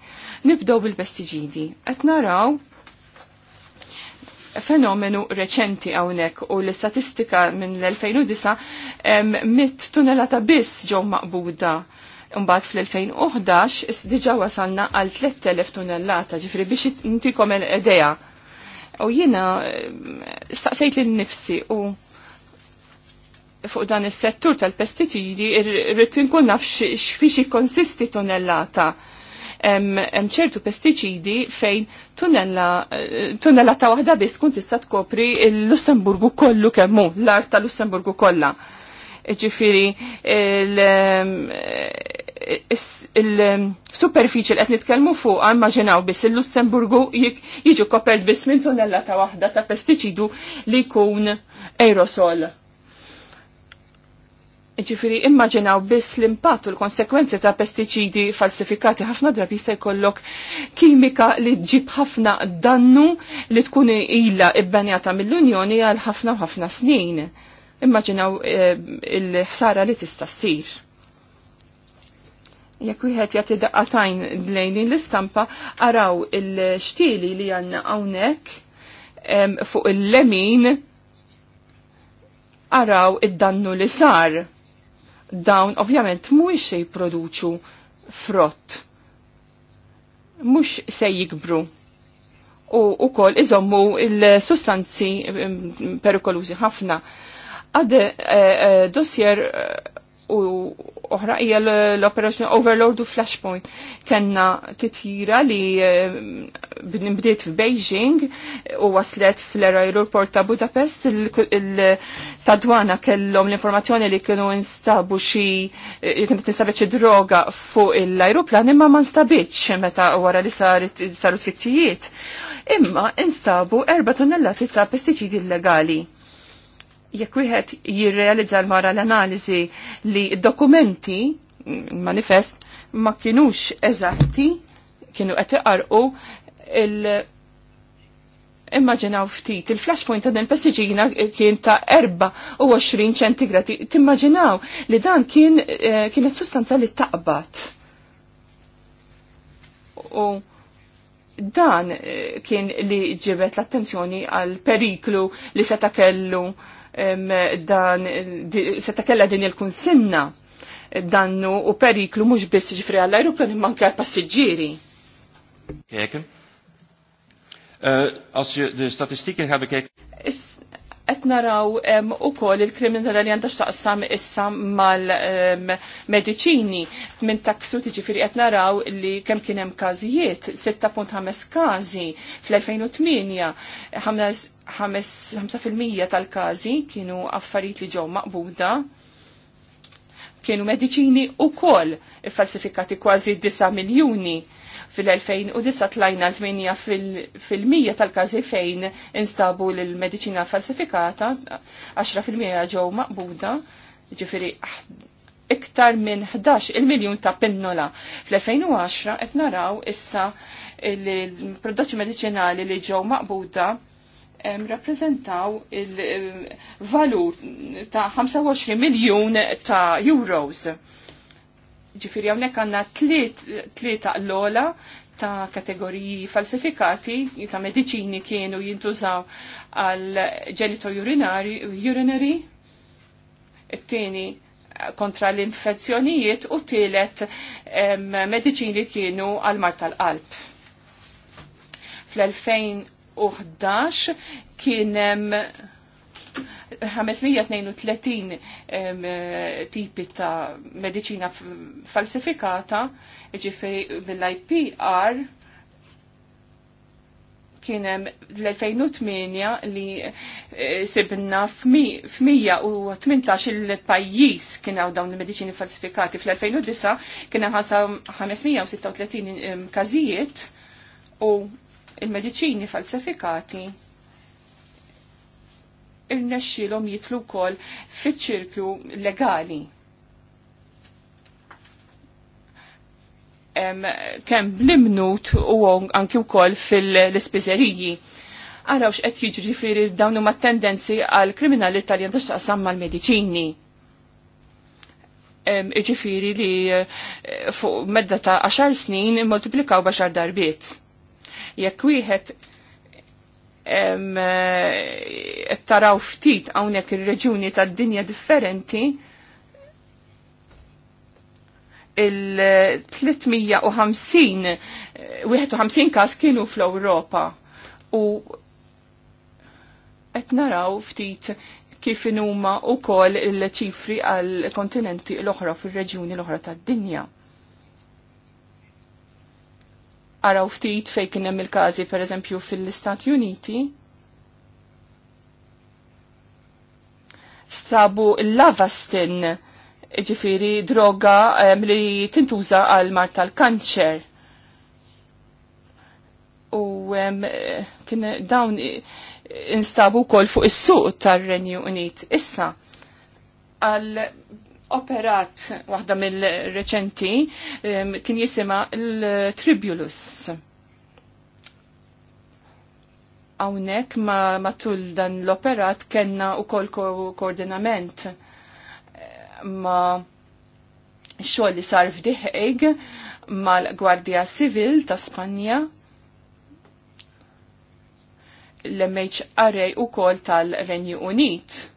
Nibdow bil-pestiġidi. Qed naraw fenomenu reċenti għawnek u l-istatistika minn l-2009 mit tunelata biss ġew maqbuda Mbagħad fl-2011 diġà wasalna għal 3000 tonnellata, ġifri biex intikom l idea U jiena, eh, staqsejt lil nifsi u fuq dan is-settur tal-pestiċidi irrid inkun naf x'fiex ikkonsisti tonnellata. Hemm ċertu pestiċidi fejn eh, tunnellata waħda biss tkun tista' tkopri l-Lussemburgu kollu kemm hu, l-art tal-Lussemburgu kollha Ġifieri il-superfiċi um, li qed nitkellmu fuq immaġinaw biss il-Lussemburgu jiġu kopert biss minn tonnella ta' waħda ta' pestiċidu li jkun aerosol. Ġifiri, immaġinaw biss l-impatt u l-konsekwenzi ta' pestiċidi falsifikati ħafna drabi jista' jkollok kimika li tġib ħafna dannu li tkun ilha ibbenjata mill-Unjoni għal ħafna u ħafna snin. Immaġinaw eh, il-ħsara li tista' ssir jekk wieħed jagħti daqqatajn lejn l-istampa araw il xtili li għandna hawnhekk fuq il-lemin araw id-dannu li sar. Dawn ovvjament mhuwiex se jipproduċu frott. Mhux se jikbru u wkoll iżommu il-sustanzi perikolużi ħafna. Għad eh, eh, dossier eh, u oħra hija l-Operation Overload u Flashpoint. Kenna titjira li eh, bdiet f'Beijing u waslet fl-aeroport ta' Budapest il-tadwana kellhom l-informazzjoni li kienu instabu xi eh, kienu tinstabet xi droga fuq l-ajruplan imma ma nstabitx meta wara li saru tfittijiet. Imma instabu erba' tonnellati ta' pestiċidi illegali jekk wieħed jirrealizza l-mara l-analiżi li dokumenti mm, manifest ma kienux eżatti, kienu qed iqarqu il- immaġinaw ftit, il-flashpoint ta' din pestiġina kien ta' 24 ċentigrati. Timmaġinaw li dan kien eh, kienet sustanza li taqbat. U dan eh, kien li ġibet l-attenzjoni għal periklu li seta' kellu dan se takella din il-kunsinna dannu u periklu mux biss ġifri għall-ajruplan imman kaj għall-passiġġieri. Kijken. Eh, als je de statistieken gaat qed naraw ukoll il kriminal li għandha x'taqsam issa mal-mediċini minn taksu tiġifieri qed naraw li kemm kien hemm każijiet 6.5 każi fl-2008 5% tal-każi kienu affarijiet li ġew maqbuda kienu mediċini ukoll falsifikati kważi 9 miljuni Fil-2009 tlajna l-8 fil-mija tal-kazi fejn instabu l-medicina falsifikata, 10% fil-mija ġew maqbuda, ġifiri iktar minn 11 il-miljon ta' pinnola. Fl-2010 qed naraw issa il-prodotti medicinali li ġew maqbuda rappresentaw il-valur ta' 25 miljon ta' euros Ġifiri hawnhekk għandna tlieta l-ola ta' kategoriji falsifikati ta' medicini kienu jintużaw għal ġenito urinary, it-tieni kontra l-infezzjonijiet u tielet mediċini kienu għal mar tal-qalb. Fl-2011 kien 532 eh, tipi ta' medicina falsifikata, ġifiri bil ipr kienem l-2008 li eh, sibna f-118 il-pajjiż kienaw dawn il-medicini falsifikati. Fl-2009 kienem ħasa 536 kazijiet u il-medicini falsifikati irnexxilhom jitlu wkoll fiċ-ċirkju legali. Kemm bl-imnut u anki wkoll fil-ispiżeriji. Araw x'qed jiġri fir dawn huma tendenzi għal kriminali tal għandax taqsam mal-mediċini. Iġifiri li eh, fuq medda ta' 10 snin multiplikaw baxar darbiet. Jekk wieħed Eh, taraw ftit hawnhekk ir-reġuni tad-dinja differenti il-350 51 eh, kas kienu fl-Ewropa u qed naraw ftit kif u wkoll il-ċifri għal kontinenti l-oħra fir-reġjuni l-oħra tad-dinja araw ftit fej kien hemm il-każi pereżempju fil-Istati Uniti, stabu l-lavastin ġifiri droga um, li tintuża għal mar tal-kanċer. U um, kien dawn instabu kol fuq is-suq tar-Renju Unit. Issa, għal operat waħda mill-reċenti kien jisima l-Tribulus. Hawnhekk ma matul dan l-operat kellna wkoll koordinament eh, ma xogħol li sar f'Diħeg mal-Gwardja Civil ta' Spanja l-MHRA u kol tal-Renju Unit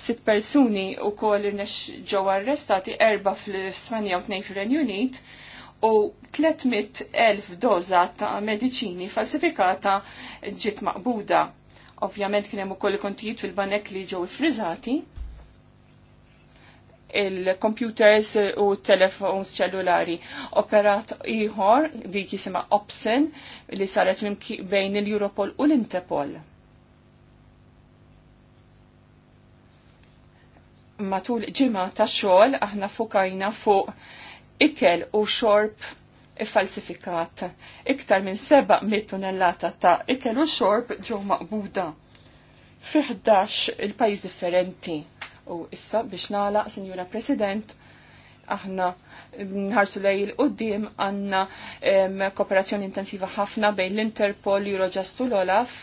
Sitt persuni u koll nex ġew arrestati, erba fl-Spanja u tnej fil-Renju Unit, u 300.000 doza ta' medicini falsifikata ġiet maqbuda. Ovvjament kien hemm ukoll kontijiet fil-banek li ġew frizzati il-computers u telefons ċellulari. Operat ieħor li jisima Opsen li saret bejn il-Europol u l-Intepol. matul ġimgħa ta' xogħol aħna fukajna fuq ikel u xorb falsifikat. Iktar minn 700 tonnellata ta' ikel u xorb ġew maqbuda fi 11 il-pajjiż differenti. U issa biex nagħlaq, Sinjura President, aħna nħarsu lej il-qoddim għanna kooperazzjoni intensiva ħafna bejn l-Interpol, Eurojust u l-Olaf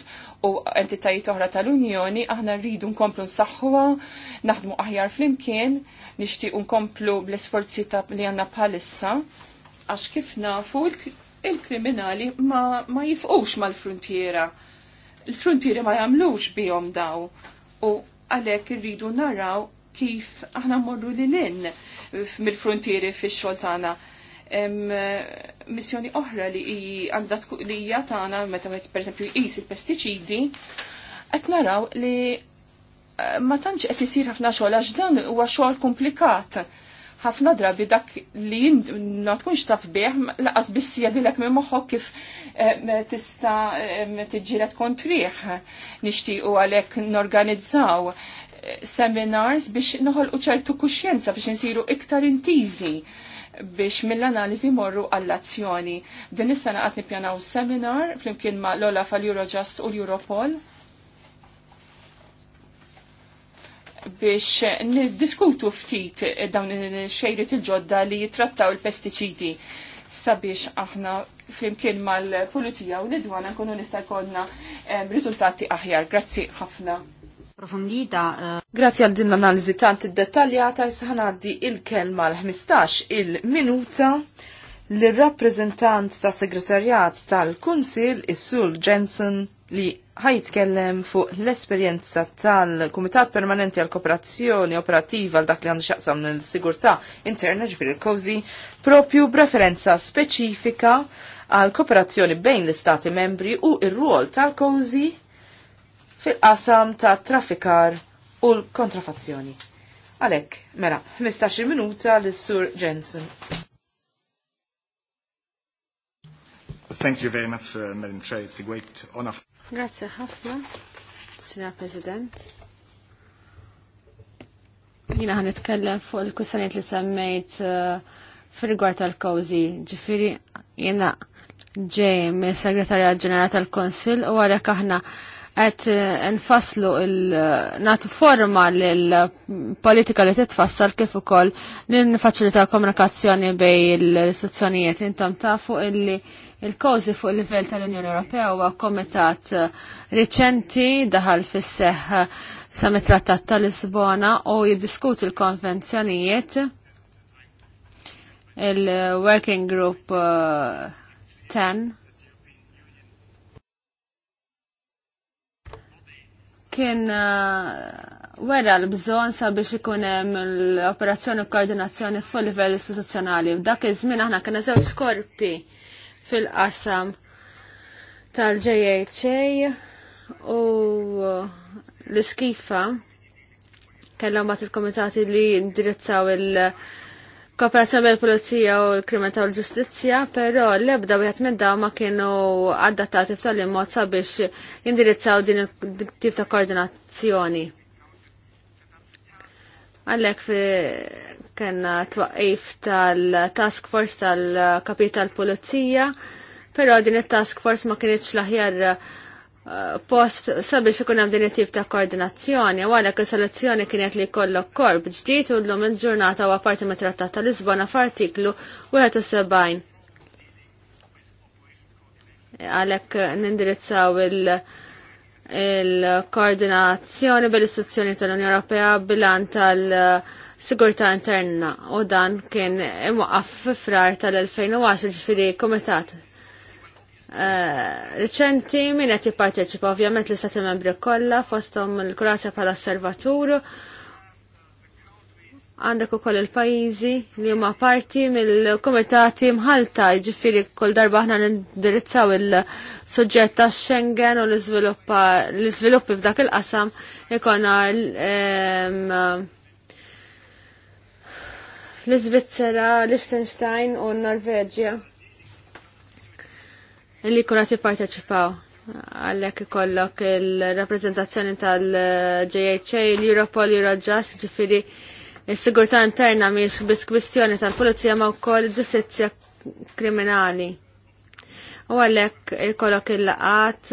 u entitajiet oħra tal-Unjoni, aħna rridu nkomplu nsaħħuha, naħdmu aħjar flimkien, nixtieq nkomplu bl-isforzi li għanna bħalissa, għax kif nafu il-kriminali ma, ma jifqux mal-frontiera. Il-frontieri ma jagħmlux bihom daw u għalhekk irridu naraw kif aħna morru lil lin mill-frontieri fix-xogħol tagħna eh, missjoni oħra li għandha li hija tagħna meta pereżempju jqis il-pestiċidi, qed naraw li eh, ma tantx qed isir ħafna xogħol għax dan huwa xogħol komplikat. Ħafna drabi dak li ma tkunx taf bih laqas biss jadilek minn moħħok kif eh, tista' tiġġieled kontriħ nixtiequ għalhekk norganizzaw seminars biex noħolqu ċertu kuxjenza biex nsiru iktar intiżi biex mill-analizi morru għall-azzjoni. Din is-sena qed nippjanaw seminar flimkien ma' l-Ola fal-Eurojust u l-Europol biex niddiskutu ftit dawn il-xejrit il-ġodda li jitrattaw il-pestiċidi sabiex aħna flimkien mal-pulizija u l-idwana nkunu nista' jkollna riżultati aħjar. Grazzi ħafna approfondita. Eh, Grazzi għal din l-analiżi tant iddettaljata issa ħanaddi il-kelma l-15 il-minuta l-rappreżentant ta' segretarjat tal-Kunsil is Jensen li ħajtkellem fuq l-esperjenza tal-Kumitat Permanenti għal Kooperazzjoni Operativa għal dak li għandu xaqsam l-Sigurtà Interna ġifir il-Kozi, propju preferenza speċifika għal kooperazzjoni bejn l-Istati membri u ir ruol tal-Kozi fil-qasam ta' traffikar u l-kontrafazzjoni. Alek, mela, 15 minuta l-Sur Jensen. Thank you very much, uh, Madam Chair. It's a great honor. Grazie ħafna, Signor President. Jina għan nitkellem fuq il-kussaniet li semmejt uh, fil-rigward tal-kawzi. Ġifiri, jina ġej mis segretarja Ġenerata tal-Konsil u għalek aħna għet eh, nfasslu il-natu eh, forma l-politika li titfassal kif ukoll l-faċilita komunikazzjoni bej l-istazzjonijiet intom tafu illi il-kozi fuq il-livell tal-Unjoni Ewropea huwa komitat eh, riċenti daħal fis-seħ sa mit-Trattat tal-Lisbona u jiddiskuti l-konvenzjonijiet il-Working Group 10 kien uh, wera l-bżon sabiex ikun hemm l-operazzjoni u koordinazzjoni fuq livell istituzzjonali. F'dak iż-żmien aħna kien żewġ korpi fil-qasam tal-JHA u l-iskifa kellhom mat il-komitati li indirizzaw il- kooperazzjoni mill pulizija u l krimen ta' l-ġustizja, però l-ebda wieħed minn daw ma kienu adattati f'tal mod sabiex indirizzaw din il-tip ta' koordinazzjoni. Għallek fi kena twaqif tal-task force tal-kapital pulizija, però din il-task force ma kienieċ laħjar post sabiex ikun hemm din it-tip ta' koordinazzjoni, u għalhekk is-selezzjoni kienet li jkollok korp ġdid u llum il-ġurnata huwa parti mit-Trattat ta' Lisbona f'artiklu 71. Għalhekk nindirizzaw il- il-koordinazzjoni bil-istituzzjoni tal-Unjoni Ewropea bilan tal-Sigurtà Interna u dan kien imwaqqaf fi frar tal-2010 ġifieri Kumitat Eh, Riċenti min qed jipparteċipa ovvjament li istati membri kollha fosthom il-Kroazja bħala osservatur għandek ukoll il-pajjiżi li huma parti mill-kumitati mħalta, jiġifieri kull darba aħna nindirizzaw il-suġġett ta' Schengen u l-iżviluppi f'dak il-qasam ikona l-Iżvizzera, l-Liechtenstein u n-Norveġja li kunat jipparteċipaw għallek ikollok il-rappresentazzjoni tal-JHA, l-Europol, Eurojust, ġifiri il-sigurta interna miex bis kwistjoni tal-polizija ma' wkoll ġustizzja kriminali. U għallek ikollok il-laqat,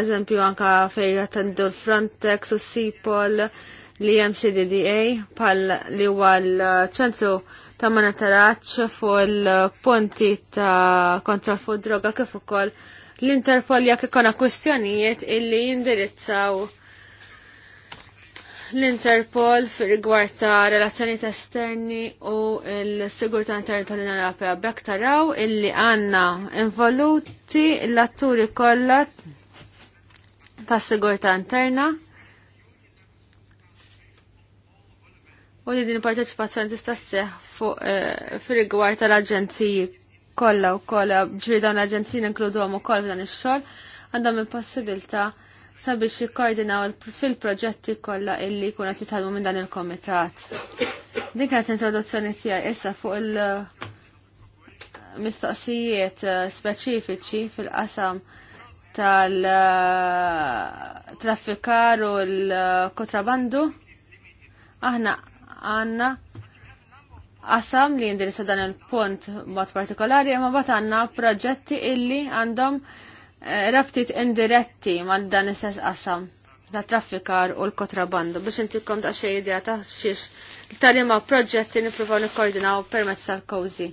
eżempju anka fej għattendu l-Frontex u Sipol, l-EMCDDA, pal li huwa l-ċentru ta' ma nataraċ fuq il-ponti ta' kontra fuq droga kif ukoll l-Interpol jekk ikona kwistjonijiet illi jindirizzaw l-Interpol fir rigward ta' relazzjoni esterni u l-sigurtà interna tal-Unjoni Ewropea bekk taraw illi għandna involuti l-atturi kollha tas-sigurtà interna u li din parteċipazzjoni tista' sseħħ fuq eh, fir-rigward tal-aġenziji kollha wkoll ġri dawn l-aġenziji inkluduhom ukoll f'dan ix-xogħol għandhom il-possibilità sabiex jikkordinaw fil-proġetti kollha illi jkun qed jitħadmu minn dan il-komitat. Din kienet introduzzjoni tiegħi issa fuq il- mistoqsijiet eh, speċifiċi fil-qasam tal-traffikar eh, u l-kontrabandu. Aħna għanna qasam li jindirissa dan il-punt mod partikolari, imma bat għanna proġetti illi għandhom eh, raftit indiretti ma dan istess qasam ta' traffikar u l-kontrabandu biex intikom ta' xej idea ta' xiex tal-imma proġetti nipruvaw nikkoordinaw permezz tal kawzi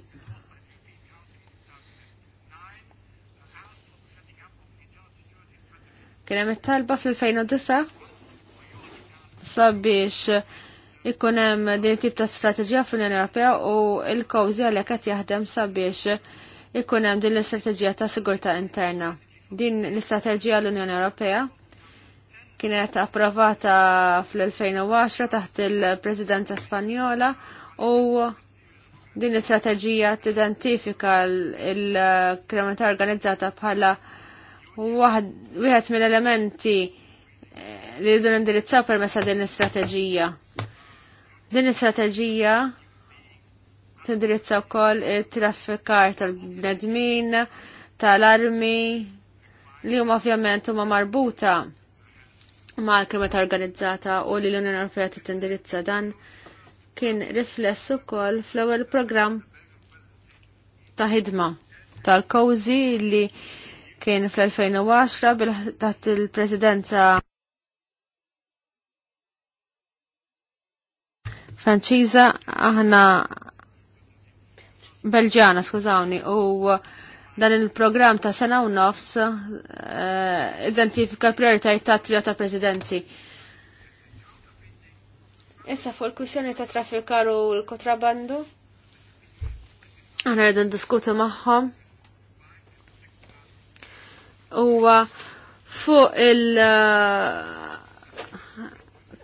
Kien hemm it-talba fl-2009 sabiex ikun hemm din tip ta' strateġija fl-Unjoni Ewropea u l-kawżi għalhekk qed jaħdem sabiex ikun hemm din l-istrateġija ta' sigurtà interna. Din l-istrateġija l-Unjoni Ewropea kienet approvata fl-2010 taħt il-Presidenza Spanjola u din l-istrateġija tidentifika l-kriminalità organizzata bħala wieħed mill-elementi li jridu indirizzaw permessa din l-istrateġija. Din l-istrateġija tindirizza wkoll it-traffikar tal-bnedmin, tal-armi, li huma ovvjament huma marbuta mal kriminalità organizzata u li l-Unjoni Ewropea tindirizza dan kien rifless ukoll fl-ewwel programm ta' ħidma tal-kowzi li kien fl-2010 taħt il-presidenza Franċiża aħna Belġana, skużawni, u dan il-programm ta' sena u nofs uh, identifika prioritajt ta' trio ta' prezidenzi. Issa fuq il-kwissjoni ta' traffikar u l-kontrabandu? Għana rridu diskutu magħhom. U fuq il- uh,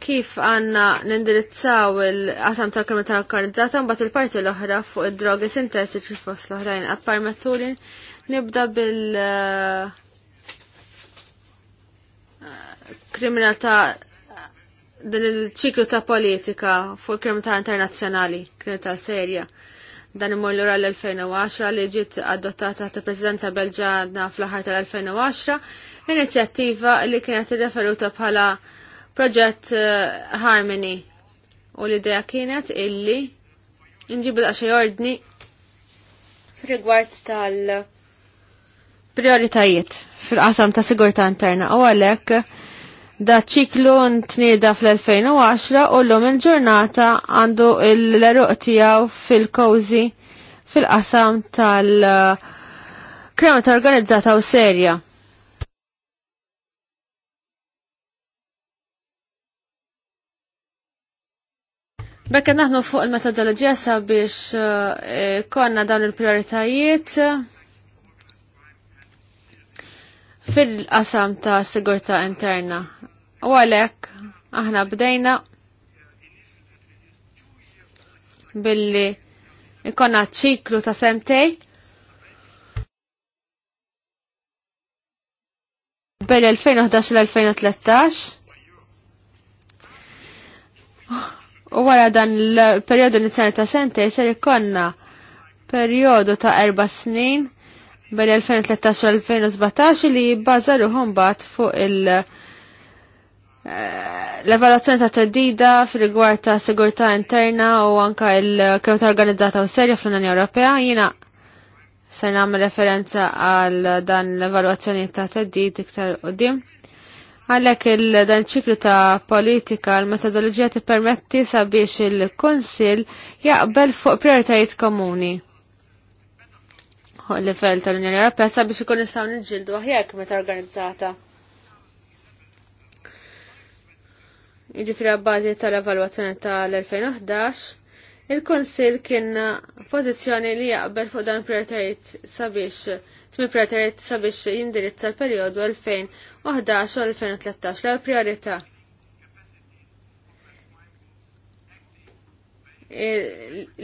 kif għanna nindirizzaw il-qasam tal-kriminalità organizzata mbagħad il-parti l-oħra fuq id-drogi sintetiċi fost l-oħrajn apparmaturi nibda bil eh, kriminalità din il-ċiklu ta' politika fuq kriminalità internazzjonali, kriminalità serja. Dan imur l l-2010 li ġiet adottata ta' Presidenza Belġana fl-aħħar tal-2010, inizjattiva li kienet irreferuta bħala proġett eh, Harmony u l-idea kienet illi nġibu daqxie ordni rigward tal prioritajiet fil-qasam ta' sigurta interna u għalek da ċiklu tnida fl-2010 u l-lum il-ġurnata għandu l-eruq tijaw fil-kozi fil-qasam tal-kremata organizzata u serja. Bekka naħnu fuq il-metodologija sabiex eh, konna dawn il-prioritajiet fil-qasam ta' sigurta interna. U għalek, aħna bdejna billi ikonna ċiklu ta' sentej bel 2011 l-2013 U wara dan l-periodu inizjali ta' sente ser ikonna periodu ta' erba snin bel 2013-2017 li jibbaża ruħum bat fuq il- l-evaluazzjoni ta' teddida fil-rigward ta' sigurtà interna u anka il-kriminalità organizzata u serja fl-Unjoni Ewropea jiena ser nagħmel referenza għal dan l-evaluazzjoni ta' teddid iktar qudiem. Għalhekk il-dan ċiklu ta' politika l-metodoloġija tippermetti sabiex il-Kunsill jaqbel fuq prioritajiet komuni. Fuq livell tal-Unjoni Ewropea sabiex ikun nistgħu niġġieldu aħjar meta organizzata. Jiġifieri bazi tal-evalwazzjoni tal-2011, il-Kunsill kien pożizzjoni li jaqbel fuq dan prioritajiet sabiex tmi prioritajiet sabiex jindirizza l-perjodu 2011 u 2013 la priorità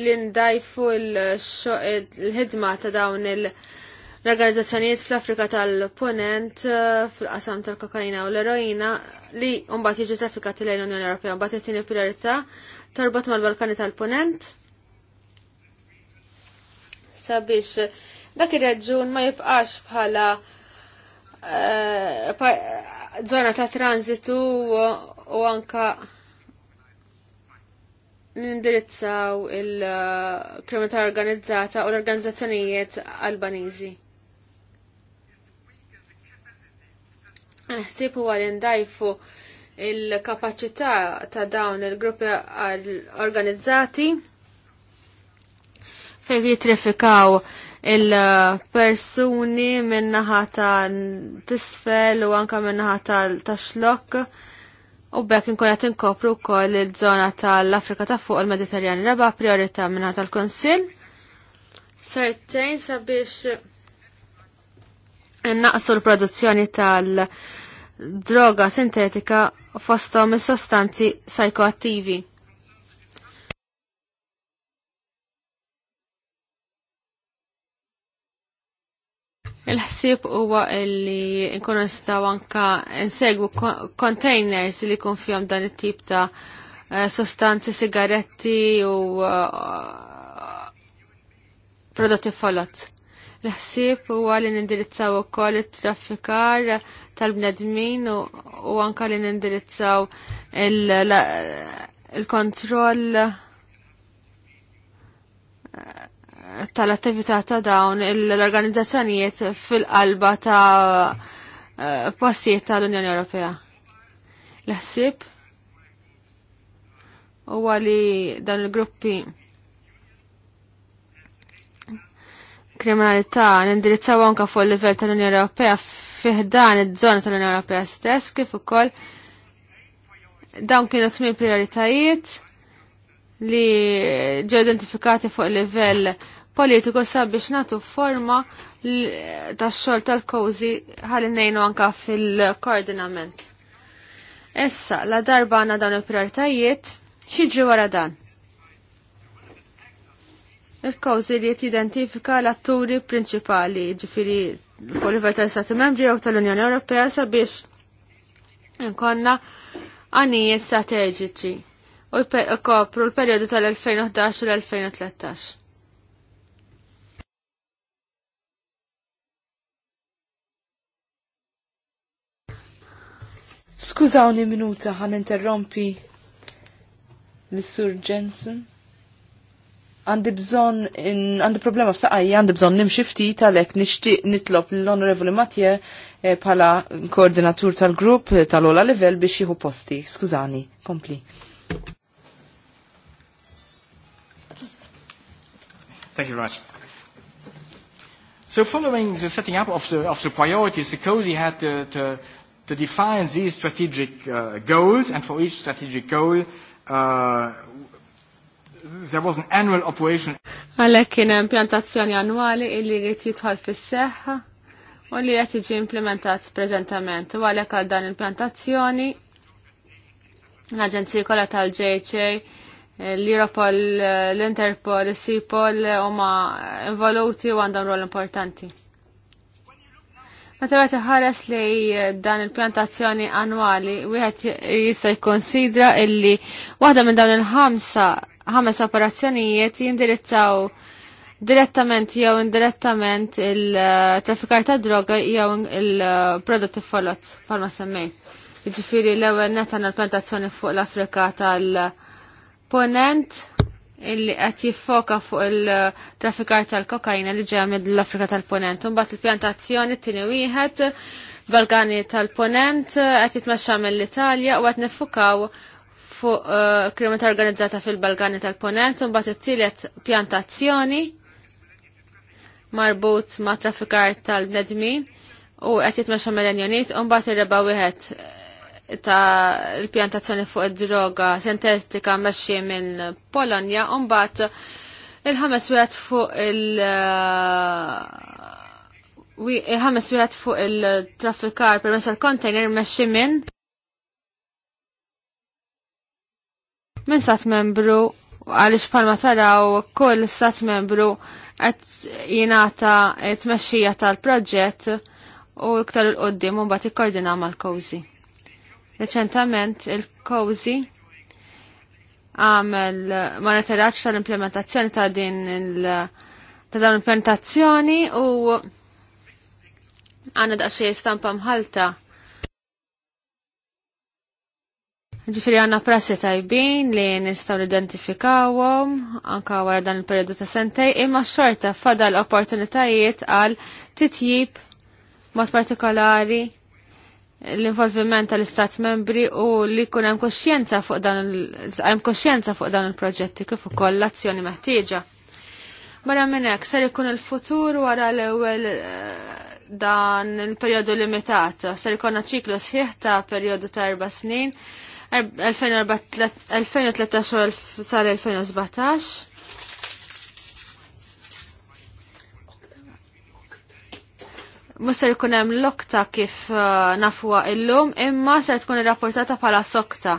li indajfu l-ħidma ta' dawn l-organizzazzjonijiet fl-Afrika tal-Ponent fil-qasam tal-kokaina u l-eroina li mbagħad jiġi traffikati lejn unjoni Ewropea mbagħad it-tieni priorità torbot mal-Balkani tal-Ponent sabiex dak ir-reġun ma jibqax bħala eh, zona ta' tranzitu u anka nindirizzaw il-kriminalità organizzata u l-organizzazzjonijiet albaniżi. Naħsib huwa li ndajfu il-kapacità ta' dawn il-gruppi organizzati fejn jitrifikaw il-persuni minnaħa ta' tisfel u anka minnaħa tal-taxlok u bekk inkunet inkopru wkoll il-żona tal-Afrika ta' fuq il-Mediterran reba' priorità minnaħa tal-Kunsill. Sertejn sabiex innaqsu l-produzzjoni tal- droga sintetika fostom is-sostanzi psychoattivi. Il-ħsib huwa li nkun nistgħu anka nsegwu containers li jkun fihom dan it-tip ta' eh, sostanzi sigaretti u eh, prodotti folot. il ħsib huwa li nindirizzaw ukoll it-traffikar tal-bnedmin u anka li nindirizzaw il-kontroll il eh, kontroll tal-attività ta' dawn l-organizzazzjonijiet fil-qalba ta' eh, postijiet tal-Unjoni Ewropea. L-ħsib u li dawn il-gruppi kriminalità nindirizzaw anke fuq il-livell tal-Unjoni Ewropea fiħdan iż-żona tal-Unjoni Ewropea stess kif ukoll dawn kienu tmien prioritajiet li ġew identifikati fuq livell politiku sabiex natu forma tax-xogħol tal-kozi ħalli nejnu anka fil-koordinament. Issa, la darba għandna dawn il-prioritajiet, xieġri wara dan? Il-kozi li jt-identifika l-atturi prinċipali, ġifiri fuq livell tal-Stati Membri jew tal-Unjoni Ewropea sabiex nkonna għanijiet strateġiċi u jkopru l-periodu tal-2011 u l-2013. Skużawni minuta ħan interrompi l-Sur Jensen. Għandi bżon, għandi problema f'saqajja, għandi bżon nimxi ftit għalek nixtieq nitlob l-Onorevoli Matje eh, bħala koordinatur tal-grupp eh, tal-ola level biex jieħu posti. Skużani, kompli. Thank you very much. So following the setting up of the, of the priorities, the COSI had to, to, to define these strategic uh, goals, and for each strategic goal, uh, there was an annual operation. Għalek kien impjantazzjoni annwali illi rrit jidħol fis seħħa u li qed iġi implementat prezentament. U għalek għal dan il l-Aġenzija kollha tal-JHA l-Europol, l-Interpol, l-Sipol huma involuti u għandhom rol importanti. Meta wieħed iħares li dan il-pjantazzjoni annwali wieħed jista' jkonsidra illi waħda minn dawn il-ħamsa ħames operazzjonijiet jindirizzaw direttament jew indirettament il-traffikar ta' droga jew il-prodotti folot palma semmej. Jiġifieri l-ewwel netta l-pjantazzjoni fuq l-Afrika tal- komponent illi qed jiffoka fuq il-traffikar tal-kokajna li ġeja mill-Afrika tal-Ponent. Imbagħad il-pjantazzjoni tieni wieħed Balkani tal-Ponent qed jitmexxa mill-Italja u qed nifukaw fuq eh, kriminalità organizzata fil-Balkani tal-Ponent, imbagħad it-tielet pjantazzjoni marbut ma' traffikar tal-bnedmin u qed jitmexxa mill-Renjonit, u mbagħad irreba' reba wieħed ta' l-pjantazzjoni fuq id-droga sintetika meċi minn Polonja, unbat il-ħames wieħed fuq il- uh, il-ħames wieħed fuq il-traffikar permezz tal-container meċi minn minn stat membru għaliex palma taraw kull stat membru qed jingħata t tmexxija tal-proġett u iktar il-qoddim u mbagħad ikkoordina mal-kowzi. Reċentament il-Kozi għamel monitoraċ tal-implementazzjoni ta' din il- ta' dan implementazzjoni u għanna xie stampa mħalta. Ġifiri għanna prassi tajbin li nistaw identifikawom anka wara dan il-periodu ta' sentej imma xorta fadal opportunitajiet għal titjib mod partikolari l-involviment tal-istat membri u li kun hemm koxjenza fuq dan hemm koxjenza fuq dan il-proġetti kif ukoll l-azzjoni meħtieġa. Mara minn hekk ser ikun il-futur wara l-ewwel eh, dan il-perjodu limitat, ser ikonna ċiklu sħiħ ta' perjodu ta' erba' snin 2013 sal 2017 Muster ikun hemm lokta kif uh, nafwa illum imma ser tkun irrapportata bħala sokta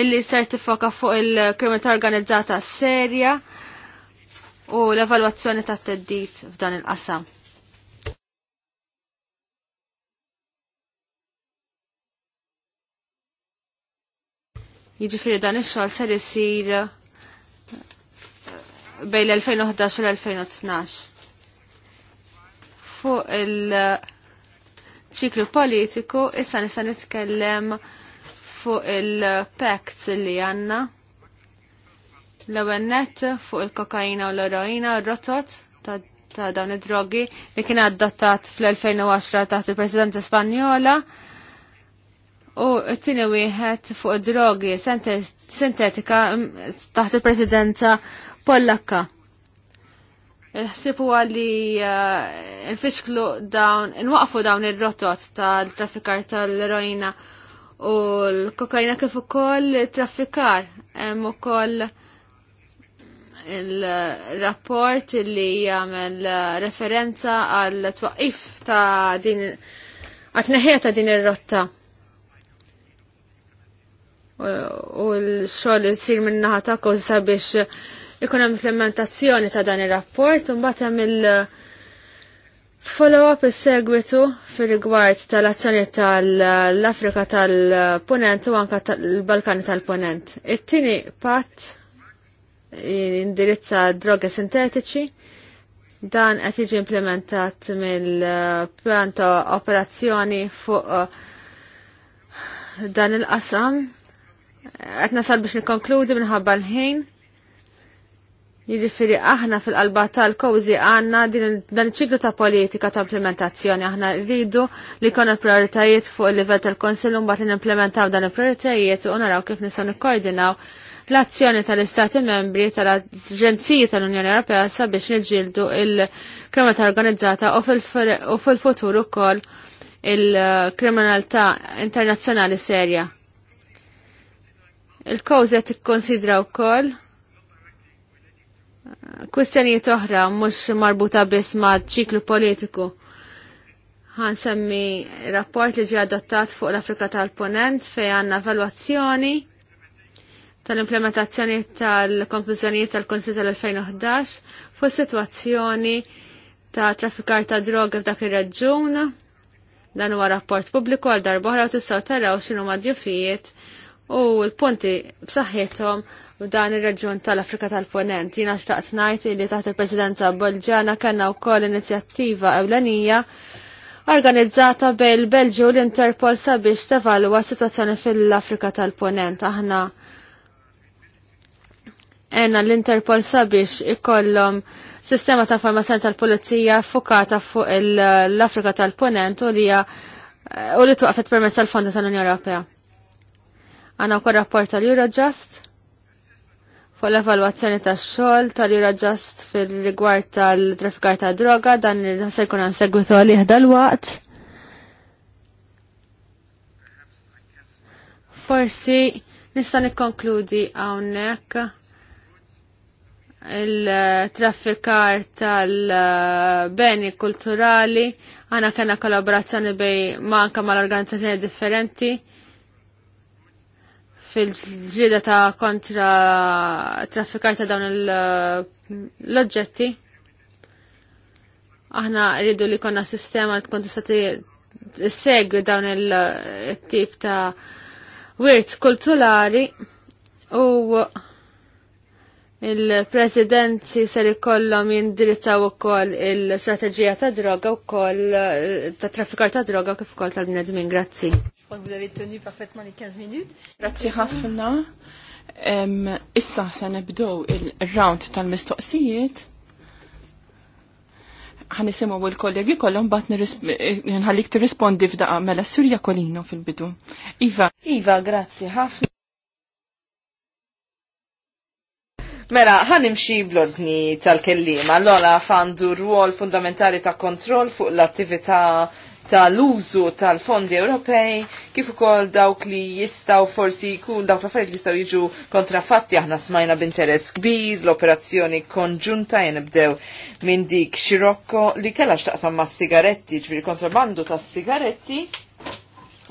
illi ser tifoka fuq il-kriminalità organizzata serja u l-evalwazzjoni ta' teddit f'dan il-qasam. Jiġifieri dan ix-xogħol ser isir uh, bejn l-2011 u l-2012 fuq il-ċiklu politiku, issa nista' nitkellem fuq il-pekt li għanna. L-ewwel net fuq il-kokaina u l-eroina, rotot ta', ta dawn id-drogi li kien adottat fl-2010 taħt il president Spanjola. U t-tini wieħed fuq drogi sintetika mm, taħt il-Presidenza Pollakka il ħsib huwa għalli eh, nfisklu dawn, nwaqfu dawn il-rotot tal-traffikar tal rojina u l kokajna kif ukoll traffikar. Hemm ukoll il-rapport li jagħmel referenza għal twaqif ta' din għatneħija ta' din ir-rotta. U l-xogħol isir minnaħa ta' kosa biex ikun hemm implementazzjoni ta' dan ir-rapport u mbagħad hemm il- uh, Follow-up is-segwitu fir-rigward tal-azzjoni tal-Afrika tal-Punent u anka tal-Balkani tal-Punent. It-tieni pat indirizza droga sintetiċi dan qed jiġi implementat mill plan ta' operazzjoni fuq uh, dan il-qasam. Qed nasal biex nikkonkludi minħabba l-ħin. Jiġifieri aħna fil-qalba tal-kowzi għandna dan iċ-ċiklu ta' politika ta' implementazzjoni aħna rridu li jkollna prioritajiet fuq il-livell tal-Konsil u mbagħad nimplementaw dan il-prioritajiet u naraw kif nistgħu nikkoordinaw l-azzjoni tal-Istati membri tal-Aġenziji tal-Unjoni Ewropea sabiex niġġieldu il-kriminalità organizzata u fil-futur ukoll il-kriminalità internazzjonali serja. il qed tikkonsidra wkoll kwistjonijiet oħra mhux marbuta biss ma' ċiklu politiku. Ħan semmi rapport li ġie adottat fuq l-Afrika tal-Ponent fejn għandna valwazzjoni tal-implementazzjoni tal-konklużjonijiet tal-Konsil tal-2011 fuq situazzjoni ta' traffikar ta' droga f'dak ir-raġun. Dan huwa rapport pubbliku għal darba oħra tistgħu taraw x'inhu madjufijiet u l-punti b'saħħithom u dan ir-reġjun tal-Afrika tal-Ponent. Jiena xtaqt ngħid li taħt il-Presidenza kanna kellna wkoll inizjattiva ewlenija organizzata bejn il belġu u l-Interpol sabiex tevalwa situazzjoni fil-Afrika tal-Ponent. Aħna enna l-Interpol sabiex ikollhom sistema ta' informazzjoni tal-Pulizija fukata fuq l-Afrika tal-Ponent u li u li tuqafet permess tal-Fondi tal-Unjoni Ewropea. Għana u rapport tal-Eurojust fuq l-evalwazzjoni tax-xogħol tal-ira ġast fil-rigward tal-traffikar ta' droga dan se jkun hemm segwitu għalih dal-waqt. Forsi nista' nikkonkludi hawnhekk il-traffikar tal-beni kulturali għana kena kollaborazzjoni bej manka mal-organizzazzjoni differenti fil-ġilda ta' kontra traffikar ta' dawn uh, l-oġġetti. Aħna rridu li konna sistema tkun tista' segwi dawn il-tip uh, ta' wirt kulturali u il-presidenzi ser ikollhom jindirizzaw ukoll il-strateġija ta' droga wkoll uh, ta' traffikar ta' droga kif ukoll tal-bnedmin. Grazzi. Donc vous avez tenu parfaitement les 15 minutes. Grazzi ħafna. Issa se nibdow il-round tal-mistoqsijiet. Ħanisimgħu l-kollegi kollhom bat nħallik tirrispondi f'daqa mela Surja Kolino fil-bidu. Iva. Iva, grazzi ħafna. Mela, ħanimxi blodni tal-kellima, L-għala fandu rwol fundamentali ta' kontroll fuq l-attività tal-użu tal-fondi Ewropej kif ukoll dawk li jistaw forsi jkun dawk l-affarijiet li jistgħu jiġu kontrafatti aħna smajna b'interess kbir l-operazzjoni konġunta jenibdew minn dik Xirokko li kellha x'taqsam mas-sigaretti, ġifieri kontrabandu tas-sigaretti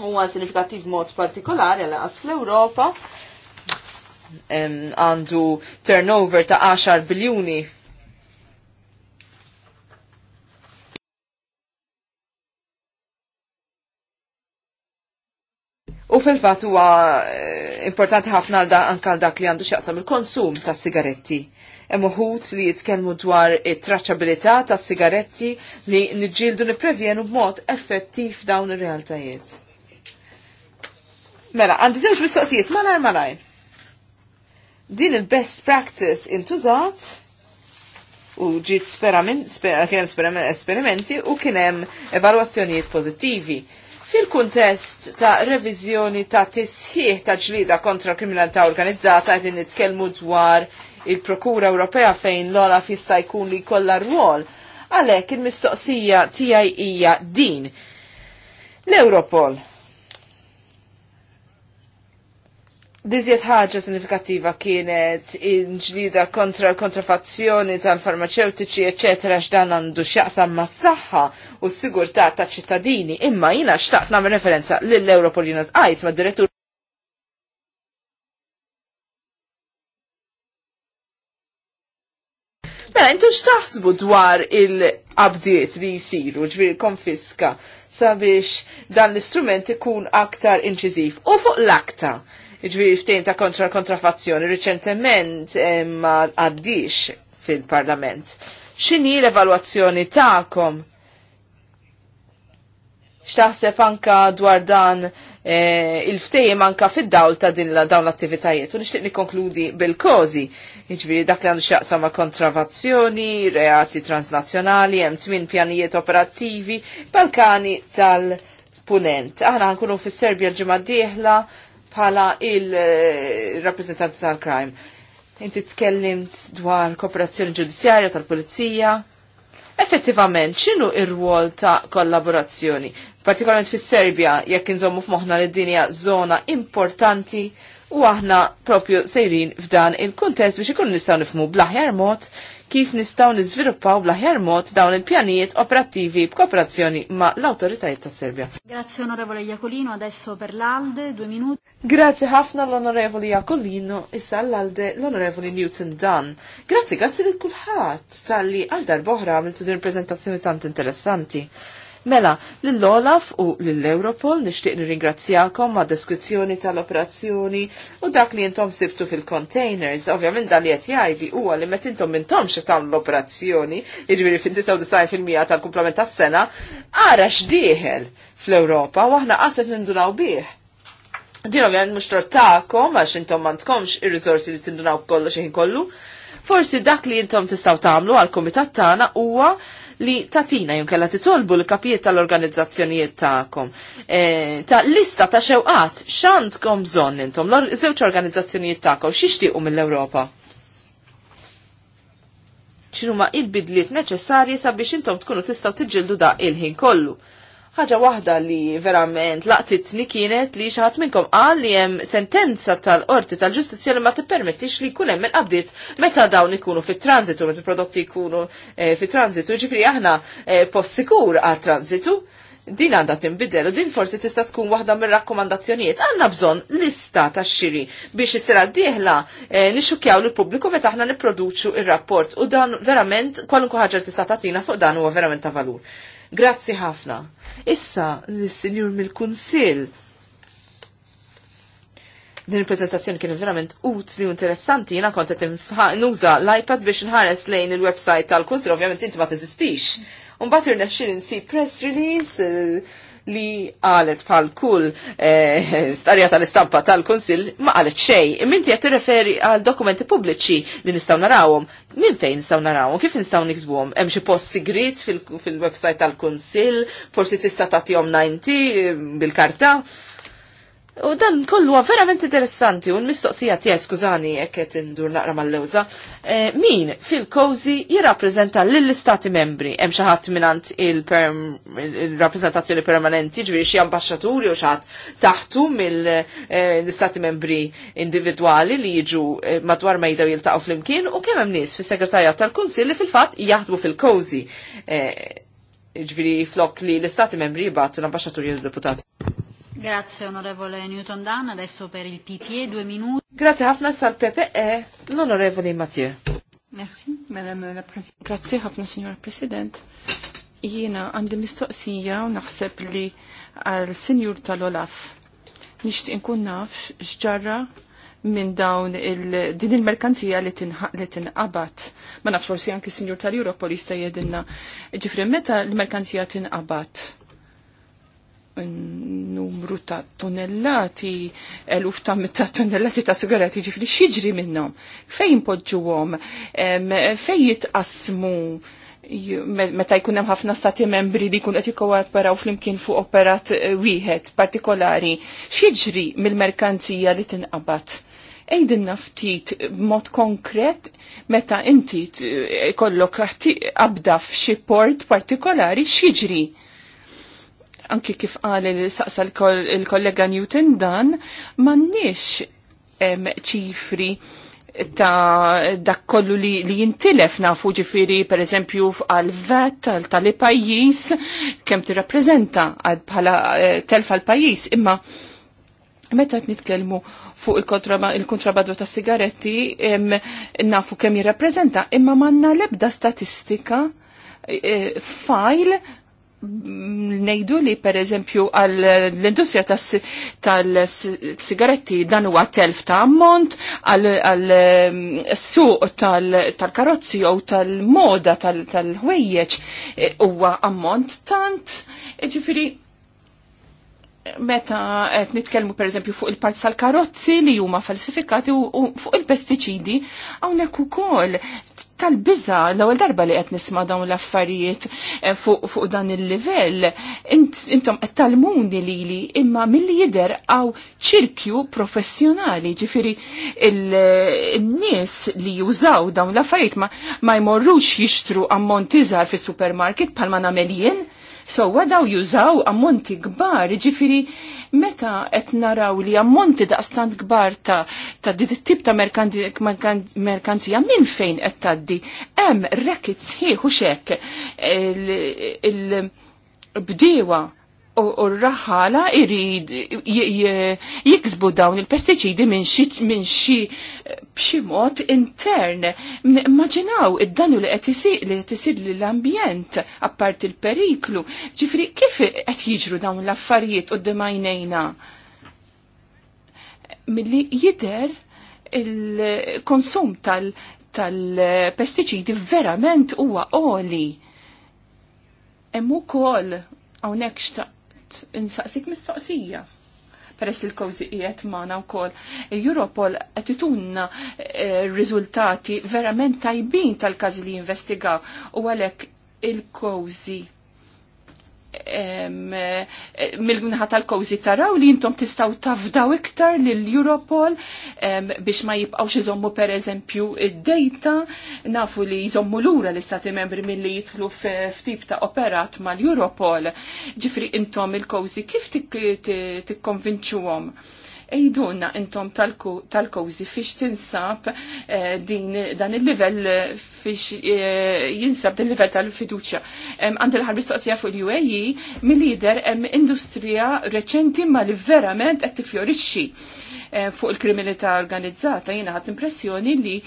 huwa sinifikattiv mod partikolari għal fl-Ewropa għandu turnover ta' 10 biljuni U fil-fat huwa eh, importanti ħafna għal anka għal dak li għandu x'jaqsam il-konsum ta' sigaretti. Hemm uħut li jitkellmu dwar it traċabilità ta' sigaretti li niġġieldu nipprevjenu b'mod effettiv dawn ir-realtajiet. Mela, għandi żewġ mistoqsijiet malajr malajr. Din il-best practice intużat u ġiet kien esperimenti u kien hemm evalwazzjonijiet pożittivi Fil-kuntest ta' reviżjoni ta' tisħiħ ta' ġlida kontra kriminalità organizzata għedin nitkellmu dwar il-Prokura Ewropea fejn l-olaf jista' jkun li jkollha rwol. Għalhekk il-mistoqsija tiegħi hija din. L-Europol Dizjet ħaġa sinifikattiva kienet inġlida kontra l-kontrafazzjoni tal-farmaceutiċi, eccetera, x'dan għandu x'jaqsam ma' s-saħħa u s-sigurtà ta' ċittadini, imma jina xtaqt nagħmel referenza lill-Europol tqajt ma' direttur Mela, intu x'taħsbu dwar il-abdiet li jisiru, ġbir konfiska, sabiex dan l-istrument ikun aktar inċiżiv u fuq l-aktar ġviri ftejn ta' kontra kontrafazzjoni riċentement eh, ma għaddix fil-parlament. X'inhi l-evalwazzjoni tagħkom? X'taħseb anka dwar dan eh, il-ftejjem anka fid-dawl ta' din la dawn l-attivitajiet. U nixtieq nikkonkludi bil-kozi. Jiġifieri dak li għandu x'jaqsam ma' kontravazzjoni, reati transnazzjonali, hemm tmien pjanijiet operattivi, Balkani tal-Punent. Aħna nkunu fis-Serbja l-ġimgħa d-dieħla pala il-rappresentanti tal-crime. Inti tkellimt dwar kooperazzjoni ġudizzjarja tal-pulizija. Effettivament, xinu ir-rwol ta' kollaborazzjoni? Partikolarment fis serbja jekk inżommu f'moħna li dinja zona importanti u aħna propju sejrin f'dan il-kuntest biex ikun nistgħu nifmu blaħjar mod kif nistaw niżviluppaw bl mod dawn il-pjanijiet operattivi b'kooperazzjoni ma' l-autoritajiet ta' Serbja. Grazie onorevole Jacolino, adesso per l'Alde, due minuti. Grazie ħafna l-onorevoli Iacolino, issa l-Alde l-onorevoli Newton Dunn. Grazie, grazie lil kulħadd tal-li għal darboħra għamiltu din prezentazzjoni tant interessanti. Mela, l olaf u lill-Europol nixtieq nirringrazzjakom ma' deskrizzjoni tal-operazzjoni u dak li intom sibtu fil-containers. Ovvjament dan li qed jgħidi huwa li meta intom intomx qed l-operazzjoni, jiġifieri fin-99% tal-kumplament tas-sena, ara x'dieħel fl-Ewropa u aħna għaset nindunaw bih. Din ovvjament mhux tortakom għax intom mantkomx ir rizorsi li tindunaw kollu xeħin kollu, Forsi dak li intom tistaw tagħmlu għal komitat tagħna huwa li tatina junkella titolbu l-kapijiet tal-organizzazzjonijiet ta'kom. E, ta' lista ta' xewqat x'għandkom bżonn intom l-żewġ organizzazzjonijiet ta'kom xixtiequ mill-Ewropa ċinu ma il-bidliet neċessarji sabiex intom tkunu tistaw tiġildu da il-ħin kollu ħaġa waħda li verament laqtitni kienet li xaħat minnkom qal li hemm sentenza tal-qorti tal-ġustizzja li ma tippermettix li jkun hemm il-qabdiet meta dawn ikunu fit-transitu, meta prodotti jkunu eh, fit-transitu, ġifri aħna eh, post sikur transitu din għanda timbidel u din forsi tista' tkun waħda mir-rakkomandazzjonijiet. għanna bżonn lista ta' xiri biex is diħla d-dieħla l eh, nixxukjaw lill-pubbliku meta aħna nipproduċu ir-rapport u dan verament kwalunkwe ħaġa tista' tagħtina fuq dan huwa verament ta' valur. Grazzi ħafna. Issa, l-Sinjur mill-Kunsil. Din il-prezentazzjoni kienet verament utli u interessanti, jena kont qed nuża l-iPad biex nħares lejn il-website tal-Kunsil, ovvjament inti ma teżistix. Unbat irnexxil insib press release, li għalet pal kull e, starja tal-istampa tal-Konsil ma għalet xej. Minti għat referi għal dokumenti pubbliċi li nistaw narawom. Min fejn nistaw narawom? Kif nistaw niksbuhom? Hemm xi post sigrit fil-website fil tal-Konsil, forsi tista' tagħtihom 90 eh, bil-karta. U dan kollu verament interessanti u l-mistoqsija tiegħi skużani jekk qed indur naqra mal-lewża. Eh, min fil-kozi jirrappreżenta lill-istati membri hemm xi ħadd mingħand il-rappreżentazzjoni permanenti, ġifieri xi ambaxxaturi u xi taħtu mill-istati eh, membri individwali li jiġu eh, madwar ma jdew jiltaqgħu flimkien u kemm hemm nies fis-segretarjat tal-kunsill li fil-fatt jaħdmu fil-kozi. Ġifieri flok li l-istati membri jibgħatu l-ambaxxaturi u l-deputati. Grazie onorevole Newton Dan, adesso per il PPE due minuti. Grazie ħafna sal PPE, l'onorevole Mathieu. Merci, Madame la Presidente. Grazie ħafna signora President. Jiena għandi mistoqsija u naħseb li għal senjur tal-Olaf. Nixtieq inkun naf x'ġarra minn dawn il, din il-merkanzija li tinqabat. Ma nafx forsi anki senjur tal-Europol jista' jedinna. Ġifri meta l-merkanzija tinqabat? numru ta' tonnellati, eluf ta' ta' tonnellati ta' sigarati ġifri xieġri minnom. Fejn podġuwom, Fej jitqasmu, meta jkun hemm ħafna stati membri li jkun qed jikkooperaw flimkien fuq operat eh, wieħed partikolari, x'jiġri mill-merkanzija li tinqabad? Ejdinna ftit b'mod konkret meta inti eh, kollok abda f'xi port partikolari x'jiġri? anki kif qal il-saqsa il-kollega Newton dan, mannix ċifri ta' dak kollu li, li jintilef nafu ġifiri per eżempju għal-vet, tal-pajis, kem ti rappresenta bħala eh, telfa' l pajis imma meta nitkellmu fuq il-kontrabadu ta' sigaretti nafu kemm jirrappreżenta, imma manna lebda statistika eh, file nejdu li per eżempju għall-industrija tal-sigaretti dan huwa telf ta' ammont, għall-suq tal-karozzi u tal-moda tal-ħwejjeġ e, huwa ammont tant, e, ġifiri meta qed nitkellmu pereżempju fuq il-parts tal-karozzi li huma falsifikati u fuq il-pestiċidi hawnhekk ukoll tal biza l-ewwel darba li qed nisma' dawn l-affarijiet eh, fuq dan il-livell. Intom qed talmuni lili imma milli jidher għaw ċirkju professjonali, ġifieri n nies li jużaw dawn l-affarijiet ma jmorrux jixtru ammont iżgħar fis-supermarket bħalma nagħmel jien So wadaw jużaw ammonti kbar, ġifiri meta qed naraw li ammonti daqstant kbar ta' ta' tip ta' merkanzija minn fejn qed taddi. Hemm rekit sħiħ u xek il-bdiewa u r-raħala irid jiksbu dawn il-pestiċidi minn xi b'xi mod intern. Immaġinaw id danu li qed isir li qed isir ambjent apparti il-periklu. Ġifri kif qed jiġru dawn l-affarijiet qudiem għajnejna? Milli jider il-konsum tal-pestiċidi verament huwa għoli. Hemm ukoll hawnhekk xtaq xtaqt insaqsik mistoqsija peress il-kowzi maħna magħna wkoll. Europol qed rizultati eh, riżultati verament tajbin tal-każi li investigaw u għalhekk il-kowzi mill-gnħa tal-kowzi taraw li jintom tistaw tafdaw iktar l-Europol biex ma jibqawx jizommu per eżempju id-data nafu li jizommu l-ura l-istati membri mill-li jitlu f'tip ta' operat mal-Europol ġifri intom il-kowzi kif tikkonvinċuhom? għom? ejduna intom tal-kozi fiex tinsab eh, din dan il-level fiex eh, jinsab din il-level tal-fiduċa. Għand il ħarbi toqsija fuq il-UAE, mill-lider industrija reċenti ma li verament qed tifjorixxi eh, fuq il-kriminalità organizzata. Jina ħadd impressjoni li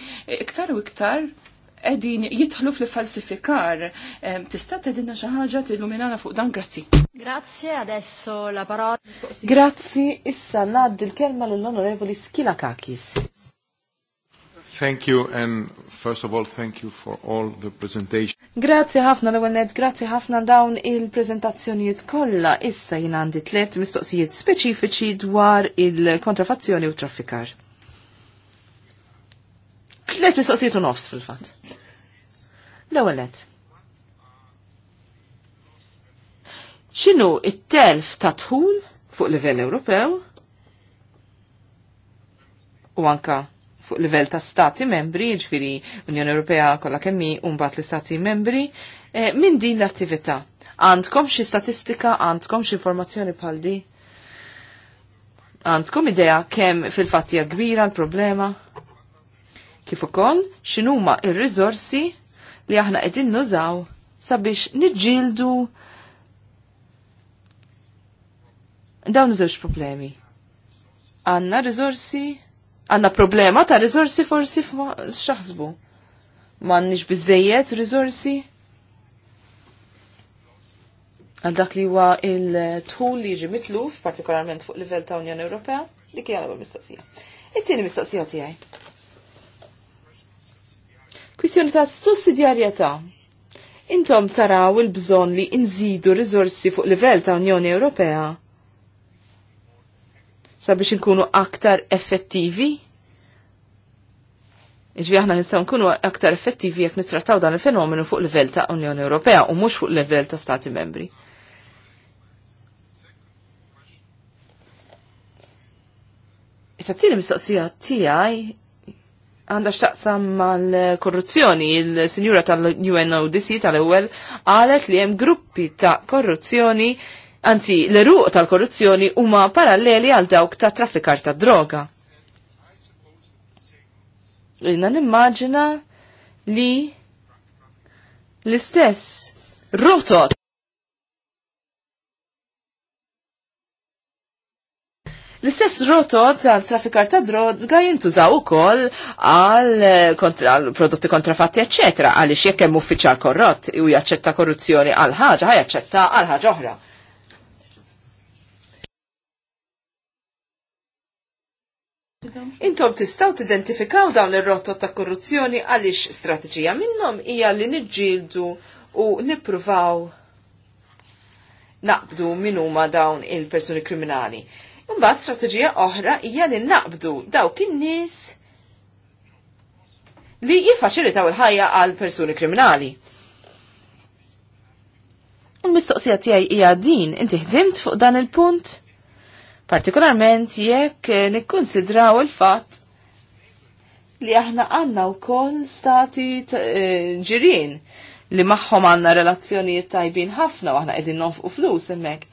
iktar u iktar għedin jitħlu fil-falsifikar. Tista' tedinna xi ħaġa tilluminana fuq dan grazzi. Grazie, adesso la parola. Grazzi, issa nad l-kelma l-onorevoli Skilakakis. Thank you and first of all thank you for all the presentation. Grazzi ħafna l ewwel grazie ħafna dawn il-prezentazzjonijiet kollha. Issa jien għandi tliet mistoqsijiet speċifiċi dwar il-kontrafazzjoni u traffikar. Tliet mistoqsijiet u nofs fil-fatt. L-ewwel ċinu it-telf ta' tħul fuq livell Ewropew u anka fuq livell ta' stati membri, ġviri Unjoni Ewropea kolla kemmi unbat li stati membri, e, minn din l-attività. Għandkom xi statistika, għandkom xi informazzjoni bħal di? Għandkom idea kemm fil-fatt hija kbira l-problema? Kif ukoll x'inhuma ir-riżorsi li aħna qegħdin nużaw sabiex niġġieldu Dawn żewġ problemi. Għanna rizorsi, għanna problema ta' rizorsi forsi x'aħsbu. M'għandniex biżejjed riżorsi għal dak li huwa il-tul li jiġi mitluf, partikolarment fuq livell ta' Unjoni Ewropea, dik hija l-ewwel mistoqsija. It-tieni mistoqsija tiegħi. Kwistjoni ta' sussidjarjetà. Intom taraw il-bżonn li nżidu rizorsi fuq livell ta' Unjoni Ewropea sabiex nkunu aktar effettivi? Iġvi aħna nistaw nkunu aktar effettivi jekk nittrattaw dan il-fenomenu fuq level ta' Unjoni Ewropea u mhux fuq level ta' Stati Membri. Issa tieni mistoqsija tiegħi għandha x'taqsam mal-korruzzjoni. Il-Sinjura tal-UNODC tal-ewwel qalet li hemm gruppi ta' korruzzjoni anzi l-eruq tal-korruzzjoni huma paralleli għal dawk ta' traffikar ta' droga. Jina nimmaġina li l-istess rotot L-istess rotot tal traffikar ta' droga jintużaw ukoll għal prodotti kontrafatti, eccetera, għaliex jekk hemm uffiċjal korrott u jaċċetta korruzzjoni għal ħaġa, ħajaċċetta għal ħaġa oħra. Intom tistaw tidentifikaw dawn ir-rotot ta' korruzzjoni għaliex strateġija minnhom hija li niġġieldu u nippruvaw naqbdu min huma dawn il-persuni kriminali. Imbagħad strateġija oħra hija li naqbdu dawk in-nies li jifaċilitaw il-ħajja għal persuni kriminali. U mistoqsija tiegħi hija din, inti ħdimt fuq dan il-punt? partikolarment jekk eh, nikkonsidraw il-fatt li aħna għanna u koll stati eh, ġirin li maħħom għanna relazzjonijiet tajbin ħafna u aħna edin nonfqu flus emmek.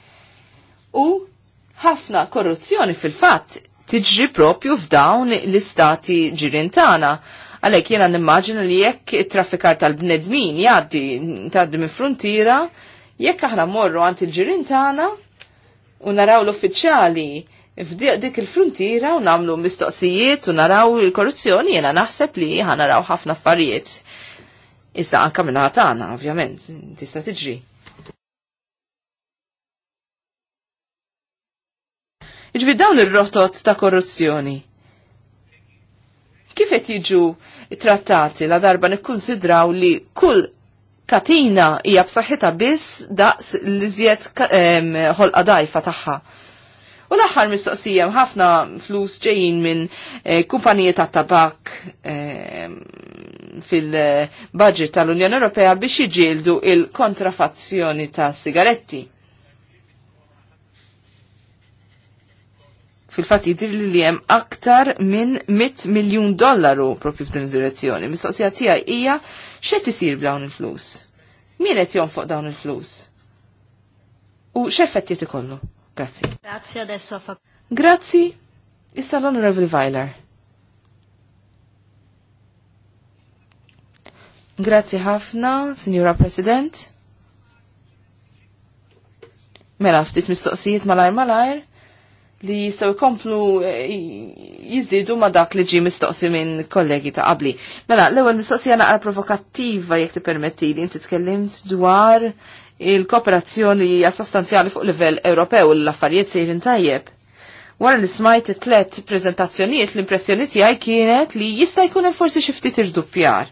U ħafna korruzzjoni fil-fatt tiġri propju f'dawn l-istati ġirin tagħna. Għalek jena nimmaġina li jekk it-traffikar tal-bnedmin jaddi tgħaddi minn jekk aħna morru għand il-ġirin tagħna, u naraw l-uffiċjali f'dik il-frontiera u namlu mistoqsijiet u naraw il-korruzzjoni jena naħseb li ħanaraw ħafna affarijiet. Issa anka minna għatana, ovvjament, tista' tiġri. Iġvi dawn ir-rotot ta' korruzzjoni. Kif qed jiġu trattati la darba nikkunsidraw li kull katina hija b'saħħitha biss daqs li żjed ħolqa dajfa tagħha. U l-aħħar mistoqsija ħafna flus ġejjin minn eh, kumpaniji ta' tabak fil-budget tal-Unjoni Ewropea biex jiġildu il-kontrafazzjoni ta' sigaretti. Fil-fatt jidir li hemm aktar minn 100 miljun dollaru propju f'din id-direzzjoni. Mistoqsija tiegħi hija X'qed isir b'dawn il-flus? Min qed jonfoq dawn il-flus? U x'effett jieti ikollu? Grazzi. Grazzi adesso a Grazzi. Issa l-Onorevoli Weiler. Grazzi ħafna, Signora President. Mela ftit mistoqsijiet malajr malajr li jistaw jkomplu eh, jizdidu ma dak li ġi mistoqsi minn kollegi ta' qabli. Mela, l-ewel mistoqsija naqra provokattiva jek ti permetti li inti tkellimt dwar il-kooperazzjoni hija sostanzjali fuq livell Ewropew l-affarijiet sejrin tajjeb. Wara li smajt tlet prezentazzjonijiet l-impressjoni tiegħi kienet li jista' jkun hemm forsi xi ftit irduppjar.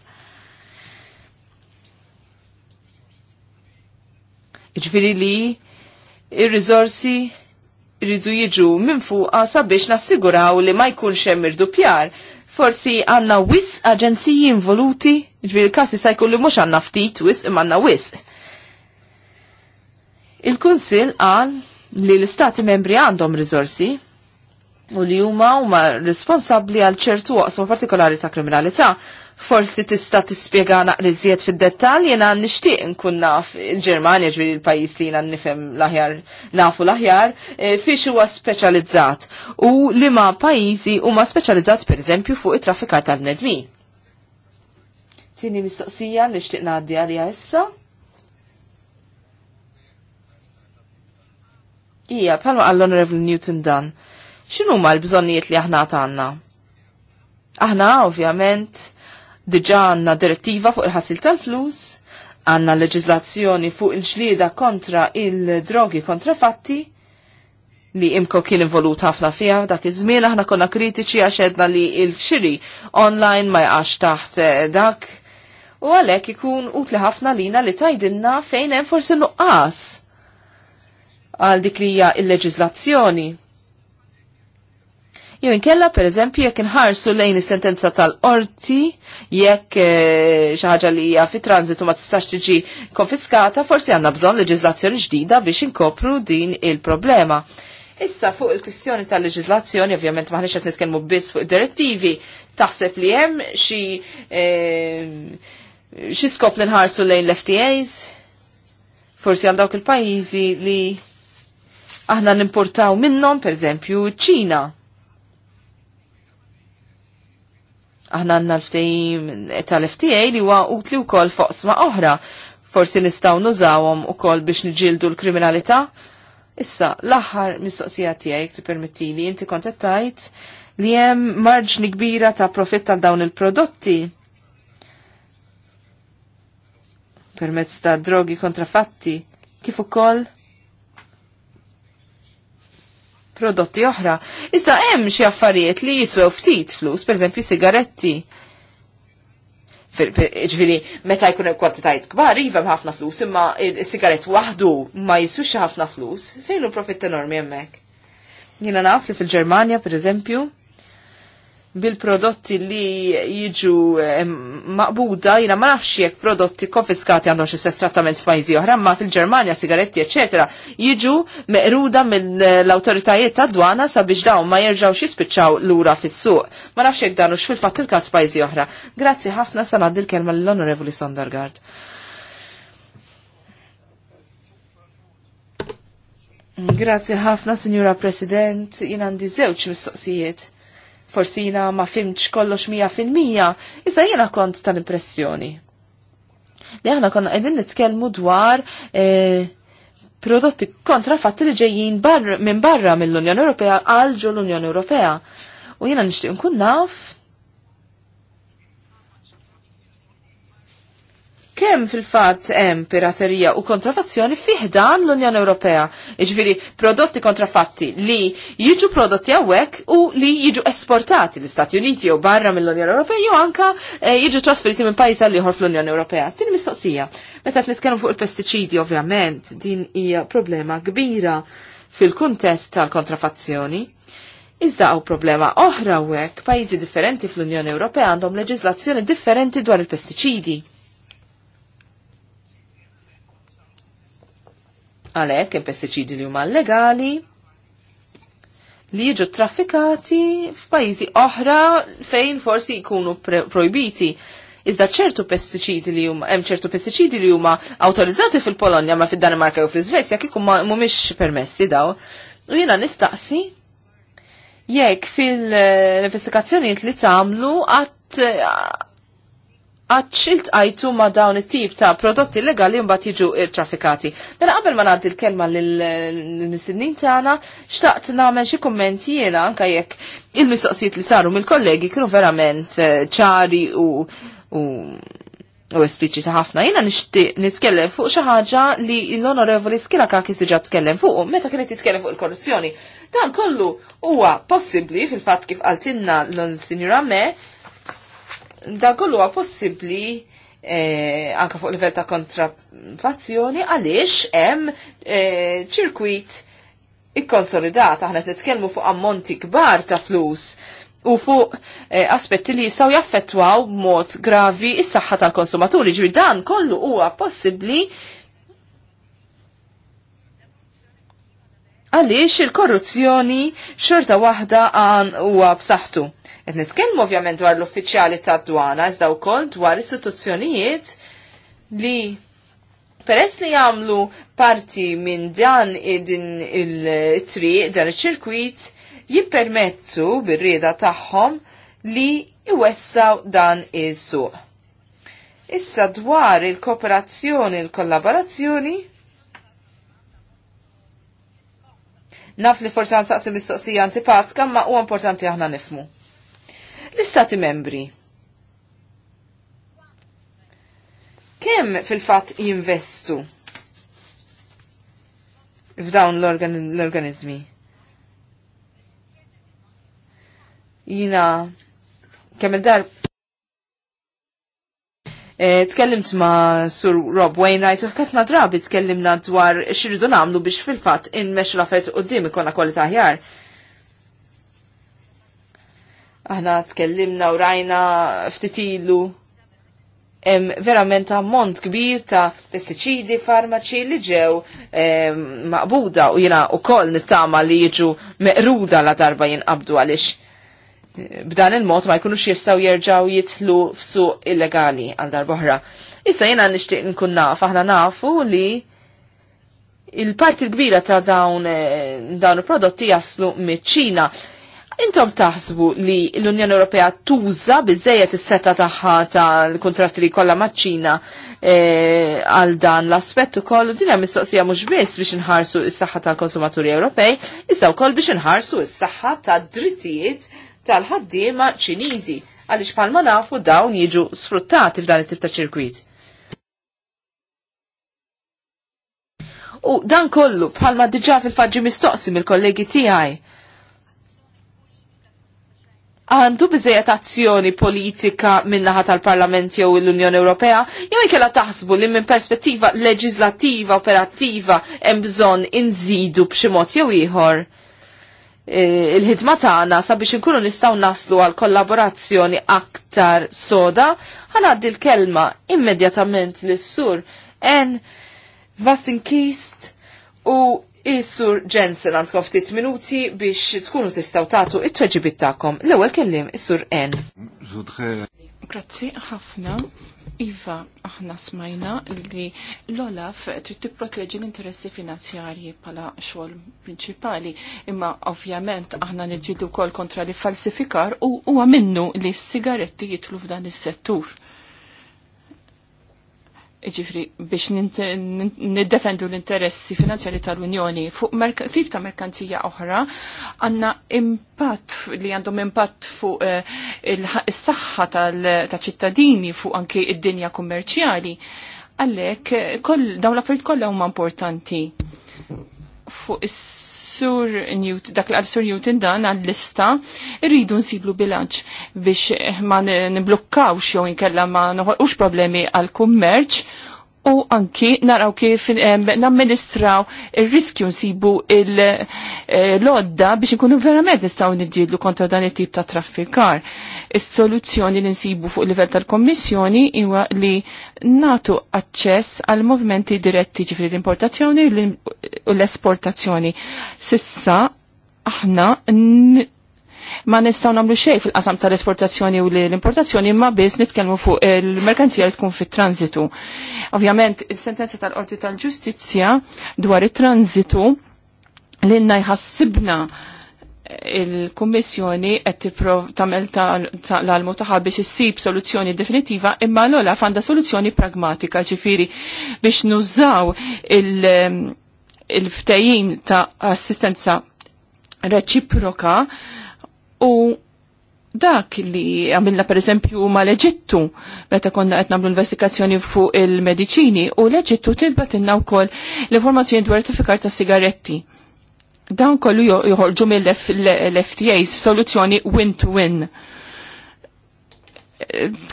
Ġifieri li ir-riżorsi rridu jiġu minn fuqa sabiex nassiguraw li ma jkunx hemm irdupjar. Forsi għanna wis aġenziji involuti, l kasi sa jkun li mux għanna ftit wis imma għanna wis. Il-Kunsil għal li l-Istati membri għandhom rizorsi u li huma huma responsabbli għal ċertu waqsma partikolari ta' kriminalità forsi tista tispjega naqri fid-dettal jena nixtieq nkun naf il-Ġermanja ġviri l-pajis li jena nifhem l-aħjar nafu l-aħjar eh, fiex huwa speċjalizzat u li ma pajjiżi huma speċjalizzat pereżempju fuq it-traffikar tal-bnedmin. Tieni mistoqsija nixtieq ngħaddi għalija issa. Ija, palma għall-Honorable Newton dan. X'inhuma l-bżonnijiet li aħna għandna? Aħna ovvjament Diġa għanna direttiva fuq il-ħasil tal-flus, għanna leġizlazzjoni fuq il-ġlieda kontra il-drogi kontra fatti, li imko kien involut ħafna fija dak iż-żmien aħna konna kritiċi għax edna li l-xiri online ma jaqax taħt eh, dak. U għalhekk ikun utli ħafna lina li tajdinna fejn hemm forsi nuqqas għal dik li hija l-leġiżlazzjoni. Jew inkella pereżempju jekk inħarsu lejn is-sentenza tal-qorti jekk eh, xi ħaġa li hija fi transitu ma tistax tiġi konfiskata, forsi għandna bżonn leġiżlazzjoni ġdida biex inkopru din il-problema. Issa fuq il-kwistjoni tal-leġiżlazzjoni, ovvjament maħniex qed nitkellmu biss fuq direttivi, taħseb li hemm xi eh, xi skop li nħarsu lejn l-FTAs? Forsi għal dawk il-pajjiżi li aħna nimportaw minnhom, pereżempju, ċina Aħna għanna l-ftejim tal-FTA li huwa utli wkoll foqsma oħra. Forsi nistgħu nużawhom ukoll biex nġildu l-kriminalità. Issa, l-aħħar mistoqsija tiegħek li inti kontettajt li hemm marġni kbira ta' profitt tal dawn il-prodotti permezz ta' drogi kontrafatti, kif ukoll prodotti oħra. Iżda hemm xi affarijiet li jiswew ftit flus, pereżempju sigaretti. Ġviri, meta jkun hemm kwantitajiet kbar, iva ħafna flus, imma sigaret waħdu ma jiswix ħafna flus, fejn hu profitt enormi hemmhekk? Jiena naf li fil-Ġermanja, pereżempju, bil-prodotti li jiġu eh, maqbuda, jina ma nafx jekk prodotti konfiskati għandhom xistess trattament f'pajjiżi oħra, ma fil-Ġermanja sigaretti, eċetera, jiġu meqruda mill-awtoritajiet ta' dwana sabiex dawn ma jerġgħux jispiċċaw lura fis-suq. Ma nafx jekk dan hux fil-fatt il-każ f'pajjiżi oħra. Grazzi ħafna sa ngħaddi l-kelma lill-Onorevoli Sondergaard. Grazzi ħafna, Sinjura President, jien għandi żewġ mistoqsijiet Forsina ma fimċ kollox mija fil-mija, issa jiena kont tal-impressjoni. Li aħna konna qegħdin nitkellmu dwar e, prodotti kontrafatti li ġejjin minn barra mill-Unjoni Ewropea għal ġol l-Unjoni Ewropea. U jiena nixtieq nkun naf kemm fil-fatt hemm piraterija u kontrafazzjoni dan l-Unjoni Ewropea. Iġifieri prodotti kontrafatti li jiġu prodotti hawnhekk u li jiġu esportati l-Istati Uniti jew barra mill-Unjoni Ewropea jew anka eh, jiġu trasferiti minn pajjiż għal ieħor fl-Unjoni Ewropea. Din mistoqsija. Meta tnitkellmu fuq il-pestiċidi ovvjament din hija problema kbira fil-kuntest tal-kontrafazzjoni. Iżda għaw problema oħra wek, pajizi differenti fl-Unjoni Ewropea għandhom leġislazzjoni differenti dwar il-pesticidi. Għalhekk hemm pestiċidi li huma legali li jiġu traffikati f'pajjiżi oħra fejn forsi jkunu projbiti. Iżda ċertu pestiċidi li huma hemm ċertu pestiċidi li huma awtorizzati fil-Polonja ma fid-Danimarka u fl-Iżvezja kieku mhumiex permessi daw. U jiena nistaqsi jekk fil-investigazzjonijiet li tagħmlu għat għadċilt għajtu ma dawn it-tip ta' prodotti legali mbagħad jiġu traffikati. Mela qabel ma ngħaddi l-kelma lill-mistednin tagħna, xtaqt nagħmel xi kummenti jiena anke jekk il-mistoqsijiet li saru mill-kollegi kienu verament eh, ċari u u espliċi ta' ħafna. Jiena nixtieq nitkellem fuq xi ħaġa li l-onorevoli skila kakis diġà tkellem fuq meta kienet jitkellem fuq il-korruzzjoni. Dan kollu huwa possibbli fil-fatt kif qaltilna l-Sinjura Me dan kollu huwa possibbli eh, anka fuq livell ta' kontrafazzjoni għaliex hemm eh, ċirkwit ikkonsolidat aħna qed nitkellmu fuq ammonti kbar ta' flus u fuq eh, aspetti li jistaw jaffettwaw mod gravi is saħħa tal-konsumaturi. Ġi dan kollu huwa possibbli għaliex il-korruzzjoni xorta waħda għan huwa b'saħħtu. Qed nitkellmu ovvjament dwar l-uffiċjali tad-dwana iżda wkoll dwar istituzzjonijiet li peress li jagħmlu parti minn dan din il-triq, dan iċ-ċirkwit, jippermettu bir-rieda tagħhom li iwessaw dan is-suq. Issa dwar il-kooperazzjoni, il-kollaborazzjoni, il kooperazzjoni il kollaborazzjoni Naf li forsi għansaqsi mistoqsija antipatska, ma u importanti aħna nifmu. L-istati membri. Kem fil-fat jinvestu f'dawn l-organizmi? Jina, kemm il-darb Eh, tkellimt ma' Sur Rob Wainwright u ħkatna drabi tkellimna dwar x'iridu namlu biex fil-fat inmexxu l d-dim ikonna kwalità aħjar aħna tkellimna u rajna ftitilu em, verament ammont kbir ta' pesticidi, farmaċi li ġew eh, maqbuda u jina u koll nittama li jiġu meqruda la darba jinqabdu għalix b'dan il-mod ma jkunux jistaw jirġaw jitħlu f'suq illegali għal darboħra. Issa jena nishtiq nkun naf, aħna nafu li il-parti kbira ta' dawn, eh, dawn prodotti jaslu mit-ċina. Intom taħsbu li l-Unjoni Ewropea tuża biżejjed is-seta tagħha tal-kuntratti li kollha maċ-Ċina eh, għal dan l-aspett ukoll din hemm mistoqsija mhux biss biex inħarsu s-saħħa tal-konsumaturi Ewropej, iżda wkoll biex inħarsu s-saħħa tad-drittijiet tal-ħaddiema ċiniżi għaliex palma nafu dawn jiġu sfruttati f'dan it-tip ta' ċirkwit. U dan kollu bħalma diġà fil-faġġi mistoqsim il-kollegi tiegħi. Għandu bizzejet azzjoni politika minnaħat tal-Parlament jew l-Unjoni Ewropea, jew ikela taħsbu li minn perspettiva leġislattiva operattiva hemm bżonn inżidu b'xi mod jew ieħor Eh, il-ħidma tagħna sabiex inkunu nistgħu naslu għal kollaborazzjoni aktar soda, ħanaddi l-kelma immedjatament lis-sur en Vastin Kist u is-sur Jensen għandkom ftit minuti biex tkunu tistgħu tagħtu it-tweġibit tagħkom. L-ewwel kellim is-sur en. Grazzi ħafna. Iva, aħna smajna li l-Olaf trid tipproteġi l-interessi finanzjarji pala xogħol prinċipali, imma ovvjament aħna niġġieldu wkoll kontra li falsifikar u huwa minnu li s-sigaretti jitlu f'dan is-settur ġifri biex niddefendu l-interessi finanzjali tal-Unjoni fuq tip ta' merkanzija oħra għanna impatt li għandhom impatt fuq eh, is-saħħa ta' ċittadini fuq anki id-dinja kummerċjali. Għallek, eh, dawn l-affarijiet kollha huma importanti fuq is sur Newton, dak għal sur Newton dan għall lista, rridu nsiblu bilanċ biex ma nblokkawx jew inkella ma noħolqux problemi għal kummerċ u anki naraw kif namministraw il-riskju nsibu il-lodda eh, biex nkunu verament nistaw nidjidlu kontra dan it-tip ta' traffikar. Is-soluzzjoni li nsibu fuq livell tal-Kommissjoni huwa li natu aċċess għal movimenti diretti ġifri l-importazzjoni u l-esportazzjoni. Sissa aħna ma nistgħu nagħmlu xejn fil-qasam tal-esportazzjoni u l-importazzjoni imma biss nitkellmu fuq il-merkanzija li tkun fit-transitu. Ovvjament, is-sentenza tal-Qorti tal-Ġustizzja dwar it-transitu li jħassibna il-Kommissjoni qed tipprov tagħmel tal almu tagħha biex issib soluzzjoni definitiva imma l-ola fanda soluzzjoni pragmatika ġifiri biex nużaw il-ftejjim ta' assistenza reċiproka U dak li għamilna per eżempju ma l-Eġittu, meta konna qed nagħmlu investigazzjoni fuq il-mediċini, u l-Eġittu tilbatinna wkoll l-informazzjoni dwar tifikar ta' sigaretti. Dawn kollu joħorġu mill-FTAs f'soluzzjoni win-to-win.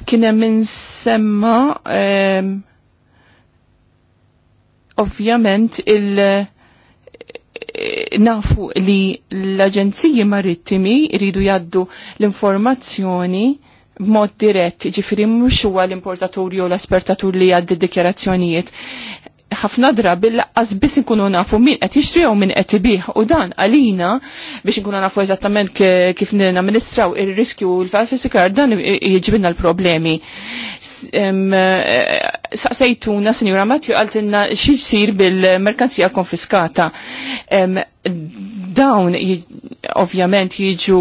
Kien hemm insemma ehm, ovvjament il- nafu li l-aġenziji marittimi rridu jaddu l-informazzjoni b'mod dirett, ġifiri mhux huwa l-importatur jew l aspertatur li d dikjarazzjonijiet ħafna drabi laqqas biss nkunu nafu min qed jixtri u min qed ibih u dan għalina biex nkunu nafu eżattament kif namministraw ir-riskju u l falfisikar dan jiġbinna l-problemi. Eh, saqsejtuna Sinjura Matju għaltinna x'jisir bil-merkanzija konfiskata. Dawn ovvjament jiġu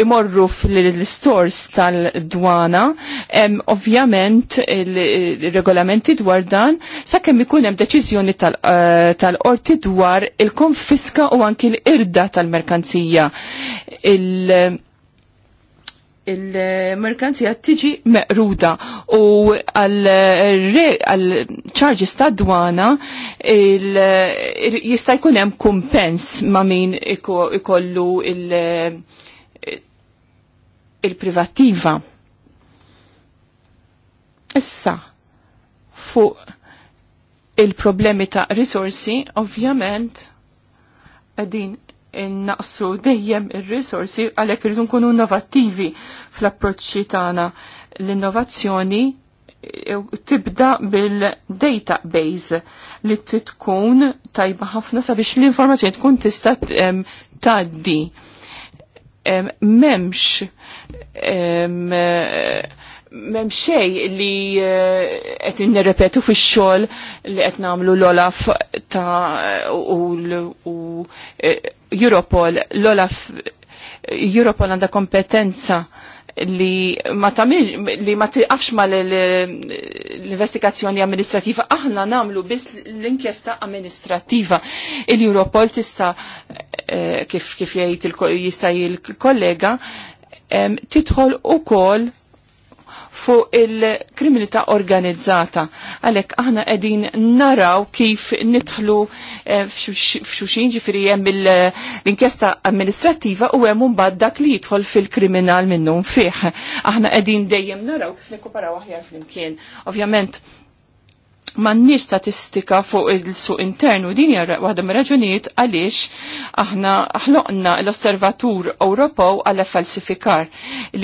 imorru fl-stores tal-dwana, ovvjament il-regolamenti dwar dan, sa sakemm ikun hemm deċiżjoni eh, tal-qorti dwar il-konfiska u anki l-irda tal-merkanzija. Il- merkanzija tiġi meqruda u għal ċarġi ta' dwana jista' jkun hemm kumpens ma' min ikollu il-privattiva. Issa, fuq il-problemi ta' risorsi, ovvjament, għedin naqsu dejjem il-risorsi għalek rridu nkunu innovattivi fl-approċċi tagħna. L-innovazzjoni eh, tibda bil-database li tkun tajba ħafna sabiex l-informazzjoni tkun tista' tgħaddi. Memx mem xej li eh, qed nirrepetu fix-xogħol li qed nagħmlu l-Olaf ta' u eh, Europol. L-Olaf Europol għandha kompetenza li ma tamil, li ma tiqafx ma l-investigazzjoni amministrativa, aħna namlu biss l-inkjesta amministrativa. Il-Europol tista, eh, kif, kif jgħid il-kollega, titħol u kol fuq il-kriminalità organizzata. Għalek aħna qegħdin naraw kif nidħlu eh, f'xuxin ġifieri hemm l-inkjesta amministrattiva u hemm mbagħad dak li jidħol fil-kriminal minnhom fih. Aħna qegħdin dejjem naraw kif nikkuparaw aħjar flimkien. Ovvjament mannix statistika fuq il-suq internu din hija waħda mir-raġunijiet għaliex aħna ħloqna l-Osservatur Ewropew għal falsifikar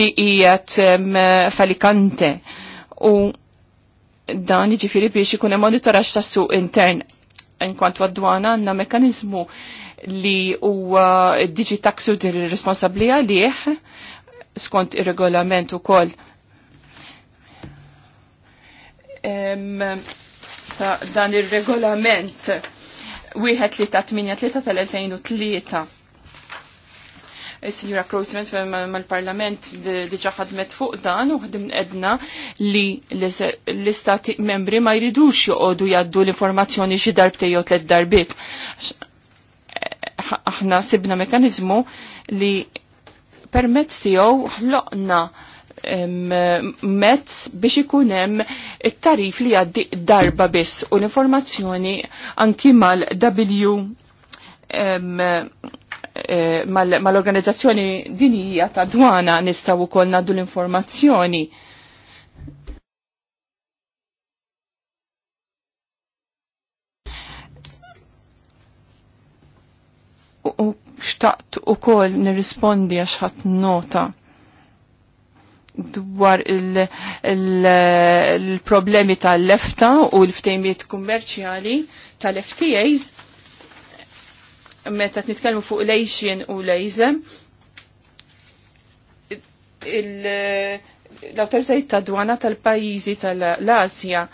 li qiegħed falikante u dan jiġifieri biex ikun hemm monitoraġġ tas-suq intern inkwant għad-dwana għandna mekkaniżmu li huwa taksu din responsabbli għalih skont ir-regolament ukoll ta' dan il-regolament 1383 tal-2003. Signora Crossment mal-Parlament diġa ħadmet fuq dan u ħadim edna li l-istati membri ma jridux joqodu jaddu l-informazzjoni xi darbtej jew tliet darbit. Aħna sibna mekanizmu li permezz tiegħu ħloqna mezz biex ikun hemm it-tarif li għaddi darba biss u l-informazzjoni anki mal-W e, mal-organizzazzjoni dinija ta' dwana nistaw ukoll naddu l-informazzjoni. U xtaqt u kol nirrispondi għax ħat nota dwar il-problemi tal-lefta u l-ftejmiet kummerċjali tal-FTAs meta nitkellmu fuq lejxien u lejzem l autorizajt ta' dwana tal-pajizi tal-Asja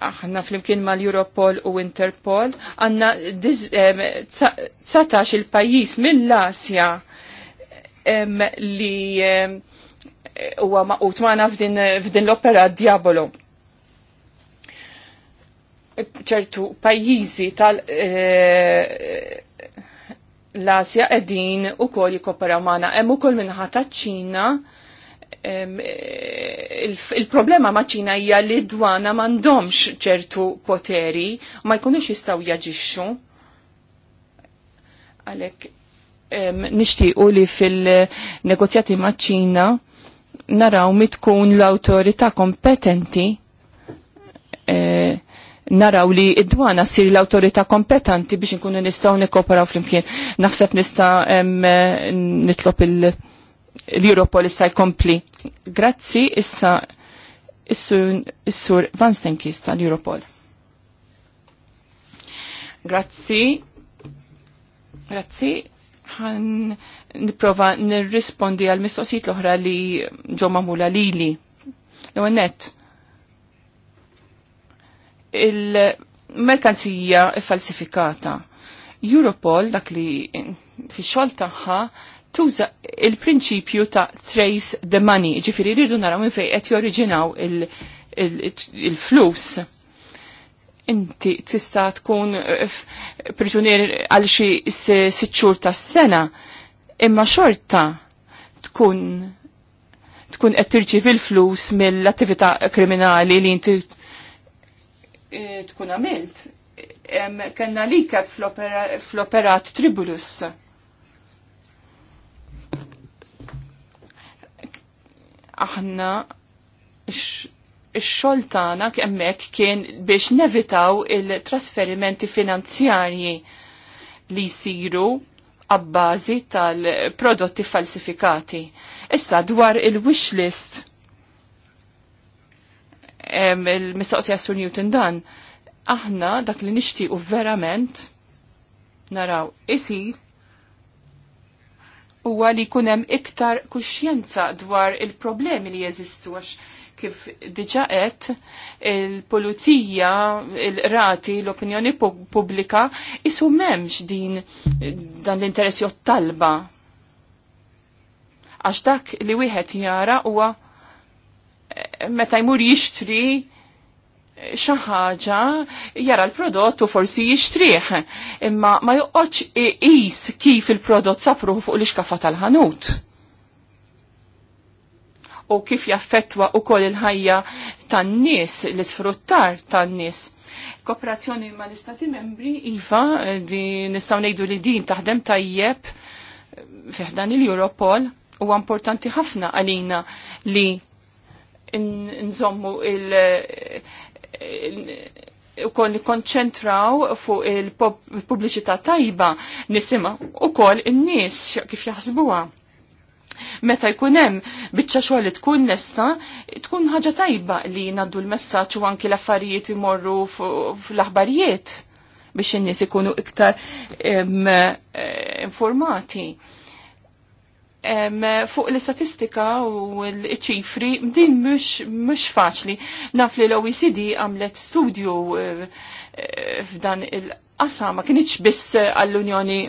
aħna flimkien mal-Europol u Interpol għanna satax il pajiz mill-Asja li huwa maqut maħna f'din l-opera Diabolo. ċertu pajjiżi tal- eh, l edin qegħdin ukoll jikopera maħna. Hemm ukoll minħa taċ-Ċina eh, il-problema ma' ċina hija li dwana m'għandhomx ċertu poteri ma jkunux jistgħu jaġixxu. Għalhekk nixtiequ li fil-negozjati ma' ċina naraw mitkun l autorita kompetenti e, naraw li id-dwana sir l autorita kompetenti biex nkunu nistaw nikoperaw fl-imkien. Naħseb nista e, nitlop l-Europol issa jkompli. Grazzi issa is-sur Van Stenkis tal-Europol. Grazzi. Grazzi. Għan niprofa nirrispondi għal mistoqsijiet l-oħra li ġo mamula lili. Lew net il-merkanzija falsifikata. Europol dak li fi xogħol tagħha tuża il-prinċipju ta' trace the money, ġifiri rridu naraw minn fejn qed joriġinaw il-flus. inti tista' tkun priġunier għal xi sitt xhur tas-sena imma xorta tkun tkun qed tirċivi l-flus mill-attività kriminali li inti eh, tkun għamilt. Kenna li kep fl-operat tribulus. Aħna x-xoltana kemmek kien biex nevitaw il-trasferimenti finanzjarji li siru għabbażi tal-prodotti falsifikati. Issa dwar il-wish list il-mistoqsija Sur Newton dan, aħna dak li nixtiequ verament naraw isir huwa li jkun hemm iktar kuxjenza dwar il-problemi li jeżistu għax kif diġa qed il-pulizija, il-rati, l-opinjoni pubblika isu memx din dan l interessi u talba. Għax dak li wieħed jara huwa eh, meta jmur jixtri xi ħaġa jara l-prodott u forsi jixtrih, imma ma joqgħodx iqis kif il-prodott sapruħ fuq l-iskafa tal-ħanut u kif jaffettwa u koll il-ħajja tan-nies, l-isfruttar tan-nies. Kooperazzjoni ma l-istati membri, Iva, li nistaw nejdu li din taħdem tajjeb fiħdan il-Europol u importanti ħafna għalina li nżommu il- u kon konċentraw fuq il-pubbliċità tajba nisima u kol il-nis kif jaħsbuha meta jkun hemm biċċa xogħol li tkun nesta, tkun ħaġa tajba li naddu l-messaġġ u anki l-affarijiet imorru fl-aħbarijiet biex in-nies ikunu iktar eh, informati. Um, fuq l-istatistika u l-ċifri, din mux faċli. Naf li l-OECD għamlet studju eh, f'dan il-qasam, ma kienieċ biss għall-Unjoni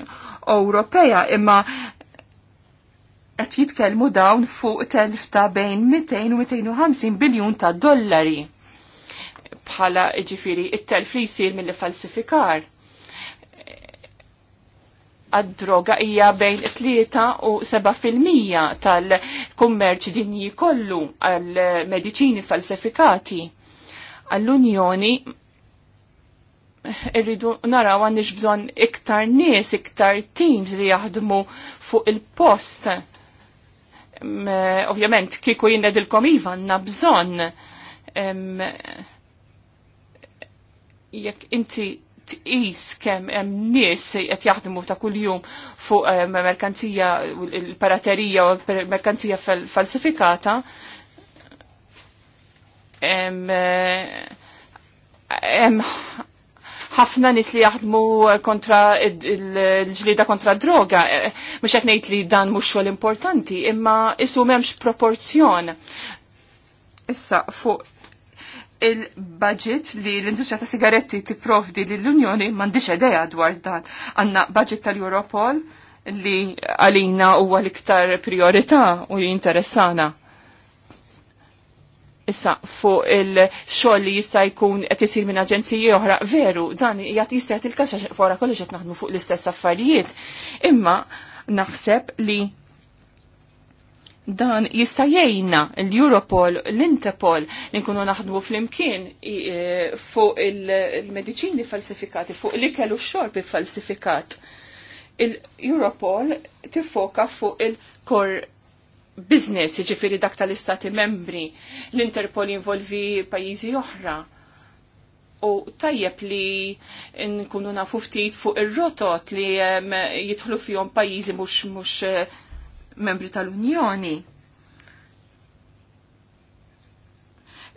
Ewropea, imma qed jitkellmu dawn fuq telf ta' bejn 200 u 250 biljun ta' dollari. Bħala ġifiri, it-telf li jisir mill falsifikar Ad-droga hija bejn 3 u 7% tal-kummerċ dinji kollu għal-mediċini falsifikati. Għall-Unjoni irridu naraw għandix bżon iktar nies, iktar teams li jaħdmu fuq il-post Eh, ovvjament kiku jinnedilkom iva nabżon jekk inti tqis kemm hemm nies qed jaħdmu ta' kuljum fuq merkanzija l-paraterija u merkanzija falsifikata hemm eh, ħafna nis li jaħdmu kontra l-ġlida kontra droga, e, mux qed ngħid li dan mhux xogħol importanti, imma isu m'hemmx proporzjon. Issa fuq il-budget li l-industrija ta' sigaretti tipprovdi lill-Unjoni m'għandix edeja dwar dan. Għanna budget tal-Europol li għalina huwa l-iktar priorita u jinteressana issa fuq il-xogħol li jista' jkun qed isir minn aġenziji oħra veru dan jagħti jista' jagħti il-każ fora kollox qed naħdmu fuq l-istess affarijiet. Imma naħseb li dan jista' jgħinna l-Europol, l-Interpol li nkunu naħdmu fl-imkien e, fuq il-mediċini falsifikati, fuq li kellu x-xorb falsifikat. Il-Europol tiffoka fuq il-kor business, ġifiri dak tal-istati membri, l-Interpol involvi pajizi oħra. U tajjeb li nkunu nafu ftit fuq ir-rotot li jidħlu fihom pajjiżi mhux mhux eh, membri tal-Unjoni.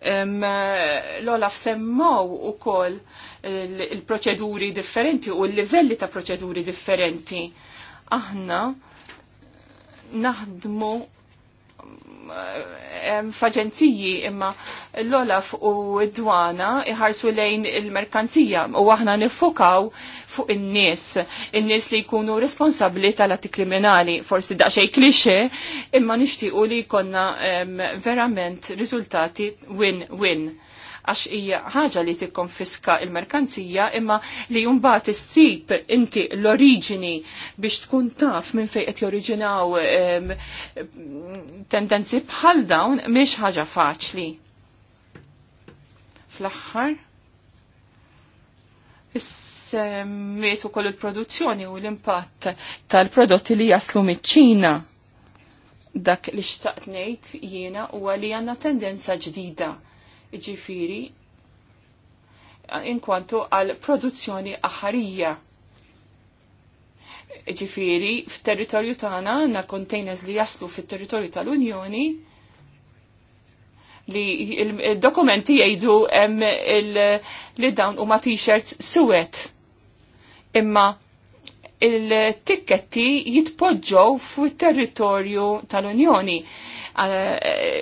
L-Olaf u ukoll il-proċeduri differenti u l-livelli ta' proċeduri differenti. Aħna naħdmu f'aġenziji imma l-olaf u dwana iħarsu lejn il-merkanzija u aħna nifukaw fuq in-nies, in-nies li jkunu responsabbli tal-atti kriminali, forsi daqsxejn klixe, imma nixtiequ li jkollna verament riżultati win-win għax hija ħaġa li tikkonfiska il-merkanzija imma li jumbat issib inti l-oriġini biex tkun taf minn fejn qed joriġinaw tendenzi bħal dawn mhix ħaġa faċli. Fl-aħħar semmiet ukoll il-produzzjoni u l-impatt tal-prodotti li jaslu miċ-Ċina dak li xtaqt ngħid jiena huwa li għandna tendenza ġdida ġifiri inkwantu għal produzzjoni aħarija. Ġifiri, f'territorju tagħna għandna containers li jaslu fit-territorju tal-Unjoni li il-dokumenti jgħidu li dawn huma t-shirts suwet imma il-tikketti jitpoġġow fuq territorju tal-Unjoni.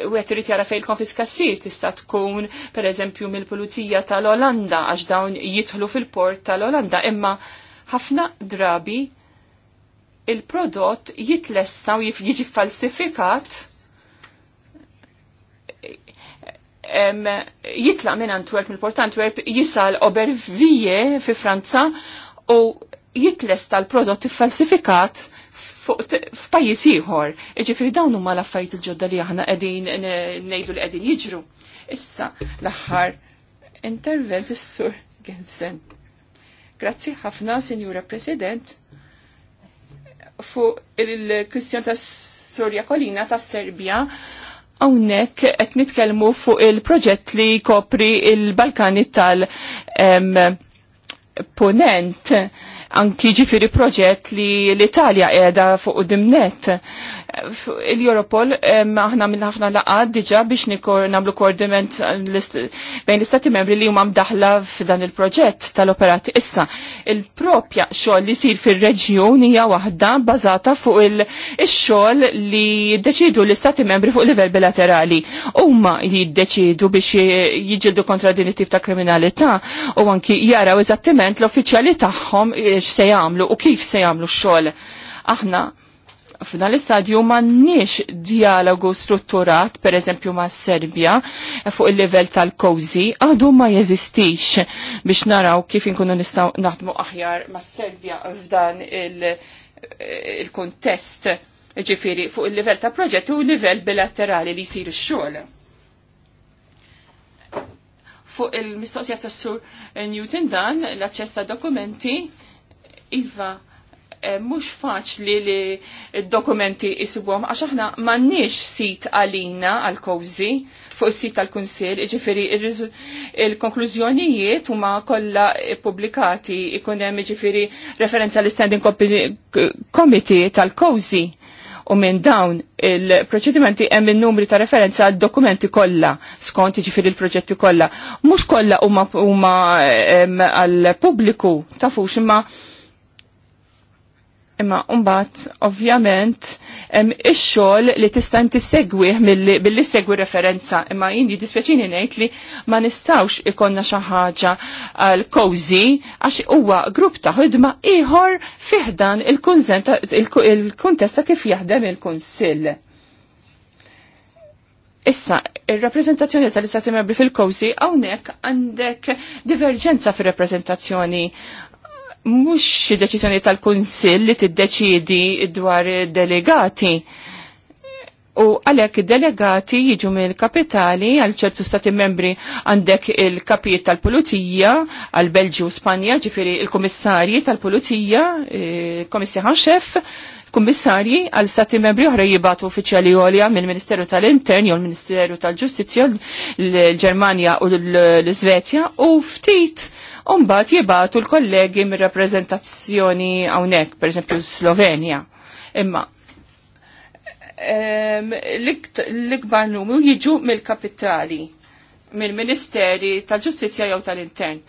U għet rrit jara fej konfiska sir tista tkun, per eżempju, mill-Pulizija tal-Olanda, għax dawn jitħlu fil-port tal-Olanda, imma ħafna drabi il-prodott jitlesna u jiġi falsifikat jitla minn Antwerp, mill-Port Antwerp, jisal obervije fi Franza u jitles tal prodotti falsifikat f'pajjiż ieħor. Iġifieri dawn huma l-affarijiet il-ġodda li aħna qegħdin ngħidu li qegħdin jiġru. Issa l-aħħar intervent is-sur Gensen. Grazzi ħafna, Sinjura President, fuq il-kwistjon tas Sorja Kolina tas Serbja hawnhekk qed nitkellmu fuq il-proġett li kopri il-Balkani tal-Ponent. Um, anki ġifiri proġett li l-Italja edha fuq dimnet il-Europol aħna minn ħafna laqad diġa biex nikor namlu koordiment bejn l-istati membri li huma mdaħla f'dan il-proġett tal-operati issa. Il-propja xogħol li jsir fir-reġjun hija waħda bazata fuq il-xogħol li jiddeċidu l-istati membri fuq livell bilaterali. Huma jiddeċidu biex jiġildu kontra din it-tip ta' kriminalità u anki jaraw eżattiment l-uffiċjali tagħhom x'se jagħmlu u kif se jagħmlu x-xogħol. Aħna f'dan l-istadju m'għandniex dialogu strutturat, per eżempju ma' Serbja, fuq il-level tal-kozi, għadu ma' jeżistix biex naraw kif inkunu nistaw naħdmu aħjar ma' Serbja f'dan il-kontest il ġifiri fuq il-level ta' proġett u il-level bilaterali li jisir xogħol. Fuq il-mistoqsija tas sur Newton dan, l-aċċess ta' dokumenti, iva Eh, mhux faċli li d-dokumenti isibuhom għax aħna m'għandniex sit għalina għal kowzi fuq is-sit tal kunsil jiġifieri il-konklużjonijiet huma kollha pubblikati ikun hemm jiġifieri referenza l standing committee tal-kowzi u minn dawn il-proċedimenti hemm in-numri ta' referenza għad dokumenti kollha skont jiġifieri il-proġetti kollha. Mhux kollha huma huma għall-pubbliku tafux imma Imma umbat, ovvjament, ix-xogħol li tista' inti segwi billi segwi referenza, imma jindi dispjaċini ngħid li ma nistawx ikonna xi ħaġa għal eh, cozy għax huwa grupp ta' ħidma ieħor fiħdan il kontesta kif jaħdem il-kunsill. Issa, il-rappresentazzjoni tal-istati membri fil-kosi għawnek għandek diverġenza fil-rappresentazzjoni mhux xi deċiżjoni tal-Kunsill li tiddeċiedi dwar delegati. U għalhekk id-delegati jiġu mill-kapitali għal ċertu stati membri għandek il-kapijiet tal-Pulizija għal Belġu Spanja, ġifieri il-Kummissarji tal-Pulizija, il-Komissija eh, ħanxef, kummissarji għal stati membri oħra jibatu uffiċjali għolja mill ministeru tal-Intern jew ministeru tal-Ġustizzja l-Ġermanja u l-Svezja u ftit Umbat jibatu l-kollegi mir rappresentazzjoni għawnek, per esempio Slovenja. Imma, ehm, l-ikbar numru jiġu mill-kapitali, mill-ministeri tal-ġustizja jew tal-intern.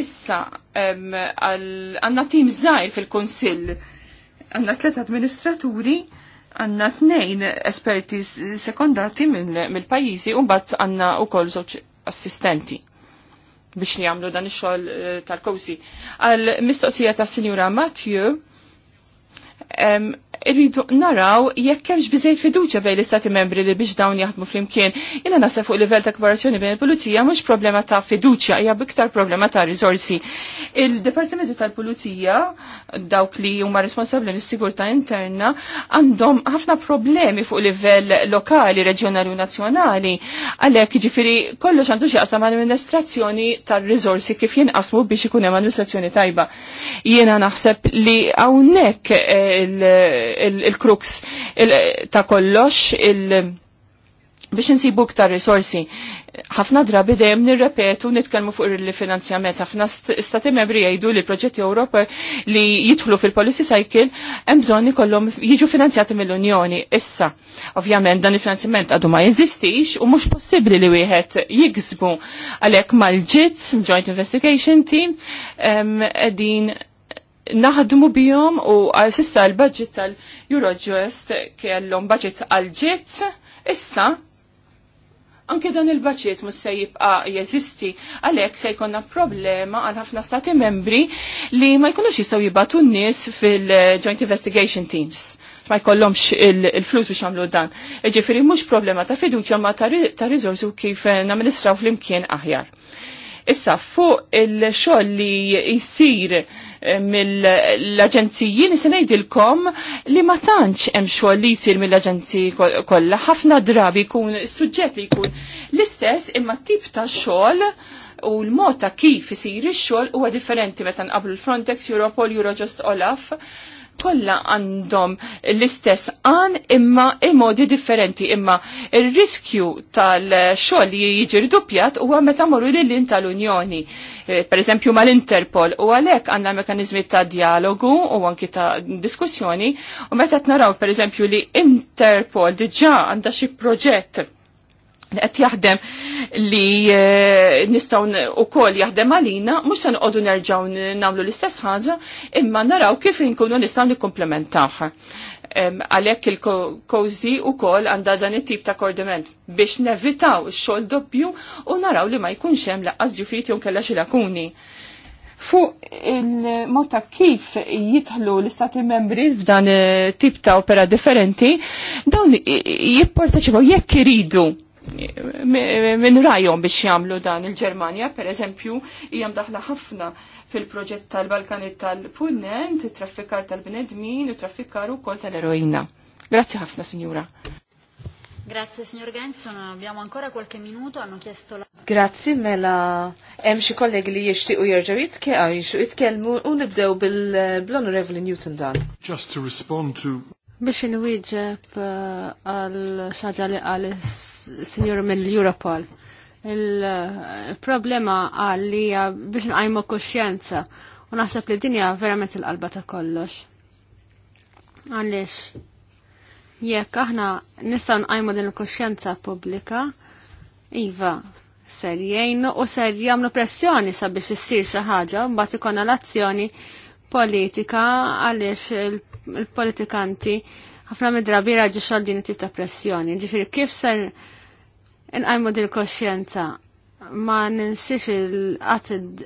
Issa, ehm, għanna tim zaħir fil-konsill, għanna tlet administraturi, għanna tnejn esperti sekondati mill-pajizi, un bat għanna u kol assistenti biex jagħmlu dan ix-xogħol eh, tal-kowsi. Għal mistoqsija ta' Sinjura Matthew, irridu naraw jekk hemmx biżejt fiduċja bejn l-istati membri li biex dawn jaħdmu flimkien. Jiena naħseb fuq livell ta' kbarazzjoni bejn il-pulizija mhux problema ta' fiduċja hija biktar problema ta' riżorsi. Il-Dipartimenti tal-Pulizija dawk li huma responsabbli mis-sigurtà interna għandhom ħafna problemi fuq livell lokali, reġjonali u nazzjonali. Għalhekk jiġifieri kollox għandu x'jaqsam amministrazzjoni tar-riżorsi kif jinqasmu biex ikun hemm amministrazzjoni tajba. Jiena naħseb li hawnhekk il-kruks ta' kollox il- biex nsibu ktar risorsi. ħafna drabi dejjem nirrepetu nitkellmu fuq il-finanzjament. Ħafna stati membri jgħidu li proġetti Ewropa li jidħlu fil-policy cycle hemm bżonn ikollhom jiġu finanzjati mill-Unjoni. Issa, ovvjament dan il-finanzjament għadu ma jeżistix u mhux possibbli li wieħed jiksbu għalhekk mal-ġitz, Joint Investigation Team, din naħdmu bijom u sissa l-budget tal-Eurojust kellhom budget għal-ġitz, issa anke dan il-budget mus se jibqa' jeżisti għalhekk se jkollna problema għal ħafna stati membri li ma jkunux jistgħu jibatu n-nies fil-Joint Investigation Teams ma jkollhomx il-flus biex jagħmlu dan. Ġifieri mhux problema ta' fiduċja ma ta' riżorsi kif eh, namministraw flimkien aħjar. Issa fuq il-xogħol li jsir eh, mill-aġenziji nisa ngħidilkom li ma tantx hemm xogħol li jsir mill-aġenziji kollha ħafna drabi jkun is-suġġett li jkun l-istess imma tip ta' xogħol u l-mod ta' kif isir ix-xogħol huwa differenti meta nqablu l-Frontex, Europol, Eurojust, Olaf. Euro kollha għandhom l-istess għan imma modi differenti imma il-riskju tal-xogħol li jiġi rdupjat huwa meta morru lil tal-Unjoni. Eh, per eżempju mal-Interpol u għalhekk għandna mekanizmi ta' dialogu u anki ta' diskussjoni u meta naraw per eżempju li Interpol diġà għandha xi proġett qed jaħdem li eh, nistgħu wkoll jaħdem għalina, mhux se noqogħdu nerġgħu nagħmlu l-istess ħaġa, imma naraw kif inkunu nistgħu nikkumplementawha. Għalhekk il-kozi wkoll għandha dan it-tip ta' kordiment biex nevitaw ix-xogħol doppju u naraw li ma jkunx hemm laqqas ġufiet jew kellha xi lakuni. Fuq il mota kif jitħlu l-istati membri f'dan eh, tip ta' opera differenti, dawn jipparteċipaw jekk iridu minn rajom biex jamlu dan il-Germania, per eżempju, jgħam daħla ħafna fil-proġett tal-Balkani tal-Punent, traffikar tal-Bnedmin, u traffikar u kol tal-eroina. Grazie ħafna, signora. Grazie, signor Genson. Abbiamo ancora qualche minuto, hanno chiesto la... Grazie, mela. Hemm xi kollegi li jixtiequ jerġgħu jitkellmu u nibdew bil-Onorevoli Newton Dan. Just to respond to Biex inwieġeb eh, għal xaġa li għal sinjor mill-Europol. Eh, il-problema għal li biex nqajmu kuxjenza u naħseb li dinja verament il-qalba ta' kollox. Għalix, jekk aħna nista' nqajmu din il-kuxjenza pubblika, iva, ser jgħinu u ser jagħmlu pressjoni sabiex issir xi ħaġa, mbagħad ikollna l-azzjoni politika għaliex il il-politikanti ħafna mid-drabi raġi xol din tip ta' pressjoni. Ġifiri, kif ser nqajmu din koxjenza ma ninsix il-qatid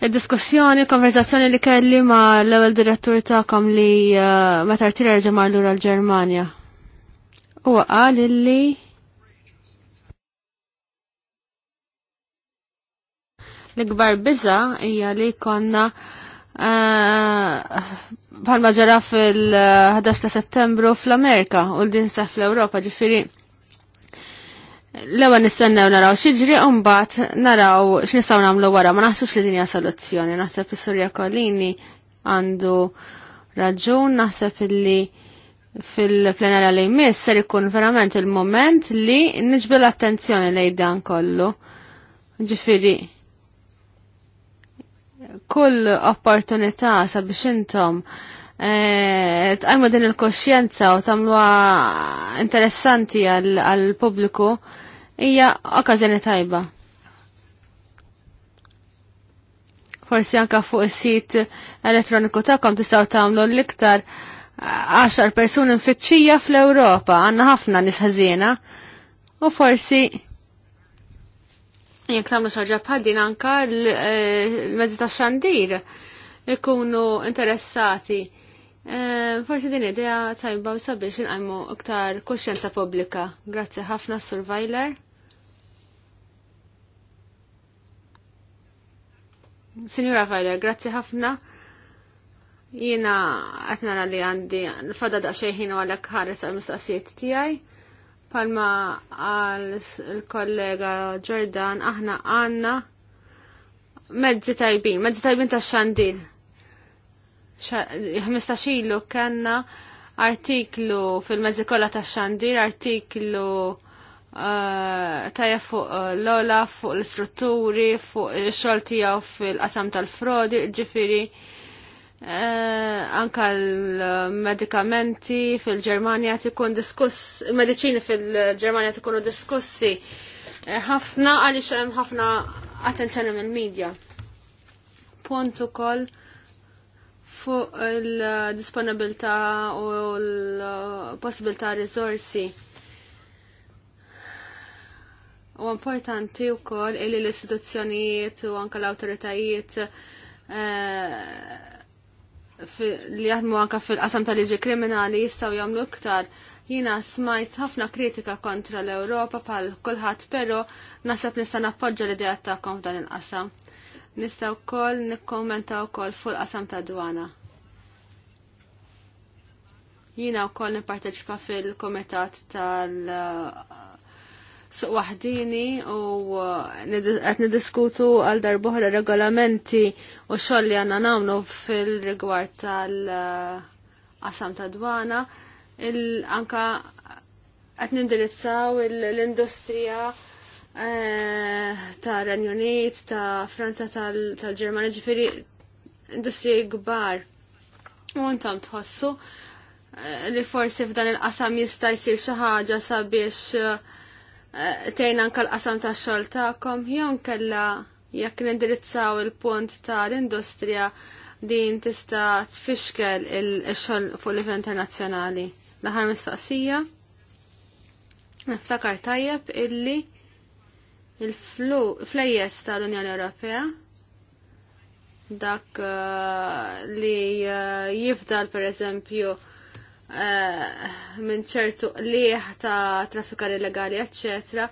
il-diskussjoni, konverzazzjoni li kelli ma l-ewel direttur ta'kom li uh, meta rtira ġemar l-ura l-Germania. U għal li l-gbar biza hija li konna bħal eh, ġara fil-11 ta' settembru fl-Amerika u l-din sa' fl-Europa ġifiri. L-ewa nistennew naraw xieġri bat naraw x'nistgħu nagħmlu wara ma naħsux li dinja soluzzjoni. Naħseb is-Surja Kolini għandu raġun, naħseb li fil-plenarja li jmiss ser ikun verament il-moment li nġbil attenzjoni lejn dan kollu. Ġifiri, kull opportunità sabiex intom eh, tqajmu din il-kosċjenza u tamluha interessanti għal pubbliku hija okkażjoni tajba. Forsi anka fuq is-sit elettroniku tagħkom tistgħu tagħmlu l-iktar għaxar persuni mfittxija fl-Ewropa, għandna ħafna nisħażina u forsi Jek namlu xaġa bħaddin anka eh, l-mezzi ta' xandir ikunu interessati. Eh, forsi din idea tajba u sabiex inqajmu iktar kosċenza pubblika. Grazzi ħafna Survivor. Signora Vajler, grazzi ħafna. Jiena għatnara li għandi l-fadda da xejħin u għalek ħares għal-mistaqsijiet tijaj palma għal kollega Jordan, aħna għanna mezzi tajbin, mezzi tajbin ta' xandin. 15 ilu kanna artiklu fil-mezzi kolla ta' xandir, artiklu eh, tajja fuq eh, l-ola, fuq l-istrutturi, fuq l-xolti fil-qasam tal-frodi, ġifiri. Eh, anka l-medikamenti fil-Germania tikun diskuss, medicini fil-Germania tikunu diskussi eh, ħafna għalix hemm ħafna attenzjoni mill media Punt ukoll fuq il-disponibilità u l-possibilità risorsi. U importanti wkoll illi l-istituzzjonijiet u anke l-awtoritajiet eh, li jaħdmu għanka fil-qasam tal-liġi kriminali jistaw jagħmlu iktar. Jina smajt ħafna kritika kontra l-Ewropa bħal kulħadd, però naħseb nista' nappoġġa l-idea tagħkom f'dan il-qasam. Nista' wkoll nikkommenta wkoll fuq qasam ta' dwana. Jina wkoll nipparteċipa fil-Kumitat tal- suq wahdini u uh, għet nidiskutu għal darbohra regolamenti u xogħol li għanna nagħmlu fil-rigward tal-qasam uh, ta' dwana anka għet nindirizzaw l-industrija uh, ta' Unit, ta' Franza tal-Ġermania ġifiri industrija gbar u intom tħossu li forsi f'dan il-qasam jista' jsir xi ħaġa sabiex Eh, tejna anka l-qasam ta' xol ta'kom, jew kella jekk nindirizzaw il-punt ta' l-industrija din tista' tfixkel il-xol fuq livell internazzjonali. L-aħħar mistaqsija. Niftakar tajjeb illi il-flejjes tal-Unjoni Ewropea dak eh, li eh, jifdal per eżempju Eh, minn ċertu liħ ta' traffikar illegali, eccetera,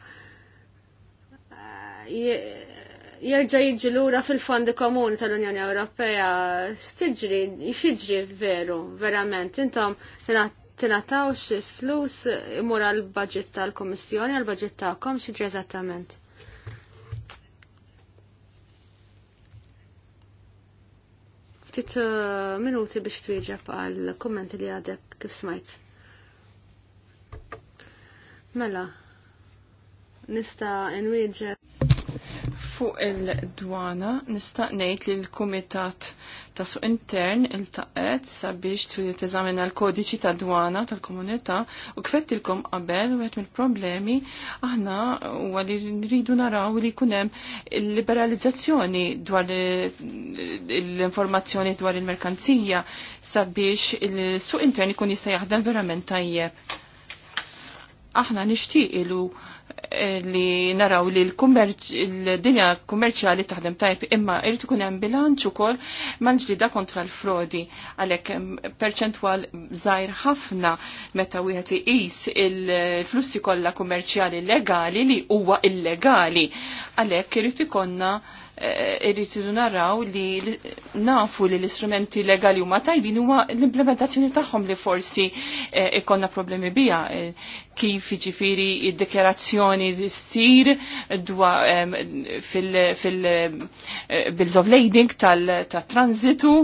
eh, jerġa' jiġi lura fil-fondi komuni tal-Unjoni Ewropea x'tiġri x'jiġri veru verament intom tingħataw xi flus imur l budget tal-Kummissjoni għall budget tagħkom x'jiġri eżattament. ftit eh, minuti biex twieġeb għal kommenti li għadek kif smajt. Mela, nista' nwieġeb. Fuq il-dwana nistaqnejt li l-Kumitat ta' Suq Intern iltaqet sabiex t teżamina l-kodiċi ta' dwana tal-komunità u kfettilkom qabel wieħed mill-problemi aħna huwa li rridu naraw li jkun hemm il-liberalizzazzjoni dwar l-informazzjoni dwar il-merkanzija sabiex il-suq intern ikun jista' jaħdem verament tajjeb. Aħna nixtieq ilu li naraw li l-dinja kummerċjali taħdem tajb imma irrid ikun hemm bilanċ ukoll mal-ġlida kontra l-frodi għalhekk perċentwal żgħir ħafna meta wieħed iqis il-flussi kollha kummerċjali legali li huwa illegali għalhekk irid ikonna Eh, Irritu naraw li nafu li l-istrumenti legali huma tajbin huma l-implementazzjoni tagħhom li forsi eh, ikonna problemi bija eh, kif jiġifieri id-dikjarazzjoni ssir dwa fil bills of lading tal-transitu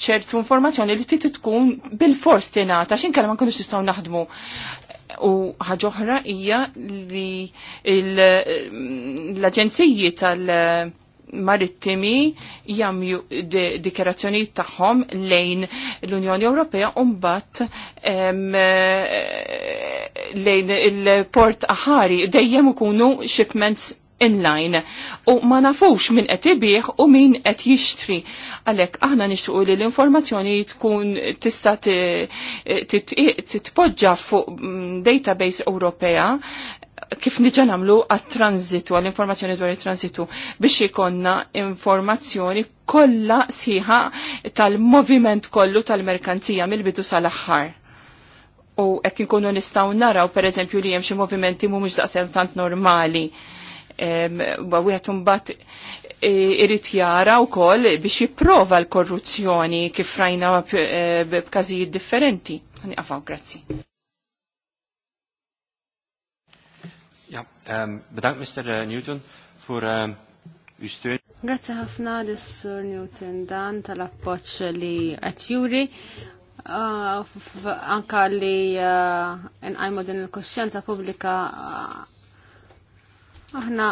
ċertu informazzjoni li trid tkun bil-fors tingħata x'inkella ma nkunux nistgħu naħdmu U ħaġoħra hija li l-aġenziji tal- marittimi jamju dikerazzjoni tagħhom lejn l-Unjoni Ewropea u mbagħad eh, lejn il-port aħari dejjem ikunu shipments inline u ma nafux min qed ibih u min qed jixtri. Għalhekk aħna nixtiequ li l-informazzjoni tkun tista' titpoġġa fuq mm, database Ewropea kif niġa namlu għat-transitu, għall-informazzjoni dwar il-transitu, biex ikonna informazzjoni kollha sħiħa tal-moviment kollu tal-merkanzija mill-bidu sal-aħħar. U hekk inkunu nistgħu naraw pereżempju li hemm xi movimenti mhumiex daqshem tant normali wieħed bat e, irrit jara u wkoll biex jipprova l-korruzzjoni kif rajna e, b'każijiet differenti. Għani Għafaw, grazzi. Ja, bedank Mr. Eh, Newton fur uw steun. Grazie ħafna dis-Sur Newton dan tal-appoċ li għatjuri ah, anka li eh, nqajmu din il-kosċenza publika Aħna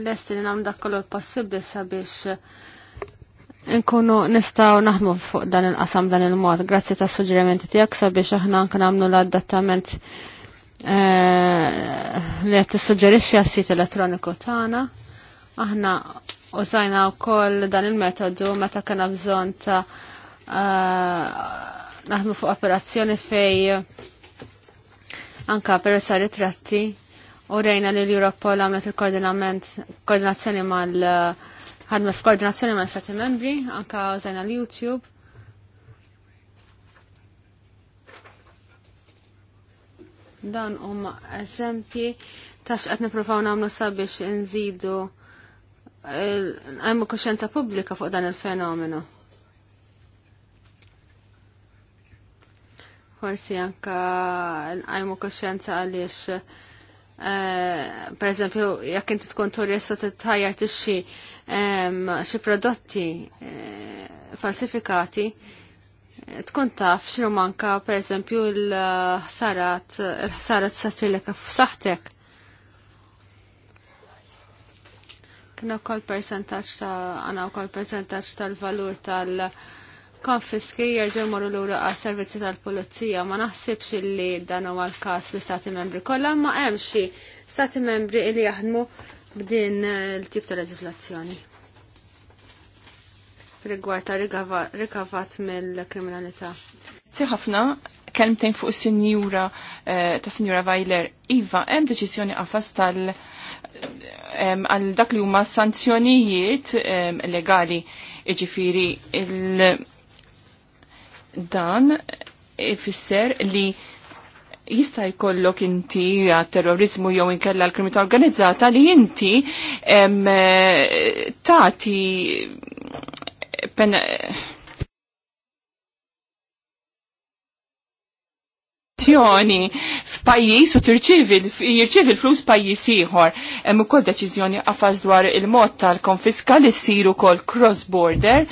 lesti li nam kollu l possibbli sabiex nkunu nistaw naħdmu fuq dan il-qasam dan il-mod. Grazzi ta' suġġerimenti tiegħek sabiex aħna anke nagħmlu l-adattament eh, li qed tissuġġerixxi għas-sit elettroniku tagħna. Aħna użajna wkoll dan il-metodu meta kena bżonn ta' eh, naħdmu fuq operazzjoni fej anka per sa ritratti u rejna li l l għamlet il-koordinament, koordinazzjoni mal ħadmet f'koordinazzjoni mal stati membri, anka użajna l-YouTube. Dan huma eżempji ta' x'qed nippruvaw nagħmlu sabiex inżidu għajmu kuxenza pubblika fuq dan il-fenomenu. Forsi anka għajmu kuxenza għaliex Eh, per eżempju, jekk inti tkun turista t-tajjar t xi prodotti eh, falsifikati, eh, tkun taf xinu manka per eżempju l-ħsarat, l-ħsarat satrilek f'saħtek. Kien ukoll percentaġġ ta' għana kol percentaċ tal-, -valur tal konfiski jerġgħu marru lura għas servizzi tal-pulizija ma naħsibx li dan huwa l-każ l-istati membri kollha ma hemm xi stati membri li jaħdmu b'din eh, l-tip ta' leġislazzjoni. Rigward ta' rikavat mill-kriminalità. ħafna kelmtejn fuq is-sinjura eh, ta' sinjura Vajler, iva hemm deċiżjoni qafas tal- għal dak li huma sanzjonijiet legali iġifiri Dan ifisser li jista' jkollok inti għat terrorizmu jew inkella l krimita organizzata li inti eh, tagħti deċizjoni f'pajjiż u tirċivi l-flus pajjiż ieħor. Hemm ukoll deċiżjoni qafas dwar il-mod tal-konfiska li ssir ukoll cross-border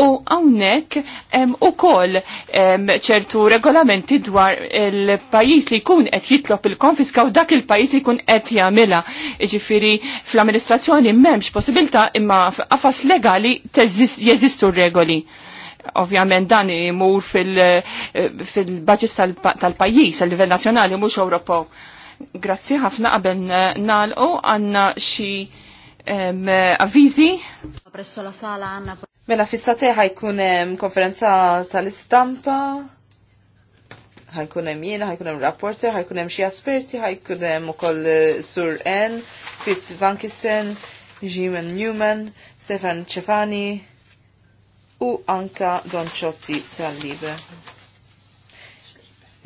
u hawnhekk hemm ukoll ċertu regolamenti dwar il-pajjiż li jkun qed jitlob il-konfiska u dak il-pajjiż li jkun qed jagħmilha. Jiġifieri fl-amministrazzjoni m'hemmx possibilità imma qafas legali jeżistu regoli. Ovvjament dan imur fil-budget fil tal-pajjiż, tal livell nazzjonali mhux Ewropo. Grazzi ħafna qabel nagħlqu għandna xi avviżi. Presso la sala għanna. Mela fissate ħajkun konferenza tal-istampa ħajkun hemm jiena, ħajkun hemm rapporter, ħajkun hemm xi esperti, ħajkun hemm ukoll eh, Sur N, Chris Van Kisten, Jimen Newman, Stefan Cefani, u anka Donċotti tal-Libe.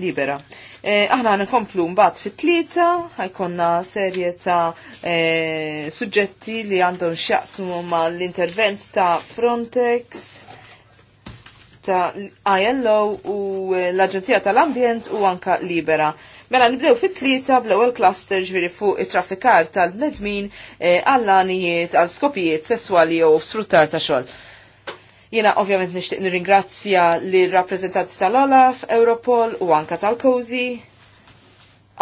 Libera. Eh, aħna nkomplu mbagħad fit-tlieta, ħajkonna serje ta' eh, suġġetti li għandhom x'jaqsmu mal-intervent ta' Frontex ta' ILO u l-Aġenzija tal-Ambjent u anka Libera. Mela nibdew fit-tlieta bl-ewwel cluster ġifieri fuq it-traffikar tal-bnedmin e, għall-għanijiet eh, għal skopijiet sesswali jew sfruttar ta' xogħol. Jena ovvjament nishtiq nirringrazzja li rappresentanti tal-Olaf, Europol u anka tal-Kozi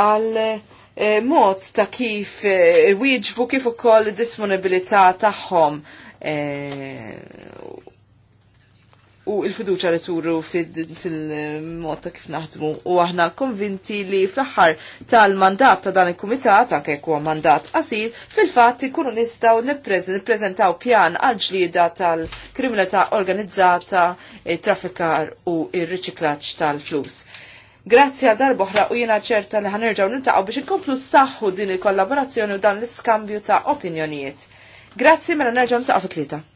għal eh, mod ta' kif eh, wieġbu kif ukoll disponibilità tagħhom eh, u il-fiduċa li turu fil-mod ta' kif naħdmu. U aħna konvinti li fl-aħħar tal-mandat ta' dan il-kumitat, anke jekk huwa mandat qasir, fil-fatt ikunu nistgħu nippreżentaw pjan għal ġlieda tal-kriminalità organizzata, traffikar u il riċiklaġġ tal-flus. Grazzi għal darboħra u jena ċerta li ħanerġaw nintaqaw biex inkomplu saħħu din il-kollaborazzjoni u dan l-iskambju ta' opinjonijiet. Grazzi mela nerġaw nsaqgħu fit-tlieta.